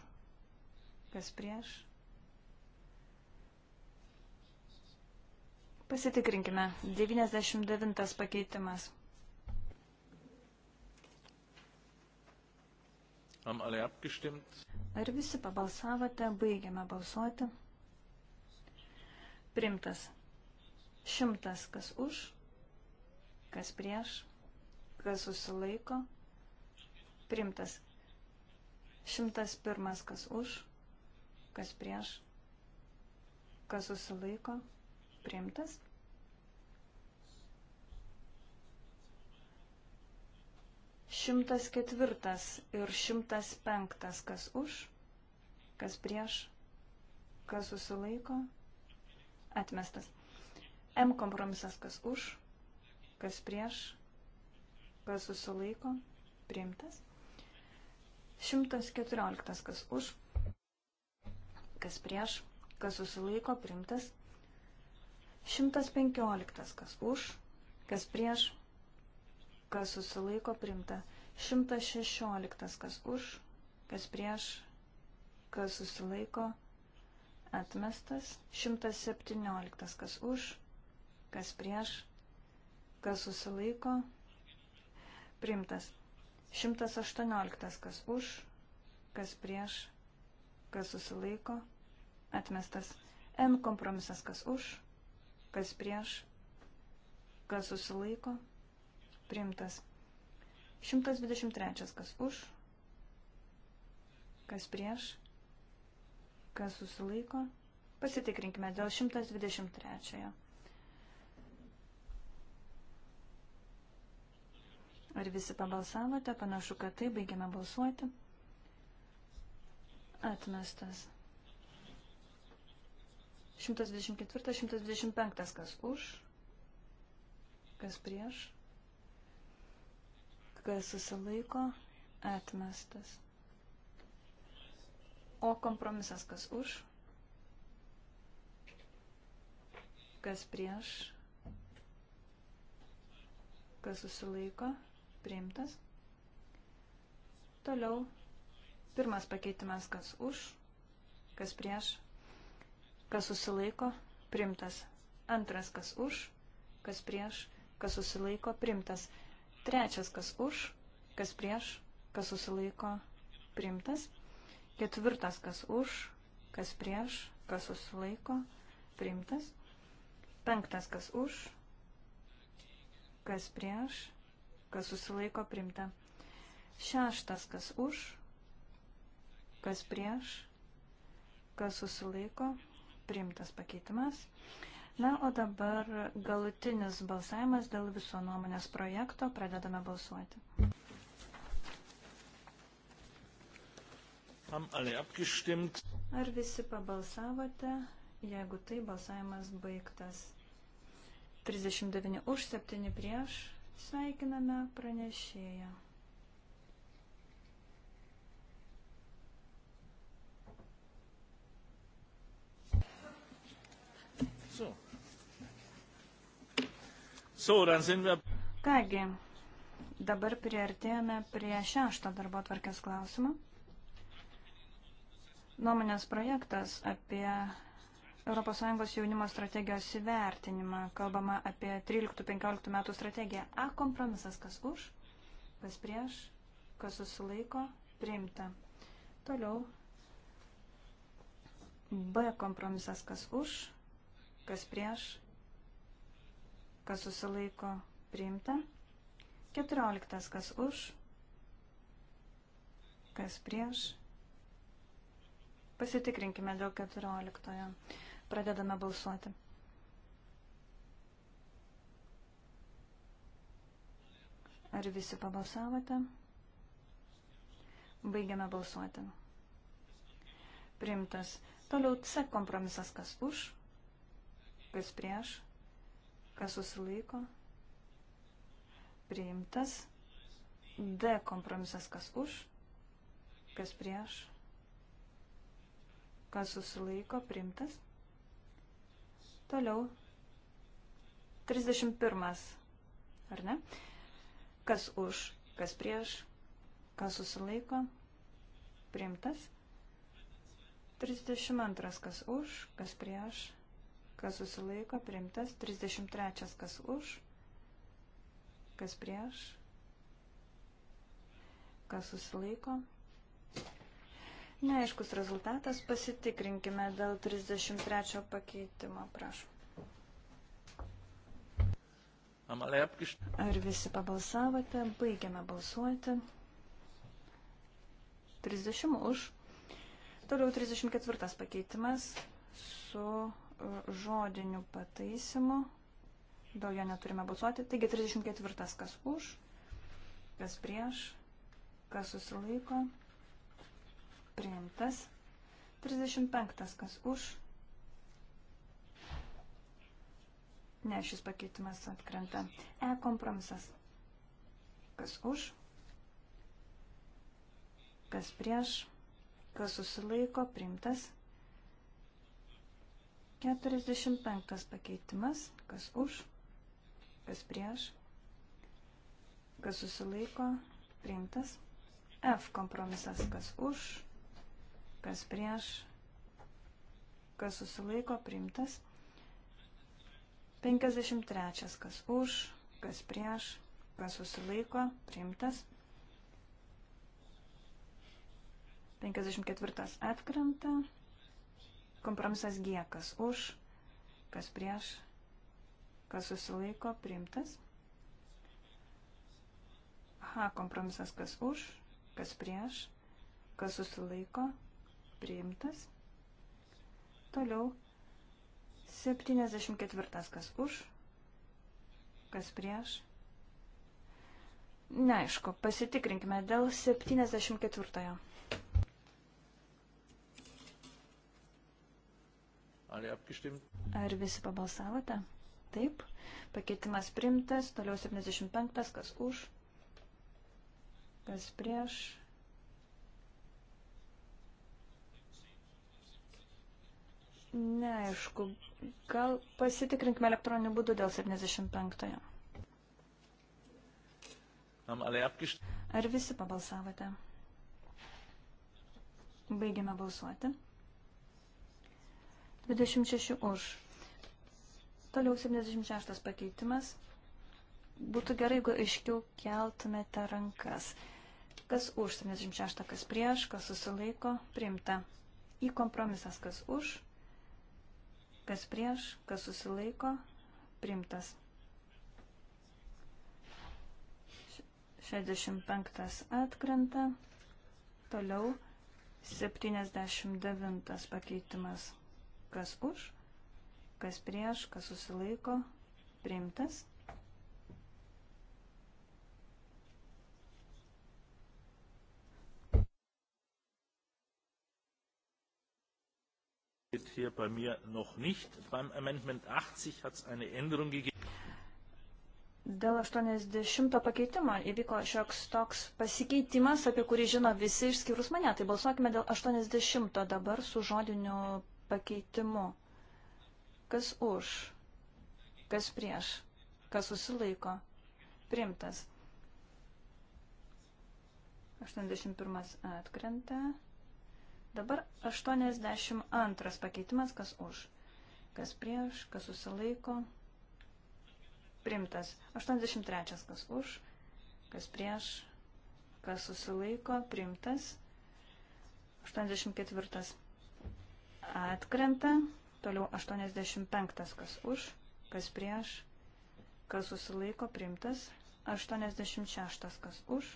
kas prieš. Pasitikrinkime. 99 pakeitimas. Ar visi pabalsavote, baigiame balsuoti? Primtas. Šimtas kas už, kas prieš, kas susilaiko, primtas. Šimtas pirmas kas už, kas prieš, kas susilaiko, primtas. Šimtas ketvirtas ir šimtas penktas kas už, kas prieš, kas susilaiko, atmestas. M kompromisas kas už, kas prieš, kas susilaiko, priimtas. 114 kas už, kas prieš, kas susilaiko, priimtas. 115 kas už, kas prieš, kas susilaiko, priimta. 116 kas už, kas prieš, kas susilaiko, atmestas. 117 kas už, kas prieš, kas susilaiko, priimtas. 118, kas už, kas prieš, kas susilaiko, atmestas. N kompromisas, kas už, kas prieš, kas susilaiko, priimtas. 123, kas už, kas prieš, kas susilaiko. Pasitikrinkime dėl 123. Ar visi pabalsavote? Panašu, kad taip, baigiame balsuoti. Atmestas. 124, 125, kas už, kas prieš, kas susilaiko, atmestas. O kompromisas, kas už, kas prieš, kas susilaiko, atmestas priimtas. Toliau pirmas pakeitimas, kas už, kas prieš, kas susilaiko, priimtas. Antras, kas už, kas prieš, kas susilaiko, priimtas. Trečias, kas už, kas prieš, kas susilaiko, priimtas. Ketvirtas, kas už, kas prieš, kas susilaiko, priimtas. Penktas, kas už, kas prieš, kas susilaiko primta. Šeštas, kas už, kas prieš, kas susilaiko, primtas pakeitimas. Na, o dabar galutinis balsavimas dėl viso nuomonės projekto. Pradedame balsuoti. Ar visi pabalsavote? Jeigu tai, balsavimas baigtas. 39 už, 7 prieš, Sveikiname pranešėją. So. So, dann sind wir. Kągi, dabar priartėjome prie šešto darbo tvarkės klausimą. Nuomonės projektas apie ES jaunimo strategijos įvertinimą. Kalbama apie 13-15 metų strategiją. A kompromisas, kas už, kas prieš, kas susilaiko, priimta. Toliau. B kompromisas, kas už, kas prieš, kas susilaiko, priimta. 14, kas už, kas prieš. Pasitikrinkime dėl 14. Pradedame balsuoti. Ar visi pabalsavote? Baigiame balsuoti. Primtas. Toliau C kompromisas, kas už, kas prieš, kas susilaiko. Priimtas. D kompromisas, kas už, kas prieš, kas susilaiko. Primtas. Toliau. 31. Ar ne? Kas už, kas prieš, kas susilaiko. Priimtas. 32. Kas už, kas prieš, kas susilaiko. Priimtas. 33. Kas už, kas prieš, kas susilaiko. Neaiškus rezultatas, pasitikrinkime dėl 33 pakeitimo, prašau. Ar visi pabalsavote? Baigiame balsuoti. 30 už. Toliau 34 pakeitimas su e, žodiniu pataisimu. Dėl jo neturime balsuoti. Taigi 34 kas už, kas prieš, kas susilaiko priimtas. 35. Kas už? Ne, šis pakeitimas atkrenta. E kompromisas. Kas už? Kas prieš? Kas susilaiko? Priimtas. 45. pakeitimas. Kas už? Kas prieš? Kas susilaiko? Priimtas. F kompromisas. Kas už? kas prieš, kas susilaiko, priimtas. 53. Kas už, kas prieš, kas susilaiko, priimtas. 54. Atkrenta. Kompromisas G. Kas už, kas prieš, kas susilaiko, priimtas. H. Kompromisas kas už, kas prieš, kas susilaiko, priimtas priimtas. Toliau 74 kas už, kas prieš. Neaišku, pasitikrinkime dėl 74. Ar visi pabalsavote? Taip. Pakeitimas primtas. Toliau 75. Kas už? Kas prieš? Neaišku, gal pasitikrinkime elektroniniu būdu dėl 75-ojo. Ar visi pabalsavote? Baigiame balsuoti. 26 už. Toliau 76 pakeitimas. Būtų gerai, jeigu aiškiau keltumėte rankas. Kas už 76, kas prieš, kas susilaiko, priimta. Į kompromisas, kas už, kas prieš, kas susilaiko, primtas. 65 atkrenta, toliau 79 pakeitimas, kas už, kas prieš, kas susilaiko, primtas. hier bei mir noch nicht. Beim Amendment 80 hat es eine Änderung gegeben. Dėl 80 pakeitimo įvyko šioks toks pasikeitimas, apie kurį žino visi išskyrus mane. Tai balsuokime dėl 80 dabar su žodiniu pakeitimu. Kas už? Kas prieš? Kas susilaiko? Primtas. 81 atkrenta. Dabar 82 pakeitimas, kas už, kas prieš, kas susilaiko, primtas. 83 kas už, kas prieš, kas susilaiko, primtas. 84 atkrenta, toliau 85 kas už, kas prieš, kas susilaiko, primtas. 86 kas už,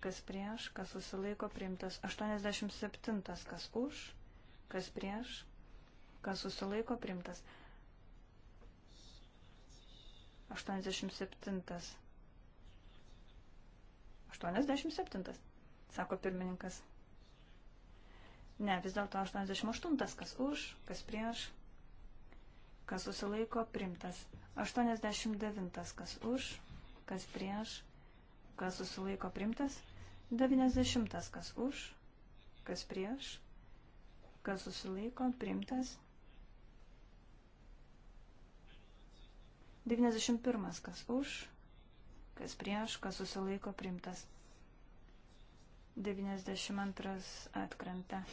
kas prieš, kas susilaiko priimtas. 87. Kas už, kas prieš, kas susilaiko priimtas. 87. 87, sako pirmininkas. Ne, vis dėlto 88, kas už, kas prieš, kas susilaiko, primtas. 89, kas už, kas prieš, kas susilaiko primtas, 90 kas už, kas prieš, kas susilaiko primtas, 91 kas už, kas prieš, kas susilaiko primtas, 92 atkrenta.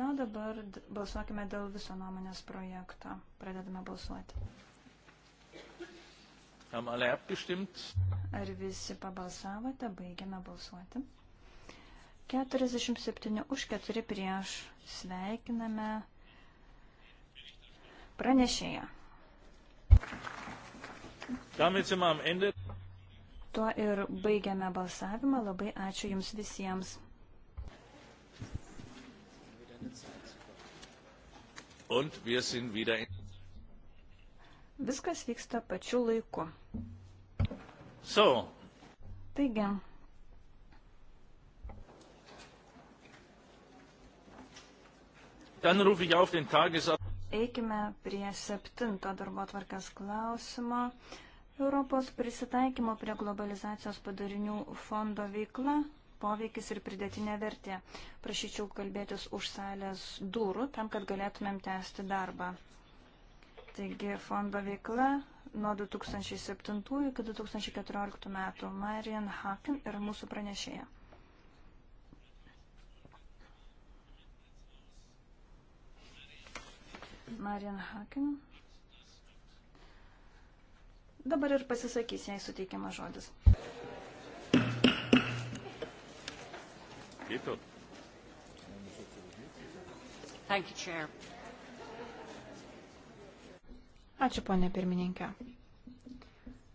Na, o dabar balsuokime dėl viso nuomonės projekto. Pradedame balsuoti. Ar visi pabalsavote? Baigiame balsuoti. 47 už 4 prieš. Sveikiname pranešėją. Tuo ir baigiame balsavimą. Labai ačiū Jums visiems. Und wir sind wieder in Viskas vyksta pačiu laiku. So. Taigi. Dann rufe ich auf den Tagesordnungspunkt. Eikime prie septinto darbo tvarkės klausimo. Europos prisitaikymo prie globalizacijos padarinių fondo veikla, poveikis ir pridėtinė vertė. Prašyčiau kalbėtis už salės durų, tam, kad galėtumėm tęsti darbą. Taigi fondo veikla nuo 2007 iki 2014 metų Marian Haken ir mūsų pranešėja. Marian Haken. Dabar ir pasisakys, jei suteikiamas žodis. Thank you, Chair. Ačiū, ponė pirmininkė.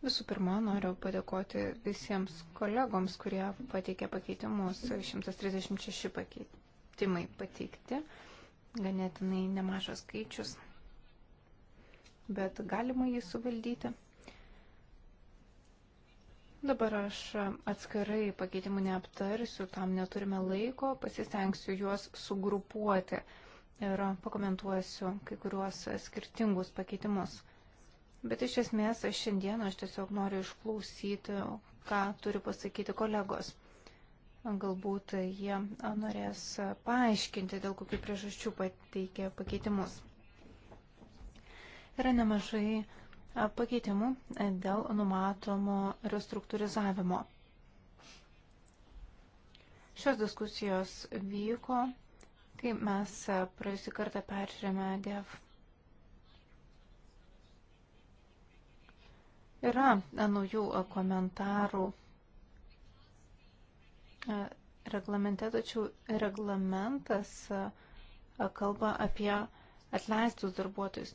Visų pirma, noriu padėkoti visiems kolegoms, kurie pateikė pakeitimus. 136 pakeitimai pateikti, ganėtinai nemažas skaičius, bet galima jį suvaldyti. Dabar aš atskirai pakeitimų neaptarsiu, tam neturime laiko, pasistengsiu juos sugrupuoti ir pakomentuosiu kai kuriuos skirtingus pakeitimus. Bet iš esmės aš šiandieną aš tiesiog noriu išklausyti, ką turi pasakyti kolegos. Galbūt jie norės paaiškinti, dėl kokių priežasčių pateikė pakeitimus. Yra nemažai pakeitimų dėl numatomo restruktūrizavimo. Šios diskusijos vyko Kai mes e, praėjusį kartą peržiūrėjome DEF, yra e, naujų e, komentarų reglamente, tačiau reglamentas kalba apie atleistus darbuotojus.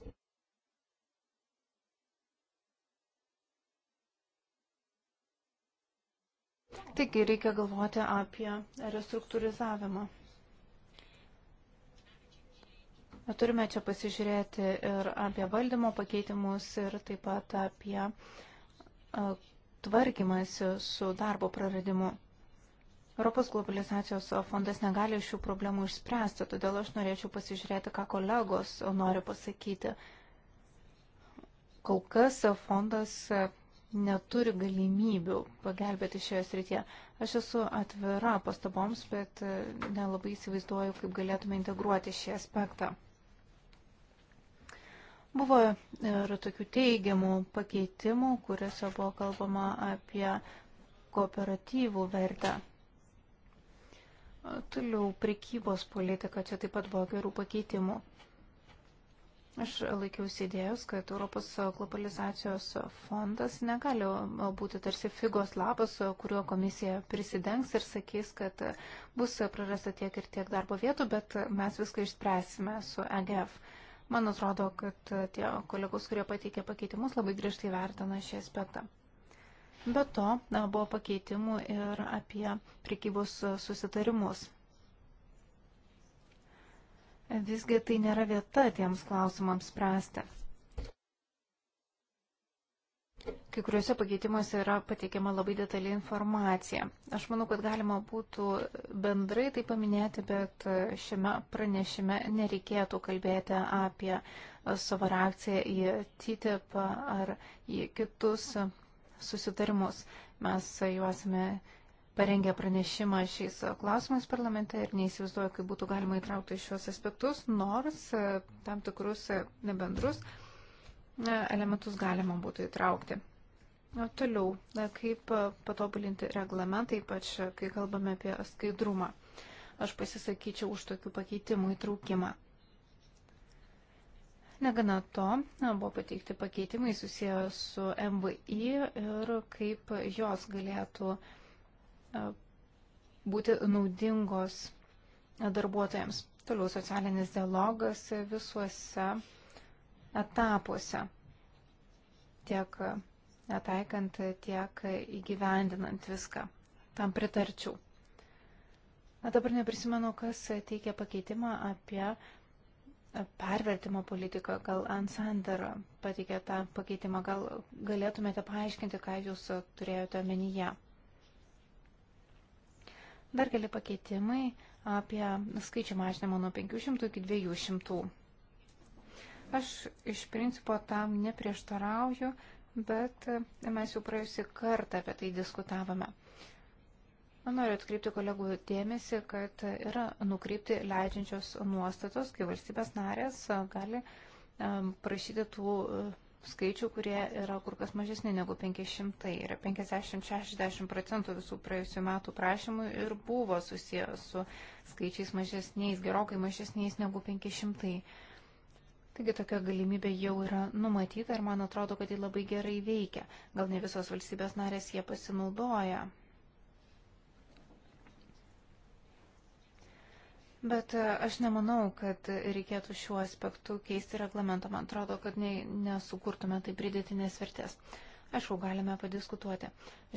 Taigi reikia galvoti apie restruktūrizavimą. Turime čia pasižiūrėti ir apie valdymo pakeitimus ir taip pat apie tvarkymasi su darbo praradimu. Europos globalizacijos fondas negali šių problemų išspręsti, todėl aš norėčiau pasižiūrėti, ką kolegos nori pasakyti. Kol kas fondas neturi galimybių pagelbėti šioje srityje. Aš esu atvira pastaboms, bet nelabai įsivaizduoju, kaip galėtume integruoti šį aspektą. Buvo ir tokių teigiamų pakeitimų, kuriuose buvo kalbama apie kooperatyvų vertę. Toliau prekybos politika, čia taip pat buvo gerų pakeitimų. Aš laikiausi idėjos, kad Europos globalizacijos fondas negali būti tarsi figos lapas, kuriuo komisija prisidengs ir sakys, kad bus prarasta tiek ir tiek darbo vietų, bet mes viską išspręsime su EGF. Man atrodo, kad tie kolegos, kurie pateikė pakeitimus, labai griežtai vertina šį aspektą. Be to, na, buvo pakeitimų ir apie prekybos susitarimus. Visgi tai nėra vieta tiems klausimams spręsti. Kai kuriuose pakeitimuose yra pateikiama labai detali informacija. Aš manau, kad galima būtų bendrai tai paminėti, bet šiame pranešime nereikėtų kalbėti apie savo reakciją į TTIP ar į kitus susitarimus. Mes juosime parengę pranešimą šiais klausimais parlamente ir neįsivaizduoju, kaip būtų galima įtraukti šios aspektus, nors tam tikrus nebendrus elementus galima būtų įtraukti. O toliau, kaip e, patobulinti reglamentą, ypač e, kai kalbame apie skaidrumą. Aš pasisakyčiau už tokių pakeitimų įtraukimą. Negana to, buvo pateikti pakeitimai susiję su MVI ir kaip jos galėtų e, būti naudingos darbuotojams. Toliau socialinis dialogas visuose etapuose, tiek taikant, tiek įgyvendinant viską. Tam pritarčiau. Na dabar neprisimenu, kas teikia pakeitimą apie pervertimo politiką. Gal Ansander pateikė tą pakeitimą. Gal galėtumėte paaiškinti, ką jūs turėjote omenyje. Dar keli pakeitimai apie skaičių mažinimą nuo 500 iki 200. Aš iš principo tam neprieštarauju, bet mes jau praėjusį kartą apie tai diskutavome. Noriu atkreipti kolegų dėmesį, kad yra nukreipti leidžiančios nuostatos, kai valstybės narės gali prašyti tų e, skaičių, kurie yra kur kas mažesni negu 500. Yra 50-60 procentų visų praėjusių metų prašymų ir buvo susiję su skaičiais mažesniais, gerokai mažesniais negu 500. Taigi tokia galimybė jau yra numatyta ir man atrodo, kad ji labai gerai veikia. Gal ne visos valstybės narės jie pasinaudoja. Bet e, aš nemanau, kad reikėtų šiuo aspektu keisti reglamentą. Man atrodo, kad ne, nesukurtume tai pridėtinės vertės. Aišku, galime padiskutuoti.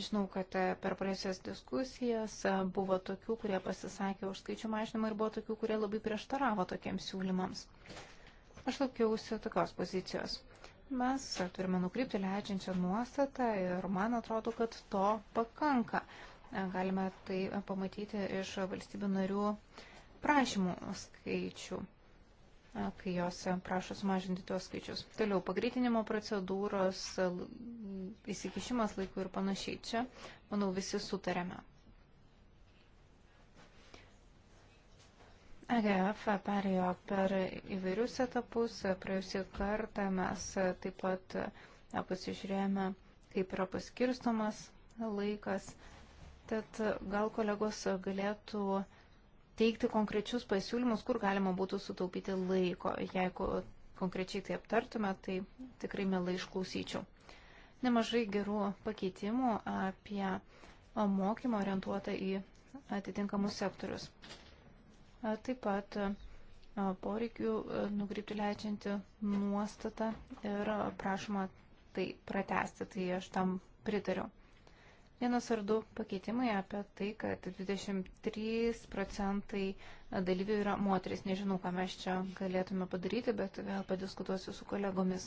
Žinau, kad e, per praėjusias diskusijas e, buvo tokių, kurie pasisakė už skaičių mažinimą ir buvo tokių, kurie labai prieštaravo tokiems siūlymams. Aš laukiausi tokios pozicijos. Mes turime nukrypti leidžiančią nuostatą ir man atrodo, kad to pakanka. Galime tai pamatyti iš valstybių narių prašymų skaičių kai jos prašo sumažinti tuos skaičius. Toliau, pagreitinimo procedūros, įsikišimas laiku ir panašiai. Čia, manau, visi sutarėme. EGF perėjo per įvairius etapus. Praėjusį kartą mes taip pat pasižiūrėjome, kaip yra paskirstomas laikas. Tad gal kolegos galėtų teikti konkrečius pasiūlymus, kur galima būtų sutaupyti laiko. Jeigu konkrečiai tai aptartume, tai tikrai mielai išklausyčiau. Nemažai gerų pakeitimų apie mokymą orientuotą į atitinkamus sektorius taip pat poreikių nukrypti leidžianti nuostata ir prašoma tai pratesti, tai aš tam pritariu. Vienas ar du pakeitimai apie tai, kad 23 procentai dalyvių yra moteris. Nežinau, ką mes čia galėtume padaryti, bet vėl padiskutuosiu su kolegomis.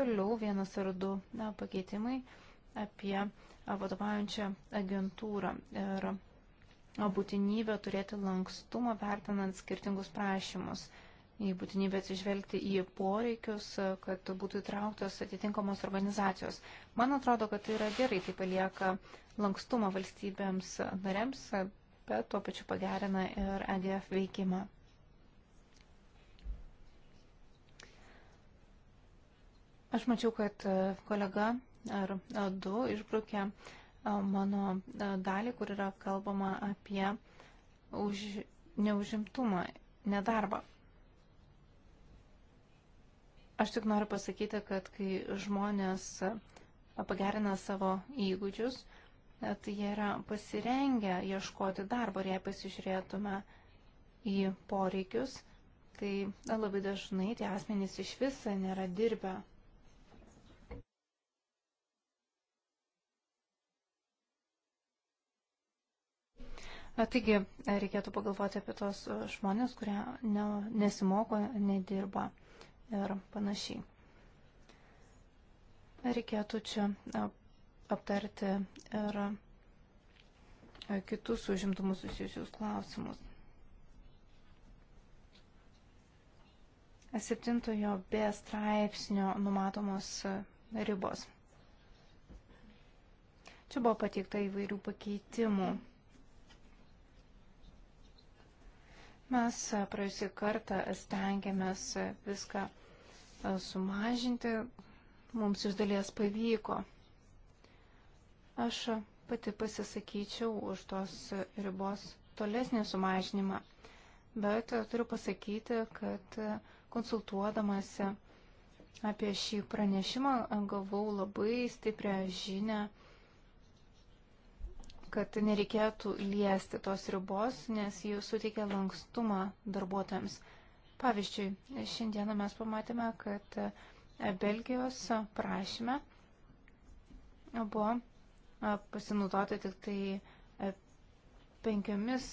Toliau vienas ar du na, pakeitimai apie vadovaujančią agentūrą ir būtinybę turėti lankstumą vertinant skirtingus prašymus, į būtinybę atsižvelgti į poreikius, kad būtų įtrauktos atitinkamos organizacijos. Man atrodo, kad tai yra gerai, tai palieka lankstumą valstybėms narėms, bet tuo pačiu pagerina ir EGF veikimą. Aš mačiau, kad kolega ar du išbrukė uh, mano dalį, kur yra kalbama apie už, neužimtumą, nedarbą. Aš tik noriu pasakyti, kad kai žmonės pagerina savo įgūdžius, tai jie yra pasirengę ieškoti darbo. Ir jei pasižiūrėtume į poreikius, tai labai dažnai tie asmenys iš viso nėra dirbę Taigi reikėtų pagalvoti apie tos e, žmonės, kurie ne, nesimoko, nedirba ir panašiai. Reikėtų čia e, aptarti ir e, kitus užimtumus susijusius klausimus. Septintojo B straipsnio numatomos ribos. Čia buvo pateikta įvairių pakeitimų. Mes praėjusį kartą stengiamės viską sumažinti, mums iš dalies pavyko. Aš pati pasisakyčiau už tos ribos tolesnį sumažinimą, bet turiu pasakyti, kad konsultuodamasi apie šį pranešimą gavau labai stiprią žinę kad nereikėtų liesti tos ribos, nes jis suteikia lankstumą darbuotojams. Pavyzdžiui, šiandieną mes pamatėme, kad e, Belgijos prašyme buvo e, pasinaudoti tik tai e, penkiomis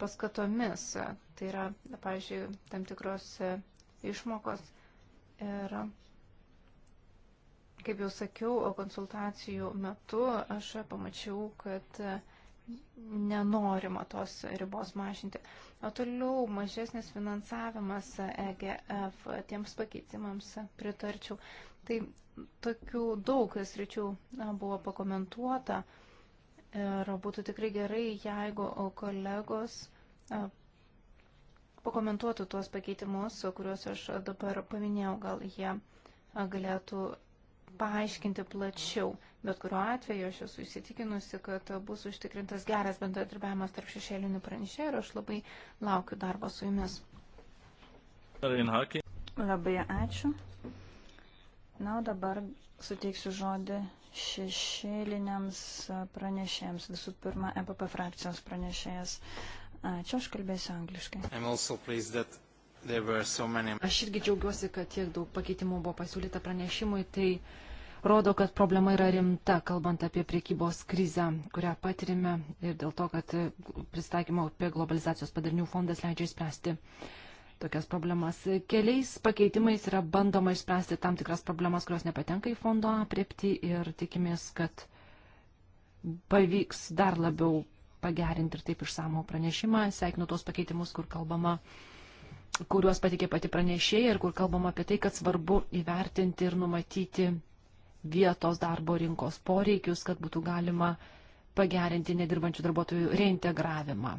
paskatomis. Tai yra, pavyzdžiui, tam tikros išmokos ir Kaip jau sakiau, konsultacijų metu aš pamačiau, kad nenorima tos ribos mažinti. O toliau mažesnis finansavimas EGF tiems pakeitimams pritarčiau. Tai tokių daug sričių buvo pakomentuota ir būtų tikrai gerai, jeigu kolegos pakomentuotų tuos pakeitimus, kuriuos aš dabar paminėjau, gal jie galėtų paaiškinti plačiau. Bet kuriuo atveju aš esu įsitikinusi, kad bus užtikrintas geras bendradarbiavimas tarp šešėlinių pranešėjų ir aš labai laukiu darbo su jumis. Labai ačiū. Na, o dabar suteiksiu žodį šešėliniams pranešėjams. Visų pirma, EPP frakcijos pranešėjas. Ačiū, aš kalbėsiu angliškai. So many... Aš irgi džiaugiuosi, kad tiek daug pakeitimų buvo pasiūlyta pranešimui, tai rodo, kad problema yra rimta, kalbant apie priekybos krizę, kurią patirime ir dėl to, kad pristaikymo prie globalizacijos padarinių fondas leidžia išspręsti tokias problemas. Keliais pakeitimais yra bandoma išspręsti tam tikras problemas, kurios nepatenka į fondo apriepti ir tikimės, kad pavyks dar labiau pagerinti ir taip išsamų pranešimą. Sveikinu tuos pakeitimus, kur kalbama kuriuos patikė pati pranešėja ir kur kalbama apie tai, kad svarbu įvertinti ir numatyti vietos darbo rinkos poreikius, kad būtų galima pagerinti nedirbančių darbuotojų reintegravimą.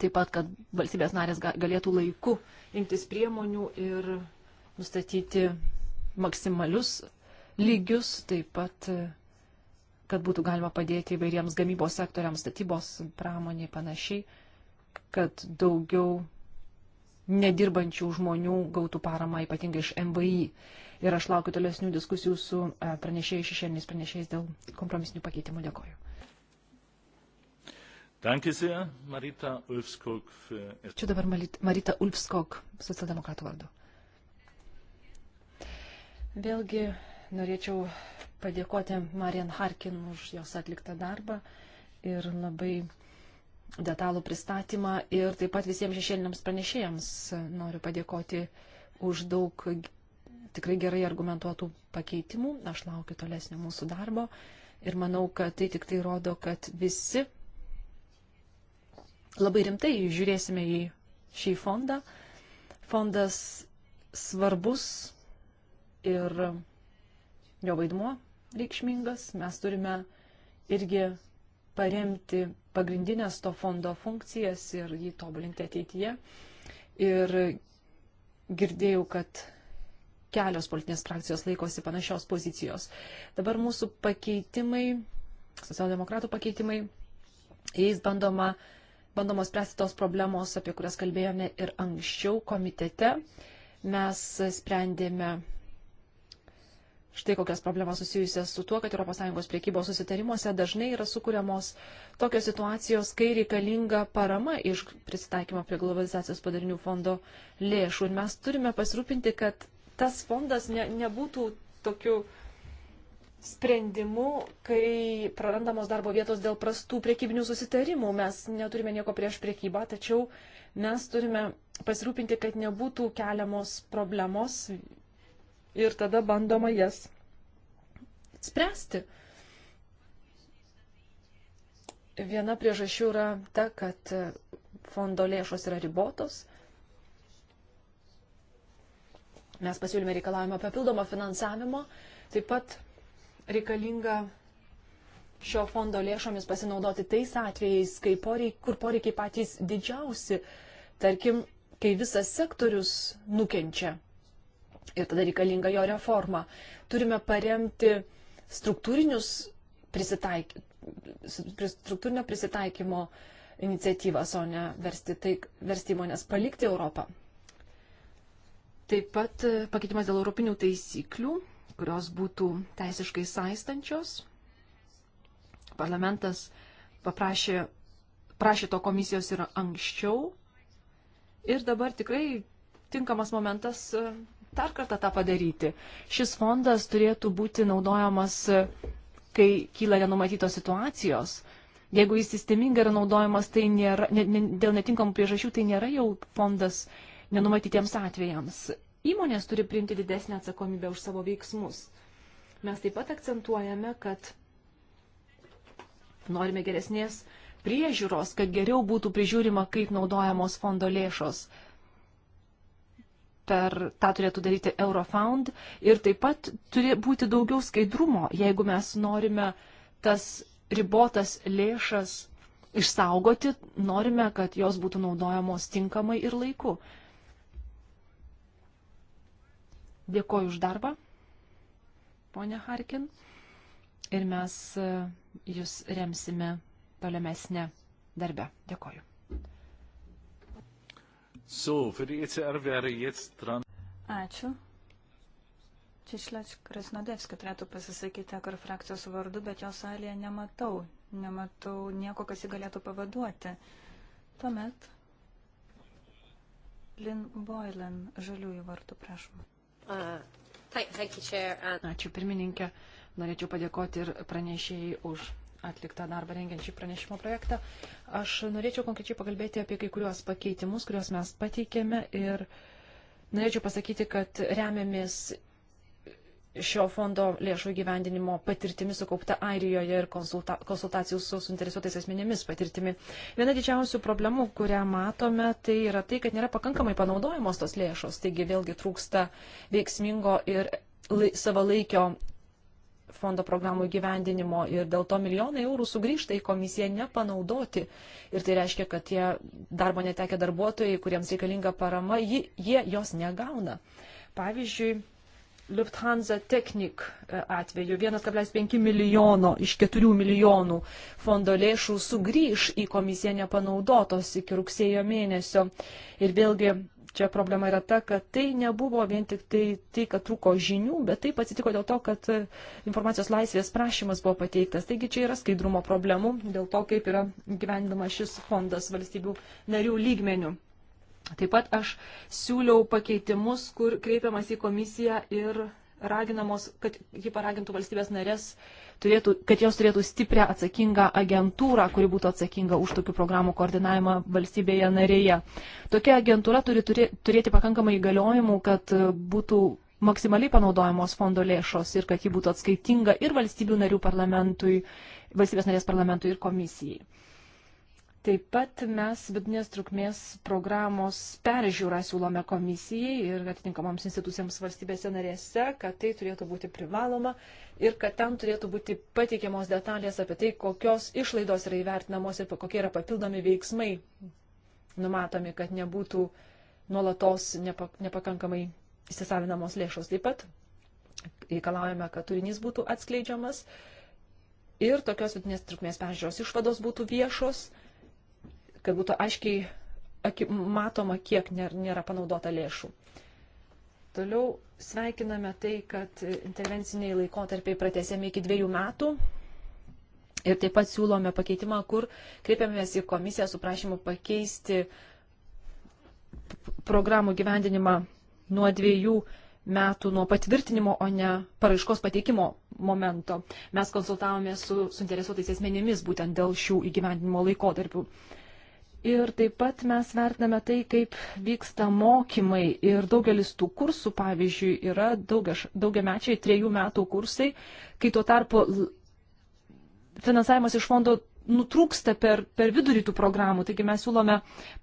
Taip pat, kad valstybės narės galėtų laiku imtis priemonių ir nustatyti maksimalius lygius, taip pat, kad būtų galima padėti įvairiems gamybos sektoriams, statybos pramoniai panašiai, kad daugiau nedirbančių žmonių gautų paramą, ypatingai iš MVI. Ir aš laukiu tolesnių diskusijų su e, pranešėjais šešėliniais pranešėjais dėl kompromisinių pakeitimų. Dėkoju. Sehr, Marita Ulfskog. Čia dabar Marita Ulfskog, socialdemokratų vardu. Vėlgi norėčiau padėkoti Marian Harkin už jos atliktą darbą ir labai detalų pristatymą ir taip pat visiems šešėliniams pranešėjams noriu padėkoti už daug tikrai gerai argumentuotų pakeitimų. Aš laukiu tolesnio mūsų darbo ir manau, kad tai tik tai rodo, kad visi labai rimtai žiūrėsime į šį fondą. Fondas svarbus ir jo vaidmuo reikšmingas. Mes turime irgi paremti pagrindinės to fondo funkcijas ir jį tobulinti ateityje. Ir girdėjau, kad kelios politinės frakcijos laikosi panašios pozicijos. Dabar mūsų pakeitimai, socialdemokratų pakeitimai, jais bandoma, bandoma spręsti tos problemos, apie kurias kalbėjome ir anksčiau komitete. Mes sprendėme Štai kokias problemas susijusias su tuo, kad ES priekybos susitarimuose dažnai yra sukūriamos tokios situacijos, kai reikalinga parama iš prisitaikymo prie globalizacijos padarinių fondo lėšų. Ir mes turime pasirūpinti, kad tas fondas ne, nebūtų tokiu sprendimu, kai prarandamos darbo vietos dėl prastų priekybinių susitarimų. Mes neturime nieko prieš priekybą, tačiau mes turime pasirūpinti, kad nebūtų keliamos problemos ir tada bandoma jas spręsti. Viena priežasčių yra ta, kad fondo lėšos yra ribotos. Mes pasiūlyme reikalavimą papildomo finansavimo, taip pat reikalinga šio fondo lėšomis pasinaudoti tais atvejais, poreik, kur poreikiai patys didžiausi, tarkim, kai visas sektorius nukenčia ir tada reikalinga jo reforma. Turime paremti struktūrinius prisitaik... struktūrinio prisitaikymo iniciatyvas, o ne versti, tai, versti įmonės palikti Europą. Taip pat e, pakeitimas dėl europinių taisyklių, kurios būtų teisiškai saistančios. Parlamentas paprašė, prašė to komisijos yra anksčiau. Ir dabar tikrai tinkamas momentas e, dar kartą tą padaryti. Šis fondas turėtų būti naudojamas, kai kyla nenumatytos situacijos. Jeigu jis sistemingai yra naudojamas, tai nėra, ne, ne, dėl netinkamų priežasčių tai nėra jau fondas nenumatytiems atvejams. Įmonės turi priimti didesnį atsakomybę už savo veiksmus. Mes taip pat akcentuojame, kad norime geresnės priežiūros, kad geriau būtų prižiūrima, kaip naudojamos fondo lėšos per tą turėtų daryti Eurofound ir taip pat turi būti daugiau skaidrumo, jeigu mes norime tas ribotas lėšas išsaugoti, norime, kad jos būtų naudojamos tinkamai ir laiku. Dėkoju už darbą, ponia Harkin, ir mes e, jūs remsime tolimesnė darbe. Dėkoju. So, für die ECR wäre jetzt dran. Ačiū. Čišlės Krasnodevskio turėtų pasisakyti akar frakcijos vardu, bet jo salėje nematau. Nematau nieko, kas jį galėtų pavaduoti. Tuomet Lynn Boylan, žaliųjų vartų, prašom. Uh, thank you, Chair. Ačiū pirmininkė. Norėčiau padėkoti ir pranešėjai už atliktą darbą rengiant šį pranešimo projektą. Aš norėčiau konkrečiai pakalbėti apie kai kuriuos pakeitimus, kuriuos mes pateikėme ir norėčiau pasakyti, kad remiamės šio fondo lėšų įgyvendinimo patirtimi sukaupta Airijoje ir konsulta, konsultacijų su suinteresuotais asmenėmis patirtimi. Viena didžiausių problemų, kurią matome, tai yra tai, kad nėra pakankamai panaudojamos tos lėšos, taigi vėlgi trūksta veiksmingo ir lai, savalaikio fondo programų įgyvendinimo ir dėl to milijonai eurų sugrįžta į komisiją nepanaudoti. Ir tai reiškia, kad tie darbo netekę darbuotojai, kuriems reikalinga parama, jie jos negauna. Pavyzdžiui, Lufthansa Technik e, atveju 1,5 milijono iš 4 milijonų fondo lėšų sugrįž į komisiją nepanaudotos iki rugsėjo mėnesio. Ir vėlgi čia problema yra ta, kad tai nebuvo vien tik tai, tai kad trūko žinių, bet taip atsitiko dėl to, kad informacijos laisvės prašymas buvo pateiktas. Taigi čia yra skaidrumo problemų dėl to, kaip yra gyvendama šis fondas valstybių narių lygmenių. Taip pat aš siūliau pakeitimus, kur kreipiamas į komisiją ir raginamos, kad ji paragintų valstybės narės uh, turėtų, kad jos turėtų stiprią atsakingą agentūrą, kuri būtų atsakinga už tokių programų koordinavimą valstybėje narėje. Tokia agentūra turi turėti pakankamai įgaliojimų, kad e, būtų maksimaliai panaudojamos fondo lėšos ir kad ji būtų atskaitinga ir valstybių narių parlamentui, valstybės narės parlamentui ir komisijai. Taip pat mes vidinės trukmės programos peržiūrą siūlome komisijai ir atitinkamoms institucijoms valstybėse narėse, kad tai turėtų būti privaloma ir kad ten turėtų būti pateikiamos detalės apie tai, kokios išlaidos yra įvertinamos ir kokie yra papildomi veiksmai numatomi, kad nebūtų nuolatos nepakankamai įsisavinamos lėšos. Taip pat reikalaujame, kad turinys būtų atskleidžiamas ir tokios vidinės trukmės peržiūros išvados būtų viešos kad būtų aiškiai aki, matoma, kiek nėra panaudota lėšų. Toliau sveikiname tai, kad intervenciniai laikotarpiai pratesiami iki dviejų metų. Ir taip pat siūlome pakeitimą, kur kreipiamės į komisiją su prašymu pakeisti programų gyvendinimą nuo dviejų metų nuo patvirtinimo, o ne paraiškos pateikimo momento. Mes konsultavome su suinteresuotais asmenimis būtent dėl šių įgyvendinimo laikotarpių. Ir taip pat mes vertiname tai, kaip vyksta mokymai. Ir daugelis tų kursų, pavyzdžiui, yra daugia, daugiamečiai trejų metų kursai, kai tuo tarpu finansavimas iš fondo nutrūksta per, per vidurį tų programų. Taigi mes siūlome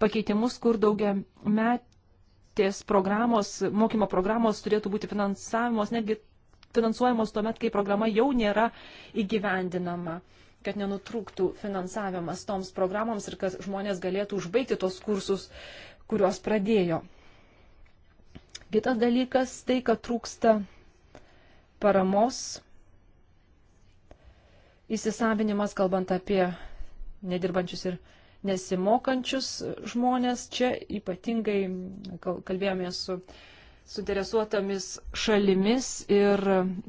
pakeitimus, kur daugiametės programos, mokymo programos turėtų būti finansavimas, netgi finansuojamos tuomet, kai programa jau nėra įgyvendinama kad nenutrūktų finansavimas toms programoms ir kad žmonės galėtų užbaigti tos kursus, kuriuos pradėjo. Kitas dalykas tai, kad trūksta paramos įsisavinimas, kalbant apie nedirbančius ir nesimokančius žmonės. Čia ypatingai kalbėjome su uh, suinteresuotomis šalimis ir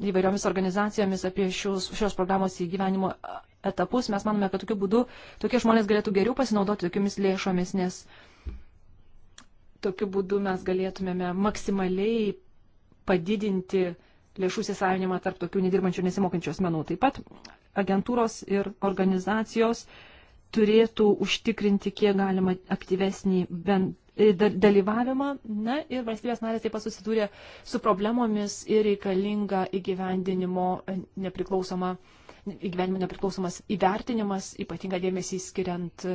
įvairiomis organizacijomis apie šios, šios programos įgyvenimo etapus. Mes manome, kad tokiu būdu tokie žmonės galėtų geriau pasinaudoti tokiamis lėšomis, nes tokiu būdu mes galėtumėme maksimaliai padidinti lėšų įsisavinimą tarp tokių nedirbančių ir nesimokančių asmenų. Taip pat agentūros ir organizacijos turėtų užtikrinti kiek galima aktyvesnį bent dalyvavimą. Na ir valstybės narės taip pat susidūrė su problemomis ir reikalinga įgyvendinimo e, nepriklausoma, įgyvendinimo nepriklausomas įvertinimas, ypatinga dėmesį skiriant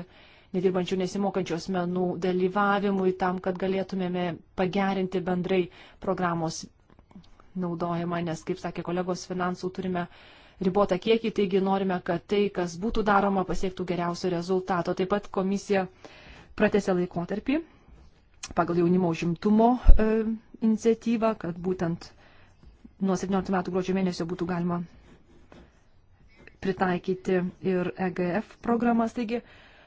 nedirbančių nesimokančių asmenų dalyvavimui tam, kad galėtumėme pagerinti bendrai programos naudojimą, nes, kaip sakė kolegos, finansų turime ribotą kiekį, taigi norime, kad tai, kas būtų daroma, pasiektų geriausio rezultato. Taip pat komisija pratėsė laikotarpį pagal jaunimo užimtumo e, iniciatyvą, kad būtent nuo 17 metų gruodžio mėnesio būtų galima pritaikyti ir EGF programas. Taigi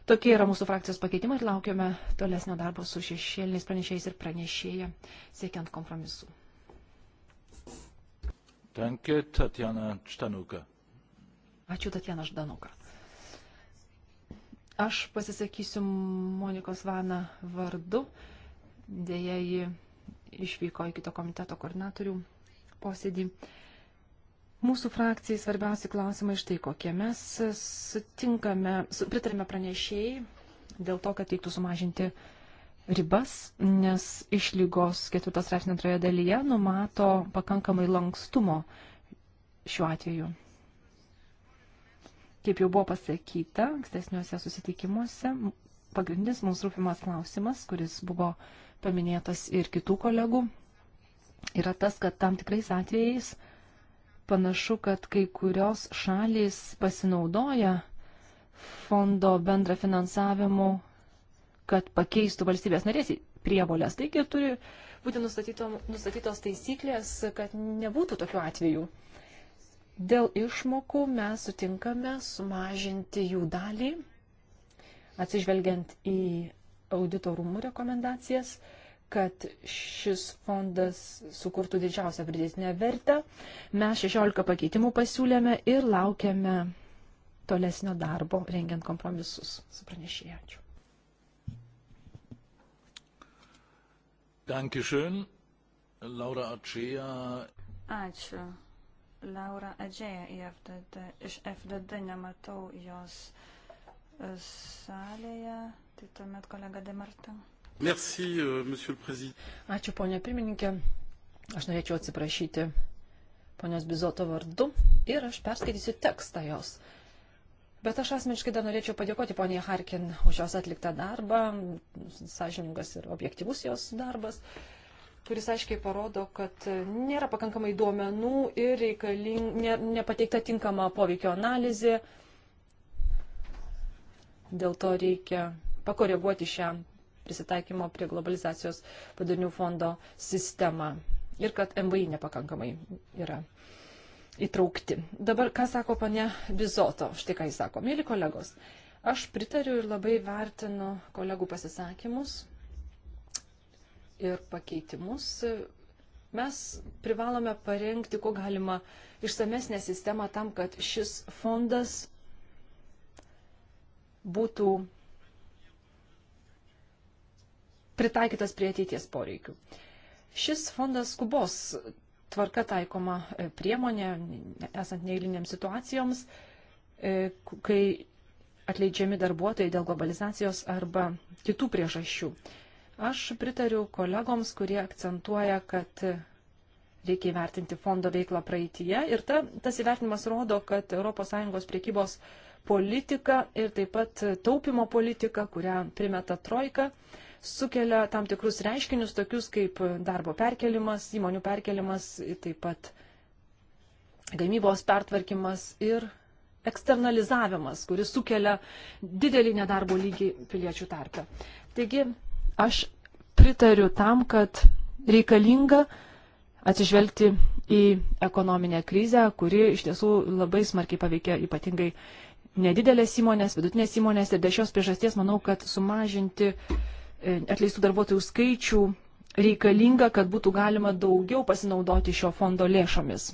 tokie yra mūsų frakcijos pakeitimai ir laukiame tolesnio darbo su šešėliniais pranešėjais ir pranešėja siekiant kompromisų. Danke, Tatjana Štanuka. Ačiū, Tatjana Štanuka. Aš pasisakysiu Monikos Vana vardu dėja ji išvyko į kito komiteto koordinatorių posėdį. Mūsų frakcijai svarbiausi klausimai štai kokie. Mes sutinkame, pritarime pranešėjai dėl to, kad reiktų sumažinti ribas, nes išlygos ketvirtos straipsnio antroje dalyje numato pakankamai lankstumo šiuo atveju. Kaip jau buvo pasakyta ankstesniuose susitikimuose, pagrindinis mums rūpimas klausimas, kuris buvo uh, paminėtas ir kitų kolegų, yra tas, kad tam tikrais atvejais panašu, kad kai kurios šalys pasinaudoja fondo bendra finansavimu, kad pakeistų valstybės narės prievolės. Taigi turi būti nustatyto, nustatytos taisyklės, kad nebūtų tokių atvejų. Dėl išmokų mes sutinkame sumažinti jų dalį, atsižvelgiant į auditorumų rekomendacijas, kad šis fondas sukurtų didžiausią pridėtinę vertę. Mes 16 pakeitimų pasiūlėme ir laukiame tolesnio darbo, rengiant kompromisus su pranešėju. Ačiū. Dankeschön. Laura Ačija. Ačiū. Laura Adžėja FDD. iš FDD nematau jos salėje. Tai tuomet kolega Demarta. Merci, euh, monsieur le président. Ačiū, ponia pirmininkė. Aš norėčiau atsiprašyti ponios Bizoto vardu ir aš perskaitysiu tekstą jos. Bet aš asmeniškai dar norėčiau padėkoti poniai Harkin už jos atliktą darbą, sąžiningas ir objektivus jos darbas, kuris aiškiai parodo, kad nėra pakankamai duomenų ir reikaling, ne, nepateikta tinkama poveikio analizė. Dėl to reikia pakoreguoti šią prisitaikymo prie globalizacijos padarinių fondo sistemą ir kad MVI nepakankamai yra įtraukti. Dabar, ką sako pane Bizoto, štai ką jis sako. Mėly kolegos, aš pritariu ir labai vertinu kolegų pasisakymus ir pakeitimus. Mes privalome parengti, kuo galima, išsamesnę sistemą tam, kad šis fondas būtų pritaikytas prie ateities poreikių. Šis fondas skubos tvarka taikoma e, priemonė, esant neįliniams situacijoms, e, kai atleidžiami darbuotojai dėl globalizacijos arba kitų priežasčių. Aš pritariu kolegoms, kurie akcentuoja, kad reikia įvertinti fondo veiklą praeitie ir ta, tas įvertinimas rodo, kad ES priekybos politika ir taip pat taupimo politika, kurią primeta Trojka, uh, sukelia tam tikrus reiškinius, tokius kaip darbo perkelimas, įmonių perkelimas, taip pat gamybos pertvarkymas ir eksternalizavimas, kuris sukelia didelį nedarbo lygį piliečių tarpe. Taigi, aš pritariu tam, kad reikalinga atsižvelgti į ekonominę krizę, kuri iš tiesų labai smarkiai paveikė ypatingai nedidelės įmonės, vidutinės įmonės ir dėl šios priežasties manau, kad sumažinti uh, E, atleistų darbuotojų skaičių reikalinga, kad būtų galima daugiau pasinaudoti šio fondo lėšomis.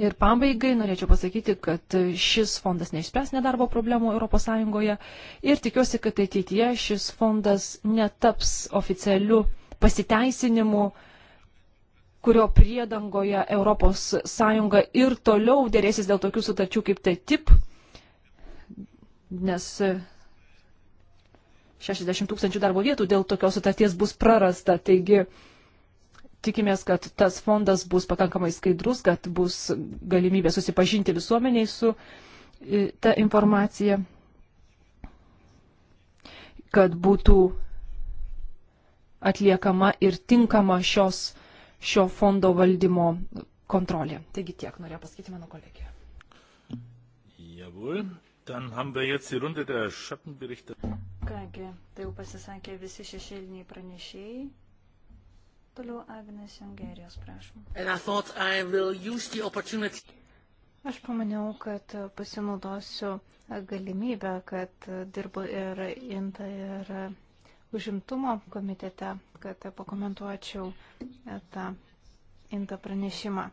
Ir pabaigai norėčiau pasakyti, kad šis fondas neišspręs nedarbo problemų ES ir tikiuosi, kad ateityje šis fondas netaps oficialiu pasiteisinimu, kurio priedangoje ES ir toliau dėrėsis dėl tokių sutarčių kaip TTIP, nes 60 tūkstančių darbo vietų dėl tokios sutarties bus prarasta. Taigi tikimės, kad tas fondas bus pakankamai skaidrus, kad bus galimybė susipažinti visuomeniai su e, ta informacija, kad būtų atliekama ir tinkama šios, šio fondo valdymo kontrolė. Taigi tiek norėjo pasakyti mano kolegija. Jawohl. Dann haben wir jetzt die Runde der Schattenberichte. Kągi, tai jau pasisakė visi šešėliniai pranešėjai. Toliau Agnes Jungerijos, prašom. Aš pamaniau, kad pasinaudosiu galimybę, kad dirbu ir INTA, ir užimtumo komitete, kad pakomentuočiau tą INTA pranešimą.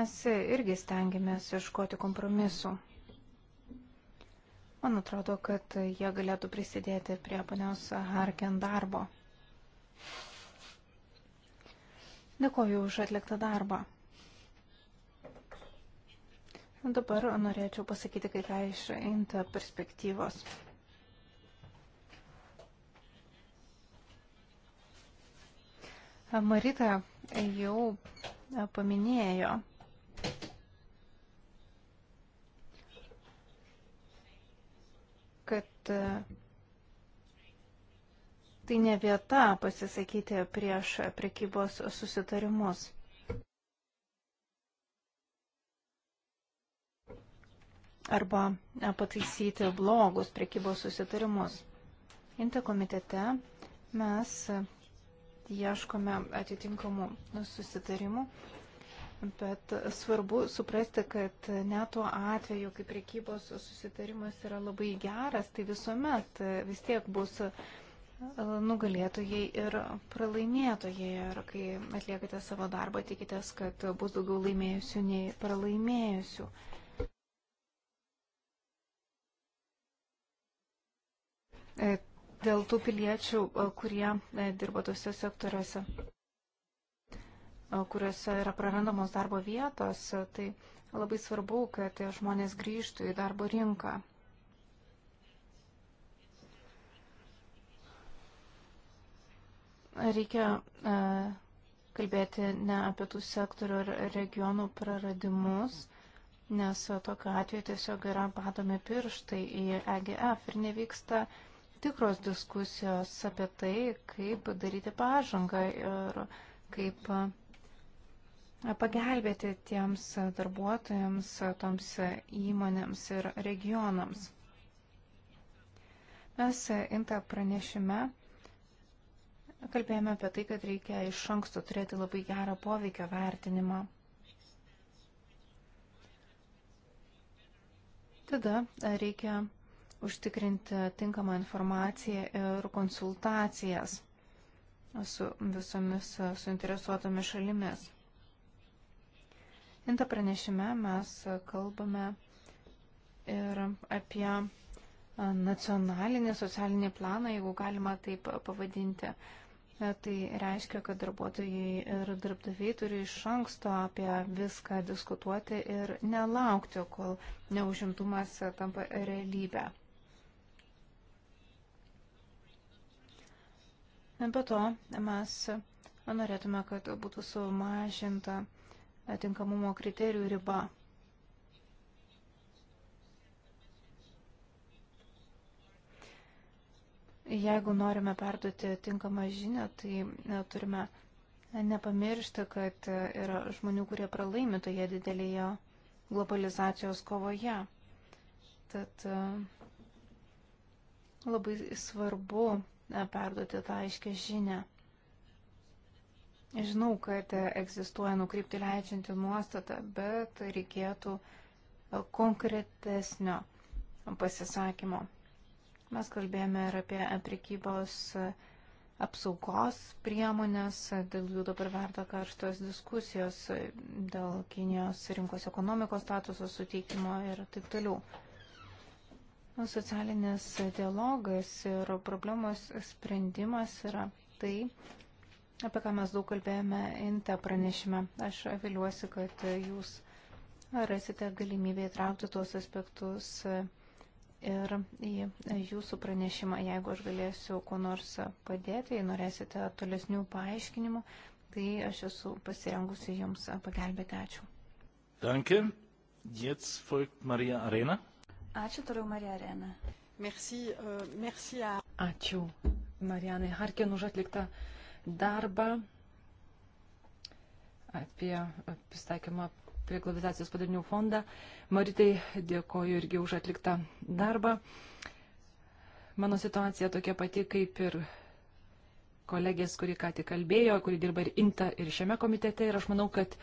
Mes irgi stengiamės iškoti kompromisų. Man atrodo, kad jie galėtų prisidėti prie panios Harken darbo. Dėkoju už atliktą darbą. Dabar norėčiau pasakyti kai ką iš INTA perspektyvos. Marita jau paminėjo kad e, tai ne vieta pasisakyti prieš prekybos susitarimus. Arba e, pataisyti blogus prekybos susitarimus. Inte komitete mes e, ieškome atitinkamų susitarimų bet svarbu suprasti, kad net tuo atveju, kai priekybos susitarimas yra labai geras, tai visuomet vis tiek bus e, nugalėtojai ir pralaimėtojai. Ir kai atliekate savo darbą, tikitės, kad bus daugiau laimėjusių nei pralaimėjusių. E, dėl tų piliečių, e, kurie dirba tose sektoriuose kuriuose yra prarandamos darbo vietos, tai labai svarbu, kad tie žmonės grįžtų į darbo rinką. Reikia kalbėti ne apie tų sektorių ar regionų praradimus, nes tokiu atveju tiesiog yra badomi pirštai į EGF ir nevyksta tikros diskusijos apie tai, kaip daryti pažangą ir kaip pagelbėti tiems darbuotojams, toms įmonėms ir regionams. Mes intą pranešime kalbėjome apie tai, kad reikia iš anksto turėti labai gerą poveikio vertinimą. Tada reikia užtikrinti tinkamą informaciją ir konsultacijas su visomis suinteresuotomis šalimis. Inta pranešime mes kalbame ir apie nacionalinį socialinį planą, jeigu galima taip pavadinti. Tai reiškia, kad darbuotojai ir darbdaviai turi iš anksto apie viską diskutuoti ir nelaukti, kol neužimtumas tampa realybę. Be to, mes norėtume, kad būtų sumažinta tinkamumo kriterijų riba. Jeigu norime perduoti tinkamą žinią, tai turime nepamiršti, kad yra žmonių, kurie pralaimi toje didelėje globalizacijos kovoje. Tad e, labai svarbu perduoti tą aiškę žinią. Žinau, kad egzistuoja nukrypti leidžianti nuostata, bet reikėtų konkretesnio pasisakymo. Mes kalbėjome ir apie prekybos apsaugos priemonės, dėl jų dabar verda karštos diskusijos, dėl Kinijos rinkos ekonomikos statuso suteikimo ir taip toliau. Nu, socialinis dialogas ir problemos sprendimas yra tai, apie ką mes daug kalbėjome INTE pranešime. Aš viliuosi, kad jūs rasite galimybę įtraukti tuos aspektus ir į jūsų pranešimą, jeigu aš galėsiu kuo nors padėti, jei norėsite tolesnių paaiškinimų, tai aš esu pasirengusi jums pagelbėti. Ačiū. Danke. Jetzt folgt Maria Arena. Ačiū toliau, Marija Arena. Merci, uh, merci a... Ačiū Marijanai Harkin už atliktą uh, darbą, apie pristaikymą prie globalizacijos padarinių fondą. Maritai dėkoju irgi už atliktą darbą. Mano situacija tokia pati kaip ir kolegės, kuri ką tik kalbėjo, kuri dirba ir INTA ir šiame komitete. Ir aš manau, kad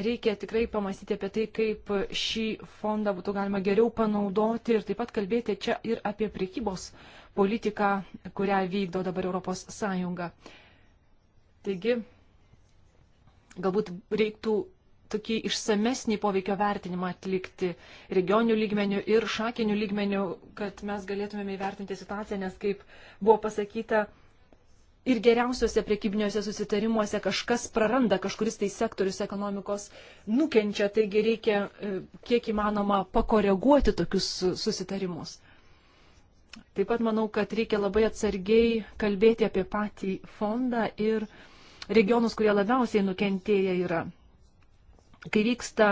reikia tikrai pamastyti apie tai, kaip šį fondą būtų galima geriau panaudoti ir taip pat kalbėti čia ir apie priekybos politiką, kurią vykdo dabar ES. Taigi, galbūt reiktų tokį išsamesnį poveikio vertinimą atlikti regionių lygmenių ir šakinių lygmenių, kad mes galėtumėme įvertinti situaciją, nes kaip buvo pasakyta, ir geriausiuose prekybiniuose susitarimuose kažkas praranda, kažkuris tai sektorius ekonomikos nukenčia, taigi reikia e, kiek įmanoma pakoreguoti tokius susitarimus. Taip pat manau, kad reikia labai atsargiai kalbėti apie patį fondą ir regionus, kurie labiausiai nukentėję yra. Kai vyksta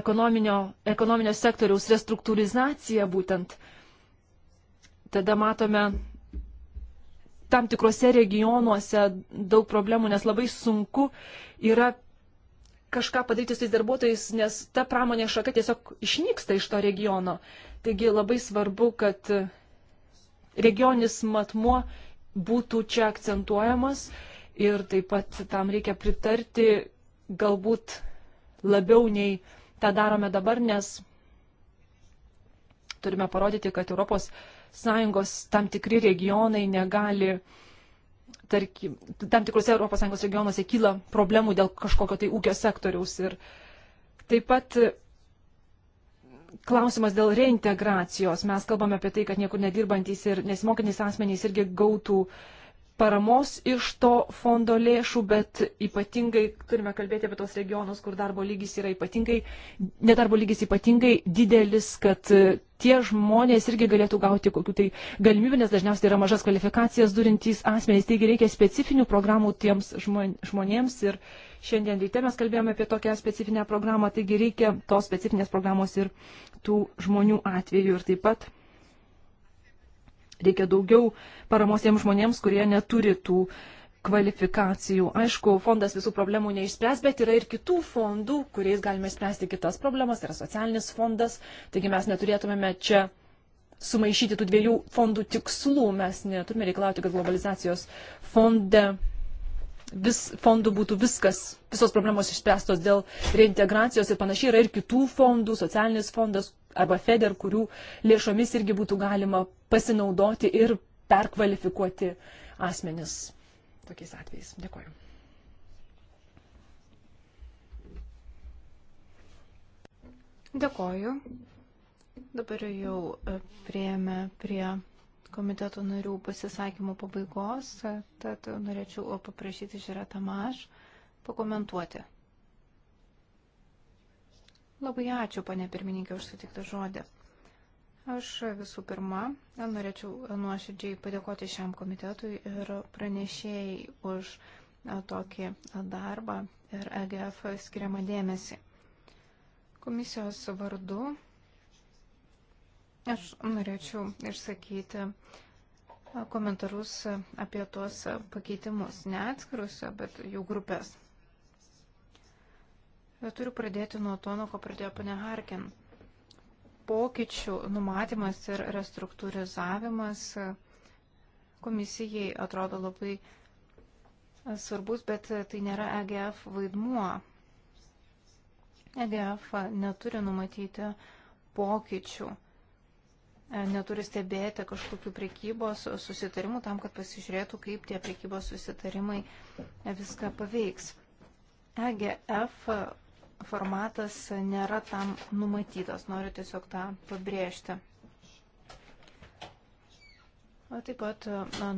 ekonominio, ekonominio sektoriaus restruktūrizacija būtent, tada matome tam tikrose regionuose daug problemų, nes labai sunku yra kažką padaryti su tais darbuotojais, nes ta pramonė šaka tiesiog išnyksta iš to regiono. Taigi labai svarbu, kad regioninis matmuo būtų čia akcentuojamas ir taip pat tam reikia pritarti galbūt labiau nei tą darome dabar, nes turime parodyti, kad Europos ES tam tikri regionai negali, tarkim, tam tikrose ES regionuose kyla problemų dėl kažkokio tai ūkio sektoriaus. Ir taip pat e, klausimas dėl reintegracijos. Mes kalbame apie tai, kad niekur nedirbantys ir nesimokantys asmenys irgi gautų uh, paramos iš to fondo lėšų, bet ypatingai turime kalbėti apie tos regionus, kur darbo lygis yra ypatingai, nedarbo lygis ypatingai didelis, kad e, tie žmonės irgi galėtų gauti kokių tai galimybių, nes dažniausiai yra mažas kvalifikacijas durintys asmenys, taigi reikia specifinių programų tiems žmonėms ir šiandien ryte mes kalbėjome apie tokią specifinę programą, taigi reikia tos specifinės programos ir tų žmonių atveju ir taip pat Reikia daugiau paramos tiems žmonėms, kurie neturi tų kvalifikacijų. Aišku, fondas visų problemų neišspręs, bet yra ir kitų fondų, kuriais galime spręsti kitas problemas, yra socialinis fondas, taigi mes neturėtumėme čia sumaišyti tų dviejų fondų tikslų, mes neturime reikalauti, kad globalizacijos fonde vis fondų būtų viskas, visos problemos išspręstos dėl reintegracijos ir panašiai. Yra ir kitų fondų, socialinis fondas, arba FEDER, kurių lėšomis irgi būtų galima pasinaudoti ir perkvalifikuoti asmenis tokiais atvejais. Dėkuoju. Dėkuoju. Dabar jau e, prieėmė prie komiteto narių pasisakymų pabaigos, tad norėčiau paprašyti Žiratą Maž pakomentuoti. Labai ačiū, pane pirmininkė, už sutiktą žodį. Aš visų pirma norėčiau nuoširdžiai padėkoti šiam komitetui ir pranešėjai už tokį darbą ir EGF skiriamą dėmesį. Komisijos vardu aš norėčiau išsakyti komentarus apie tuos pakeitimus, ne atskirus, bet jų grupės. Turiu pradėti nuo to, nuo ko pradėjo pane Harkin. Pokyčių numatymas ir restruktūrizavimas komisijai atrodo labai svarbus, bet tai nėra EGF vaidmuo. EGF neturi numatyti pokyčių, e, neturi stebėti kažkokių prekybos susitarimų tam, kad pasižiūrėtų, kaip tie prekybos susitarimai viską paveiks. EGF formatas nėra tam numatytas, noriu tiesiog tą pabrėžti. O taip pat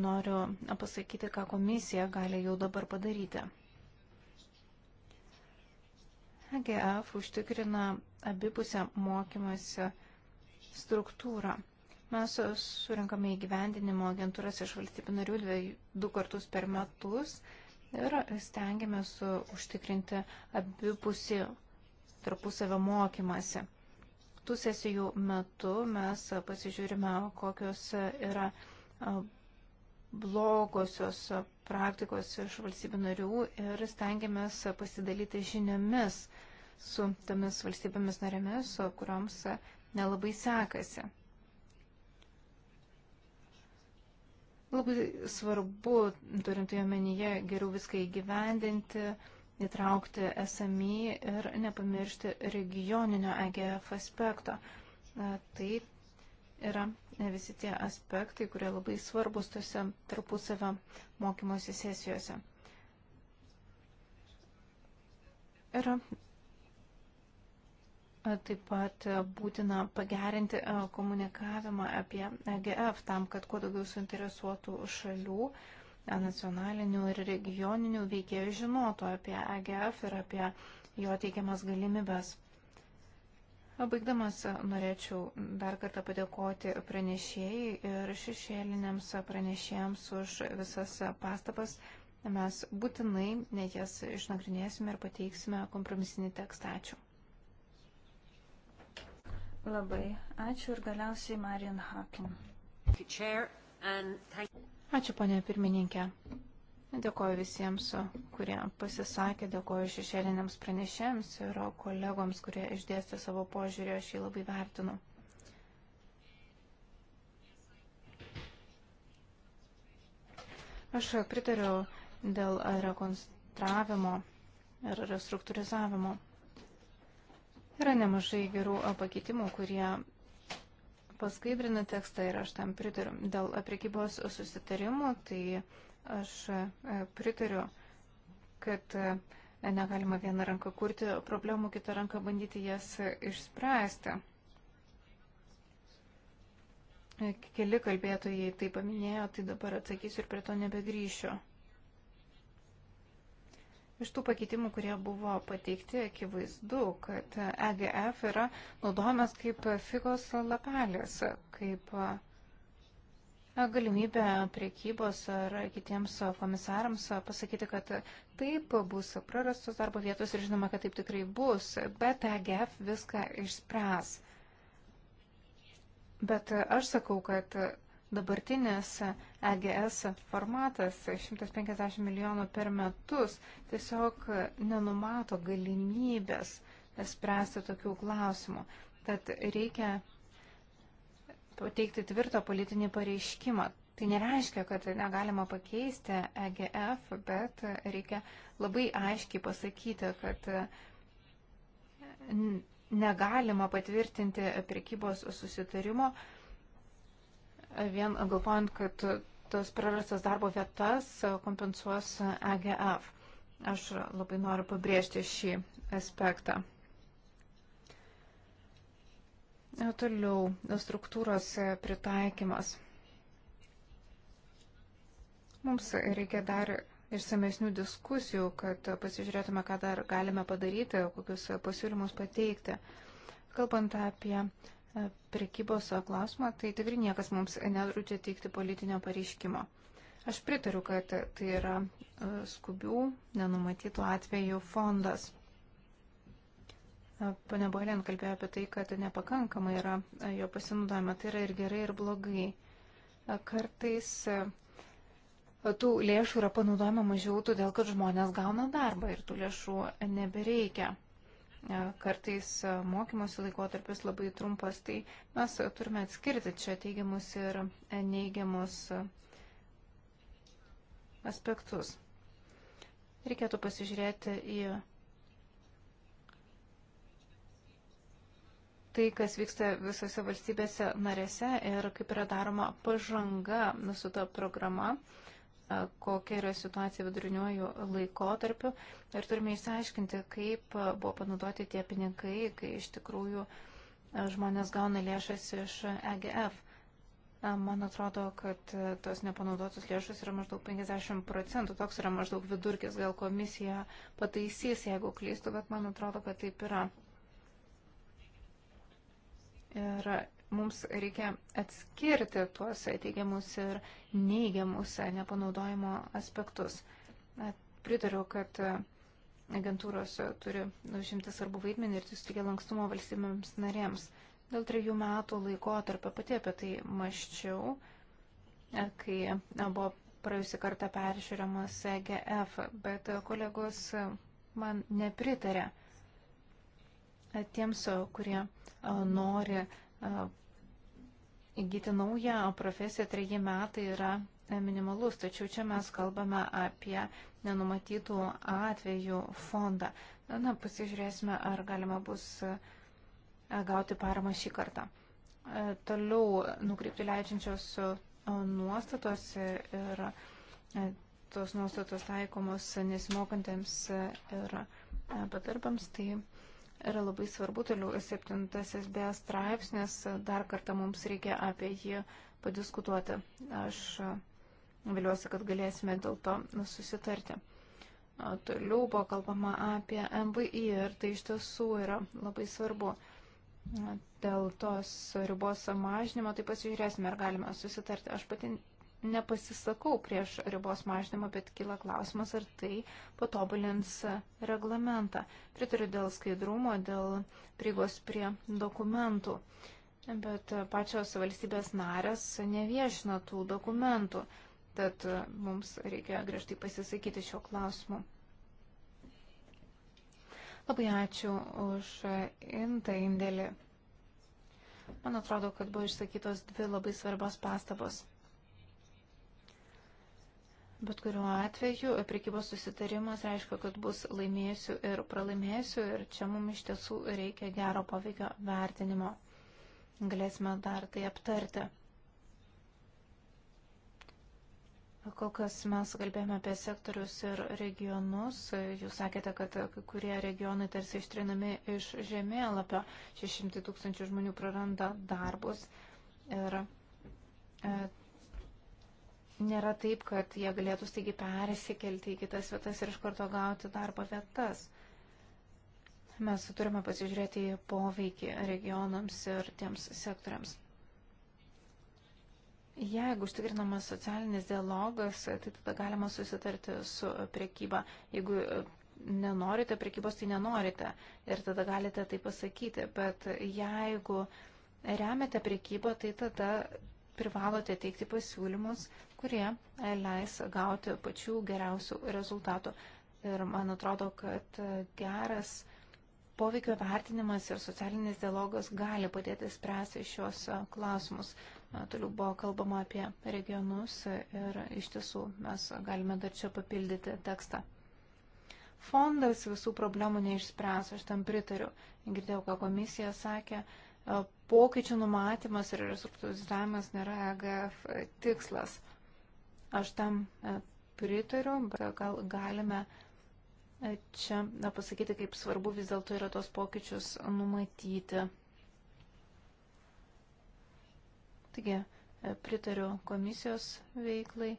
noriu pasakyti, ką komisija gali jau dabar padaryti. AGF e užtikrina abipusę mokymasi struktūrą. Mes surinkame įgyvendinimo agentūras iš valstybių narių dviejų, du kartus per metus ir stengiamės užtikrinti abipusį tarpusavio mokymasi. Tų sesijų metu mes pasižiūrime, kokios yra blogosios praktikos iš valstybių narių ir stengiamės pasidalyti žiniomis su tomis valstybėmis narėmis, kurioms nelabai sekasi. Labai svarbu, turint omenyje, geriau viską įgyvendinti, įtraukti SMI ir nepamiršti regioninio EGF aspekto. E, tai yra visi tie aspektai, kurie labai svarbus tose tarpusavio mokymosi sesijose. Yra Taip pat būtina pagerinti komunikavimą apie EGF tam, kad kuo daugiau suinteresuotų šalių, nacionalinių ir regioninių veikėjų žinotų apie EGF ir apie jo teikiamas galimybės. Baigdamas norėčiau dar kartą padėkoti pranešėjai ir šešėliniams pranešėjams už visas pastabas. Mes būtinai jas išnagrinėsime ir pateiksime kompromisinį tekstą. Ačiū. Labai ačiū ir galiausiai Marian Hakin. Ačiū, ponė pirmininkė. Dėkoju visiems, kurie pasisakė, dėkoju šešėliniams pranešėms ir kolegoms, kurie išdėstė savo požiūrį, aš jį labai vertinu. Aš pritariu dėl rekonstravimo ir restruktūrizavimo. Yra nemažai gerų pakeitimų, kurie paskaidrina tekstą ir aš tam pritariu. Dėl prekybos susitarimų, tai aš e, pritariu, kad e, negalima vieną ranką kurti problemų, kitą ranką bandyti jas e, išspręsti. Keli kalbėtojai tai paminėjo, tai dabar atsakysiu ir prie to nebegrįšiu. Iš tų pakeitimų, kurie buvo pateikti, akivaizdu, kad EGF yra naudojamas kaip figos lapelės, kaip e, galimybė priekybos ar kitiems komisarams pasakyti, kad taip bus prarastos darbo vietos ir žinoma, kad taip tikrai bus, bet EGF viską išspręs. Bet aš sakau, kad Dabartinis EGS formatas 150 milijonų per metus tiesiog nenumato galimybės spręsti tokių klausimų. Tad reikia pateikti tvirtą politinį pareiškimą. Tai nereiškia, kad negalima pakeisti EGF, bet reikia labai aiškiai pasakyti, kad negalima patvirtinti prekybos susitarimo vien galvojant, kad tas prarastas darbo vietas kompensuos EGF. Aš labai noriu pabrėžti šį aspektą. E, toliau struktūros pritaikymas. Mums reikia dar išsamesnių diskusijų, kad pasižiūrėtume, ką dar galime padaryti, kokius pasiūlymus pateikti. Kalbant apie prekybos klausimą, tai tikrai niekas mums nedraudžia teikti politinio pareiškimo. Aš pritariu, kad tai yra e, skubių, nenumatytų atvejų fondas. E, Pane Bolien kalbėjo apie tai, kad nepakankamai yra e, jo pasinaudojama. Tai yra ir gerai, ir blogai. Kartais tų lėšų yra panaudojama mažiau, todėl kad žmonės gauna darbą ir tų lėšų nebereikia kartais mokymosi laikotarpis labai trumpas, tai mes turime atskirti čia teigiamus ir neigiamus aspektus. Reikėtų pasižiūrėti į tai, kas vyksta visose valstybėse narėse ir kaip yra daroma pažanga su ta programa. Uh, kokia yra situacija viduriniuoju laikotarpiu ir turime įsiaiškinti, kaip buvo panaudoti tie pinigai, kai iš tikrųjų žmonės gauna lėšas iš EGF. Man atrodo, kad tos nepanaudotos lėšos yra maždaug 50 procentų, toks yra maždaug vidurkis, gal komisija pataisys, jeigu klystu, bet man atrodo, kad taip yra. Ir mums reikia atskirti tuos teigiamus ir neigiamus nepanaudojimo aspektus. Pritariu, kad agentūros turi užimti svarbu vaidmenį ir tai suteikia lankstumo valstybėms narėms. Dėl trejų metų laiko tarp pati apie tai maščiau, kai buvo praėjusi kartą peržiūriamas EGF, bet kolegos man nepritarė tiems, kurie nori įgyti naują profesiją treji metai yra minimalus, tačiau čia mes kalbame apie nenumatytų atvejų fondą. Na, pasižiūrėsime, ar galima bus e, gauti paramą šį kartą. E, toliau nukreipti leidžiančios e, nuostatos ir tos nuostatos taikomos nesimokantiems ir bedarbams, tai yra labai svarbu. Toliau septintasis B straipsnis, dar kartą mums reikia apie jį padiskutuoti. Aš viliuosi, kad galėsime dėl to susitarti. Toliau buvo kalbama apie MVI ir tai iš tiesų yra labai svarbu. Dėl tos ribos mažinimo tai pasižiūrėsime, ar galime susitarti. Aš pati nepasisakau prieš ribos mažinimą, bet kyla klausimas, ar tai patobulins reglamentą. Pritariu dėl skaidrumo, dėl prigos prie dokumentų. Bet pačios valstybės narės neviešina tų dokumentų, tad mums reikia griežtai pasisakyti šio klausimu. Labai ačiū už intą indėlį. Man atrodo, kad buvo išsakytos dvi labai svarbios pastabos. Bet kuriuo atveju e, prekybos susitarimas reiškia, kad bus laimėsiu ir pralaimėsiu ir čia mums iš tiesų reikia gero poveikio vertinimo. Galėsime dar tai aptarti. Kol kas mes kalbėjome apie sektorius ir regionus. Jūs sakėte, kad kai kurie regionai tarsi ištrinami iš žemėlapio. 600 tūkstančių žmonių praranda darbus. Ir e, nėra taip, kad jie galėtų staigi persikelti į kitas vietas ir iš karto gauti darbo vietas. Mes turime pasižiūrėti į poveikį regionams ir tiems sektoriams. Jeigu užtikrinamas socialinis dialogas, tai tada galima susitarti su priekyba. Jeigu nenorite priekybos, tai nenorite. Ir tada galite tai pasakyti. Bet jeigu remiate priekybą, tai tada privalote teikti pasiūlymus, kurie e, leis gauti pačių geriausių rezultatų. Ir man atrodo, kad e, geras poveikio vertinimas ir socialinis dialogas gali padėti spręsti šios e, klausimus. Toliau buvo kalbama apie regionus ir iš tiesų mes galime dar čia papildyti tekstą. Fondas visų problemų neišspręs, aš tam pritariu. Girdėjau, ką komisija sakė, pokyčių numatymas ir restruktūrizavimas nėra EGF tikslas. Aš tam e, pritariu, bet gal galime e, čia na, pasakyti, kaip svarbu vis dėlto yra tos pokyčius numatyti. Taigi, e, pritariu komisijos veiklai.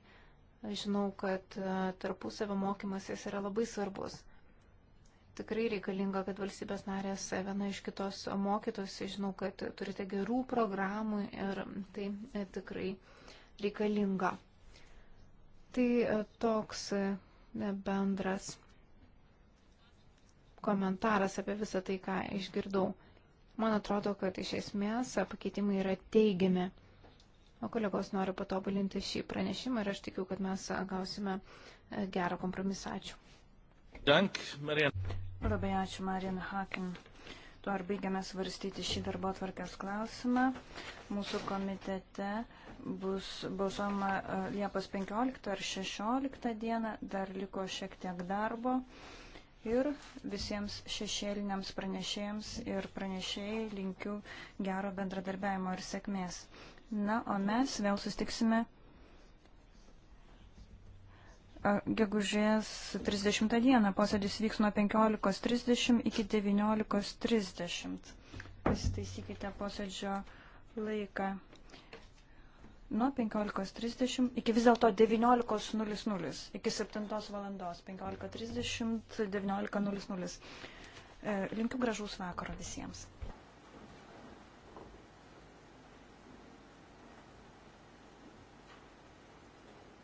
Žinau, kad tarpusavio mokymasis yra labai svarbus tikrai reikalinga, kad valstybės narės e, viena iš kitos mokytųsi. Žinau, kad turite gerų programų ir tai e, tikrai reikalinga. Tai e, toks bendras komentaras apie visą tai, ką išgirdau. Man atrodo, kad iš esmės pakeitimai yra teigiami. O kolegos noriu patobulinti šį pranešimą ir aš tikiu, kad mes gausime gerą kompromisą. Ačiū. Dank, Marian. Labai ačiū, Marin Hakin. Tuo ar baigiame svarstyti šį darbo tvarkės klausimą. Mūsų komitete bus balsuoma e, Liepos 15 ar 16 dieną, dar liko šiek tiek darbo. Ir visiems šešėliniams pranešėjams ir pranešėjai linkiu gero bendradarbiavimo ir sėkmės. Na, o mes vėl sustiksime gegužės 30 dieną. Posėdis vyks nuo 15.30 iki 19.30. Pasitaisykite posėdžio laiką nuo 15.30 iki vis dėlto 19.00, iki 7 valandos, 15.30, 19.00. E, linkiu gražaus vakaro visiems.